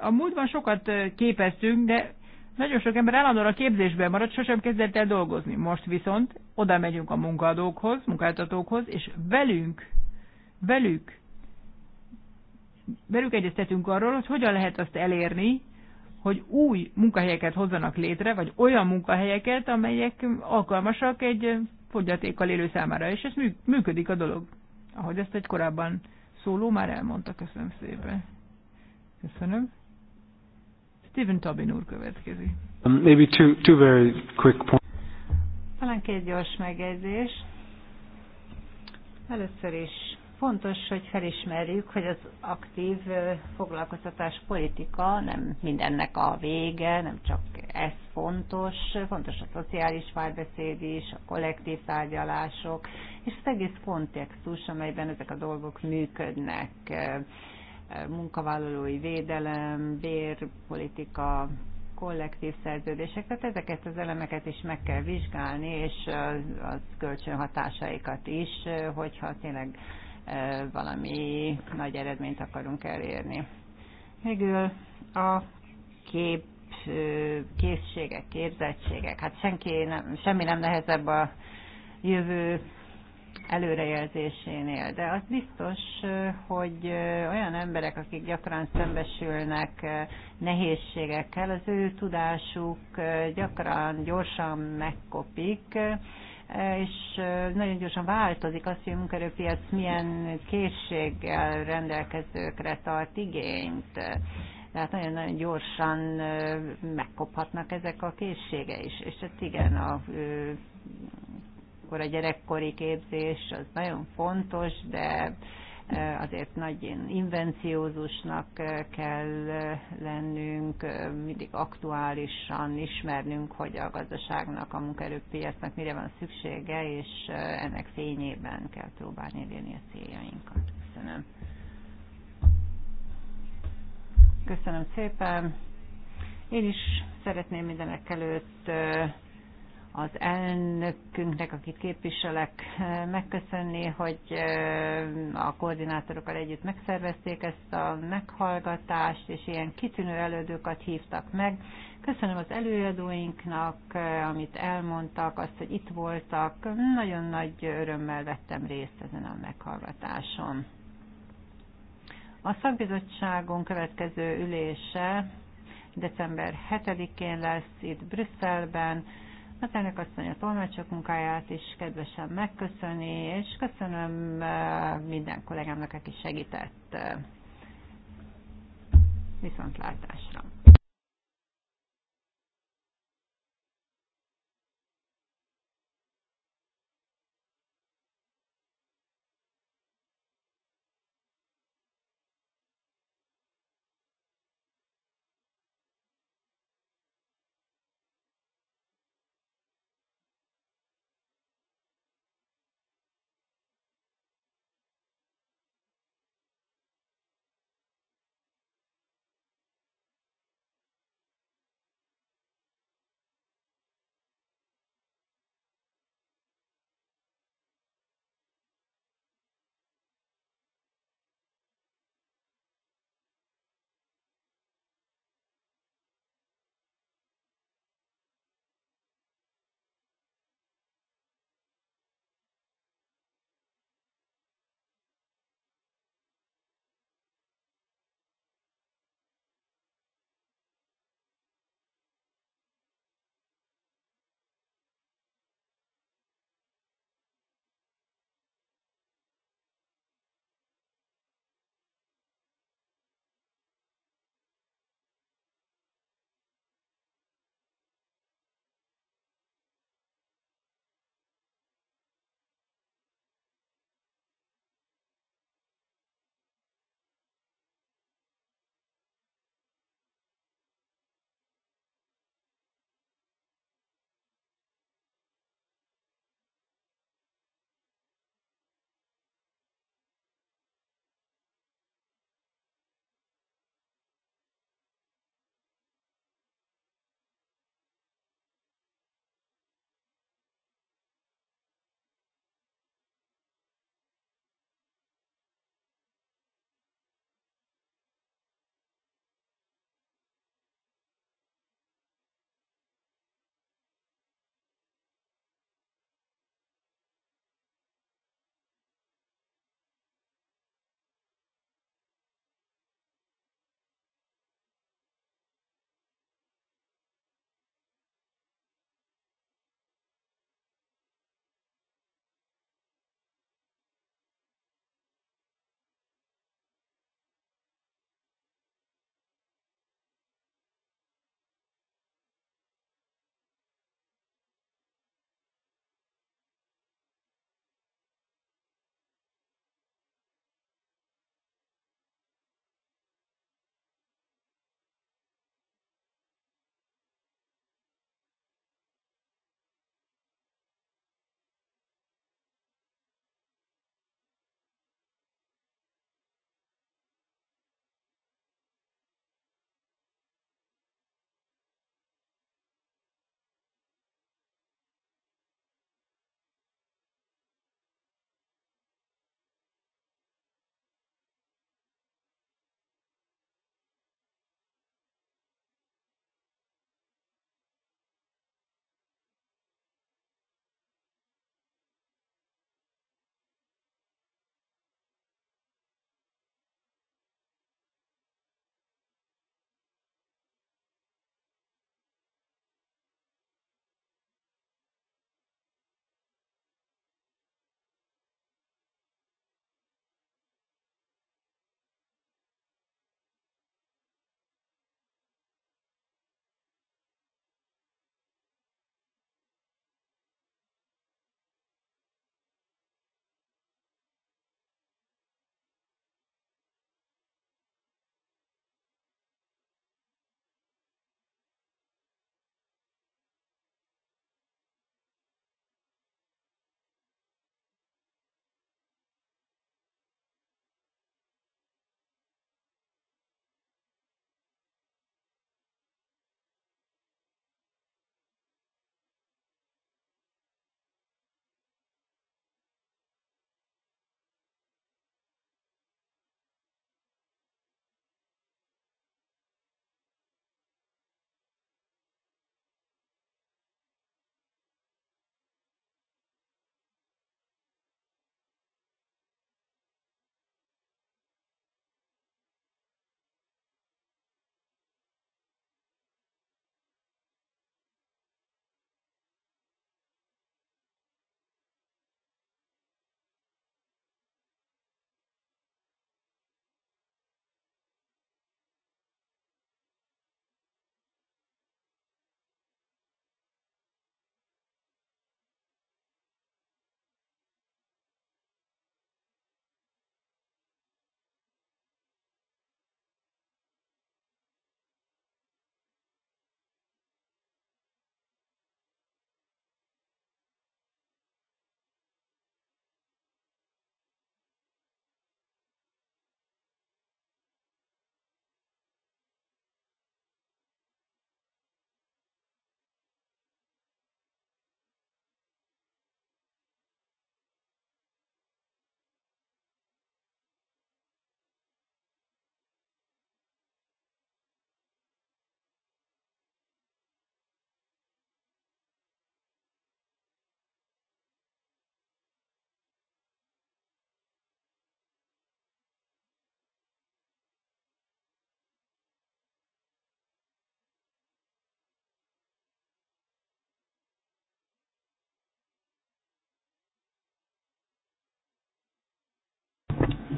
A múltban sokat képeztünk, de nagyon sok ember állandóan a képzésben maradt, sosem kezdett el dolgozni. Most viszont oda megyünk a munkadókhoz, munkáltatókhoz, és velünk, velük, velük egyeztetünk arról, hogy hogyan lehet azt elérni, hogy új munkahelyeket hozzanak létre, vagy olyan munkahelyeket, amelyek alkalmasak egy fogyatékkal élő számára, és ez működik a dolog, ahogy ezt egy korábban szóló már elmondta. Köszönöm szépen. Köszönöm. Stephen Tabin úr következik. Um, maybe two, two very quick points. Talán két gyors megjegyzés. Először is fontos, hogy felismerjük, hogy az aktív foglalkoztatás politika nem mindennek a vége, nem csak ez fontos, fontos a szociális párbeszéd is, a kollektív tárgyalások, és az egész kontextus, amelyben ezek a dolgok működnek munkavállalói védelem, bérpolitika, kollektív szerződések, tehát ezeket az elemeket is meg kell vizsgálni, és az kölcsönhatásaikat is, hogyha tényleg valami nagy eredményt akarunk elérni. Végül a kép, készségek, képzettségek, hát senki nem, semmi nem nehezebb a jövő előrejelzésénél, de az biztos, hogy olyan emberek, akik gyakran szembesülnek nehézségekkel, az ő tudásuk gyakran, gyorsan megkopik, és nagyon gyorsan változik az, hogy a munkaerőpiac milyen készséggel rendelkezőkre tart igényt. Tehát nagyon-nagyon gyorsan megkophatnak ezek a készsége is. És ez hát igen, a, a gyerekkori képzés az nagyon fontos, de Eh, azért nagy invenciózusnak eh, kell eh, lennünk, mindig aktuálisan ismernünk, hogy a gazdaságnak, a munkaerőpiacnak mire van szüksége, és ennek fényében kell próbálni elérni a céljainkat. Köszönöm. Köszönöm szépen. Én is szeretném mindenek előtt az elnökünknek, akit képviselek, megköszönni, hogy a koordinátorokkal együtt megszervezték ezt a meghallgatást, és ilyen kitűnő elődőket hívtak meg. Köszönöm az előadóinknak, amit elmondtak, azt, hogy itt voltak. Nagyon nagy örömmel vettem részt ezen a meghallgatáson. A szakbizottságon következő ülése december 7-én lesz itt Brüsszelben az hát elnök asszony a tolmácsok munkáját is kedvesen megköszöni, és köszönöm minden kollégámnak, aki segített viszontlátásra.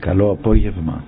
Καλό απόγευμα.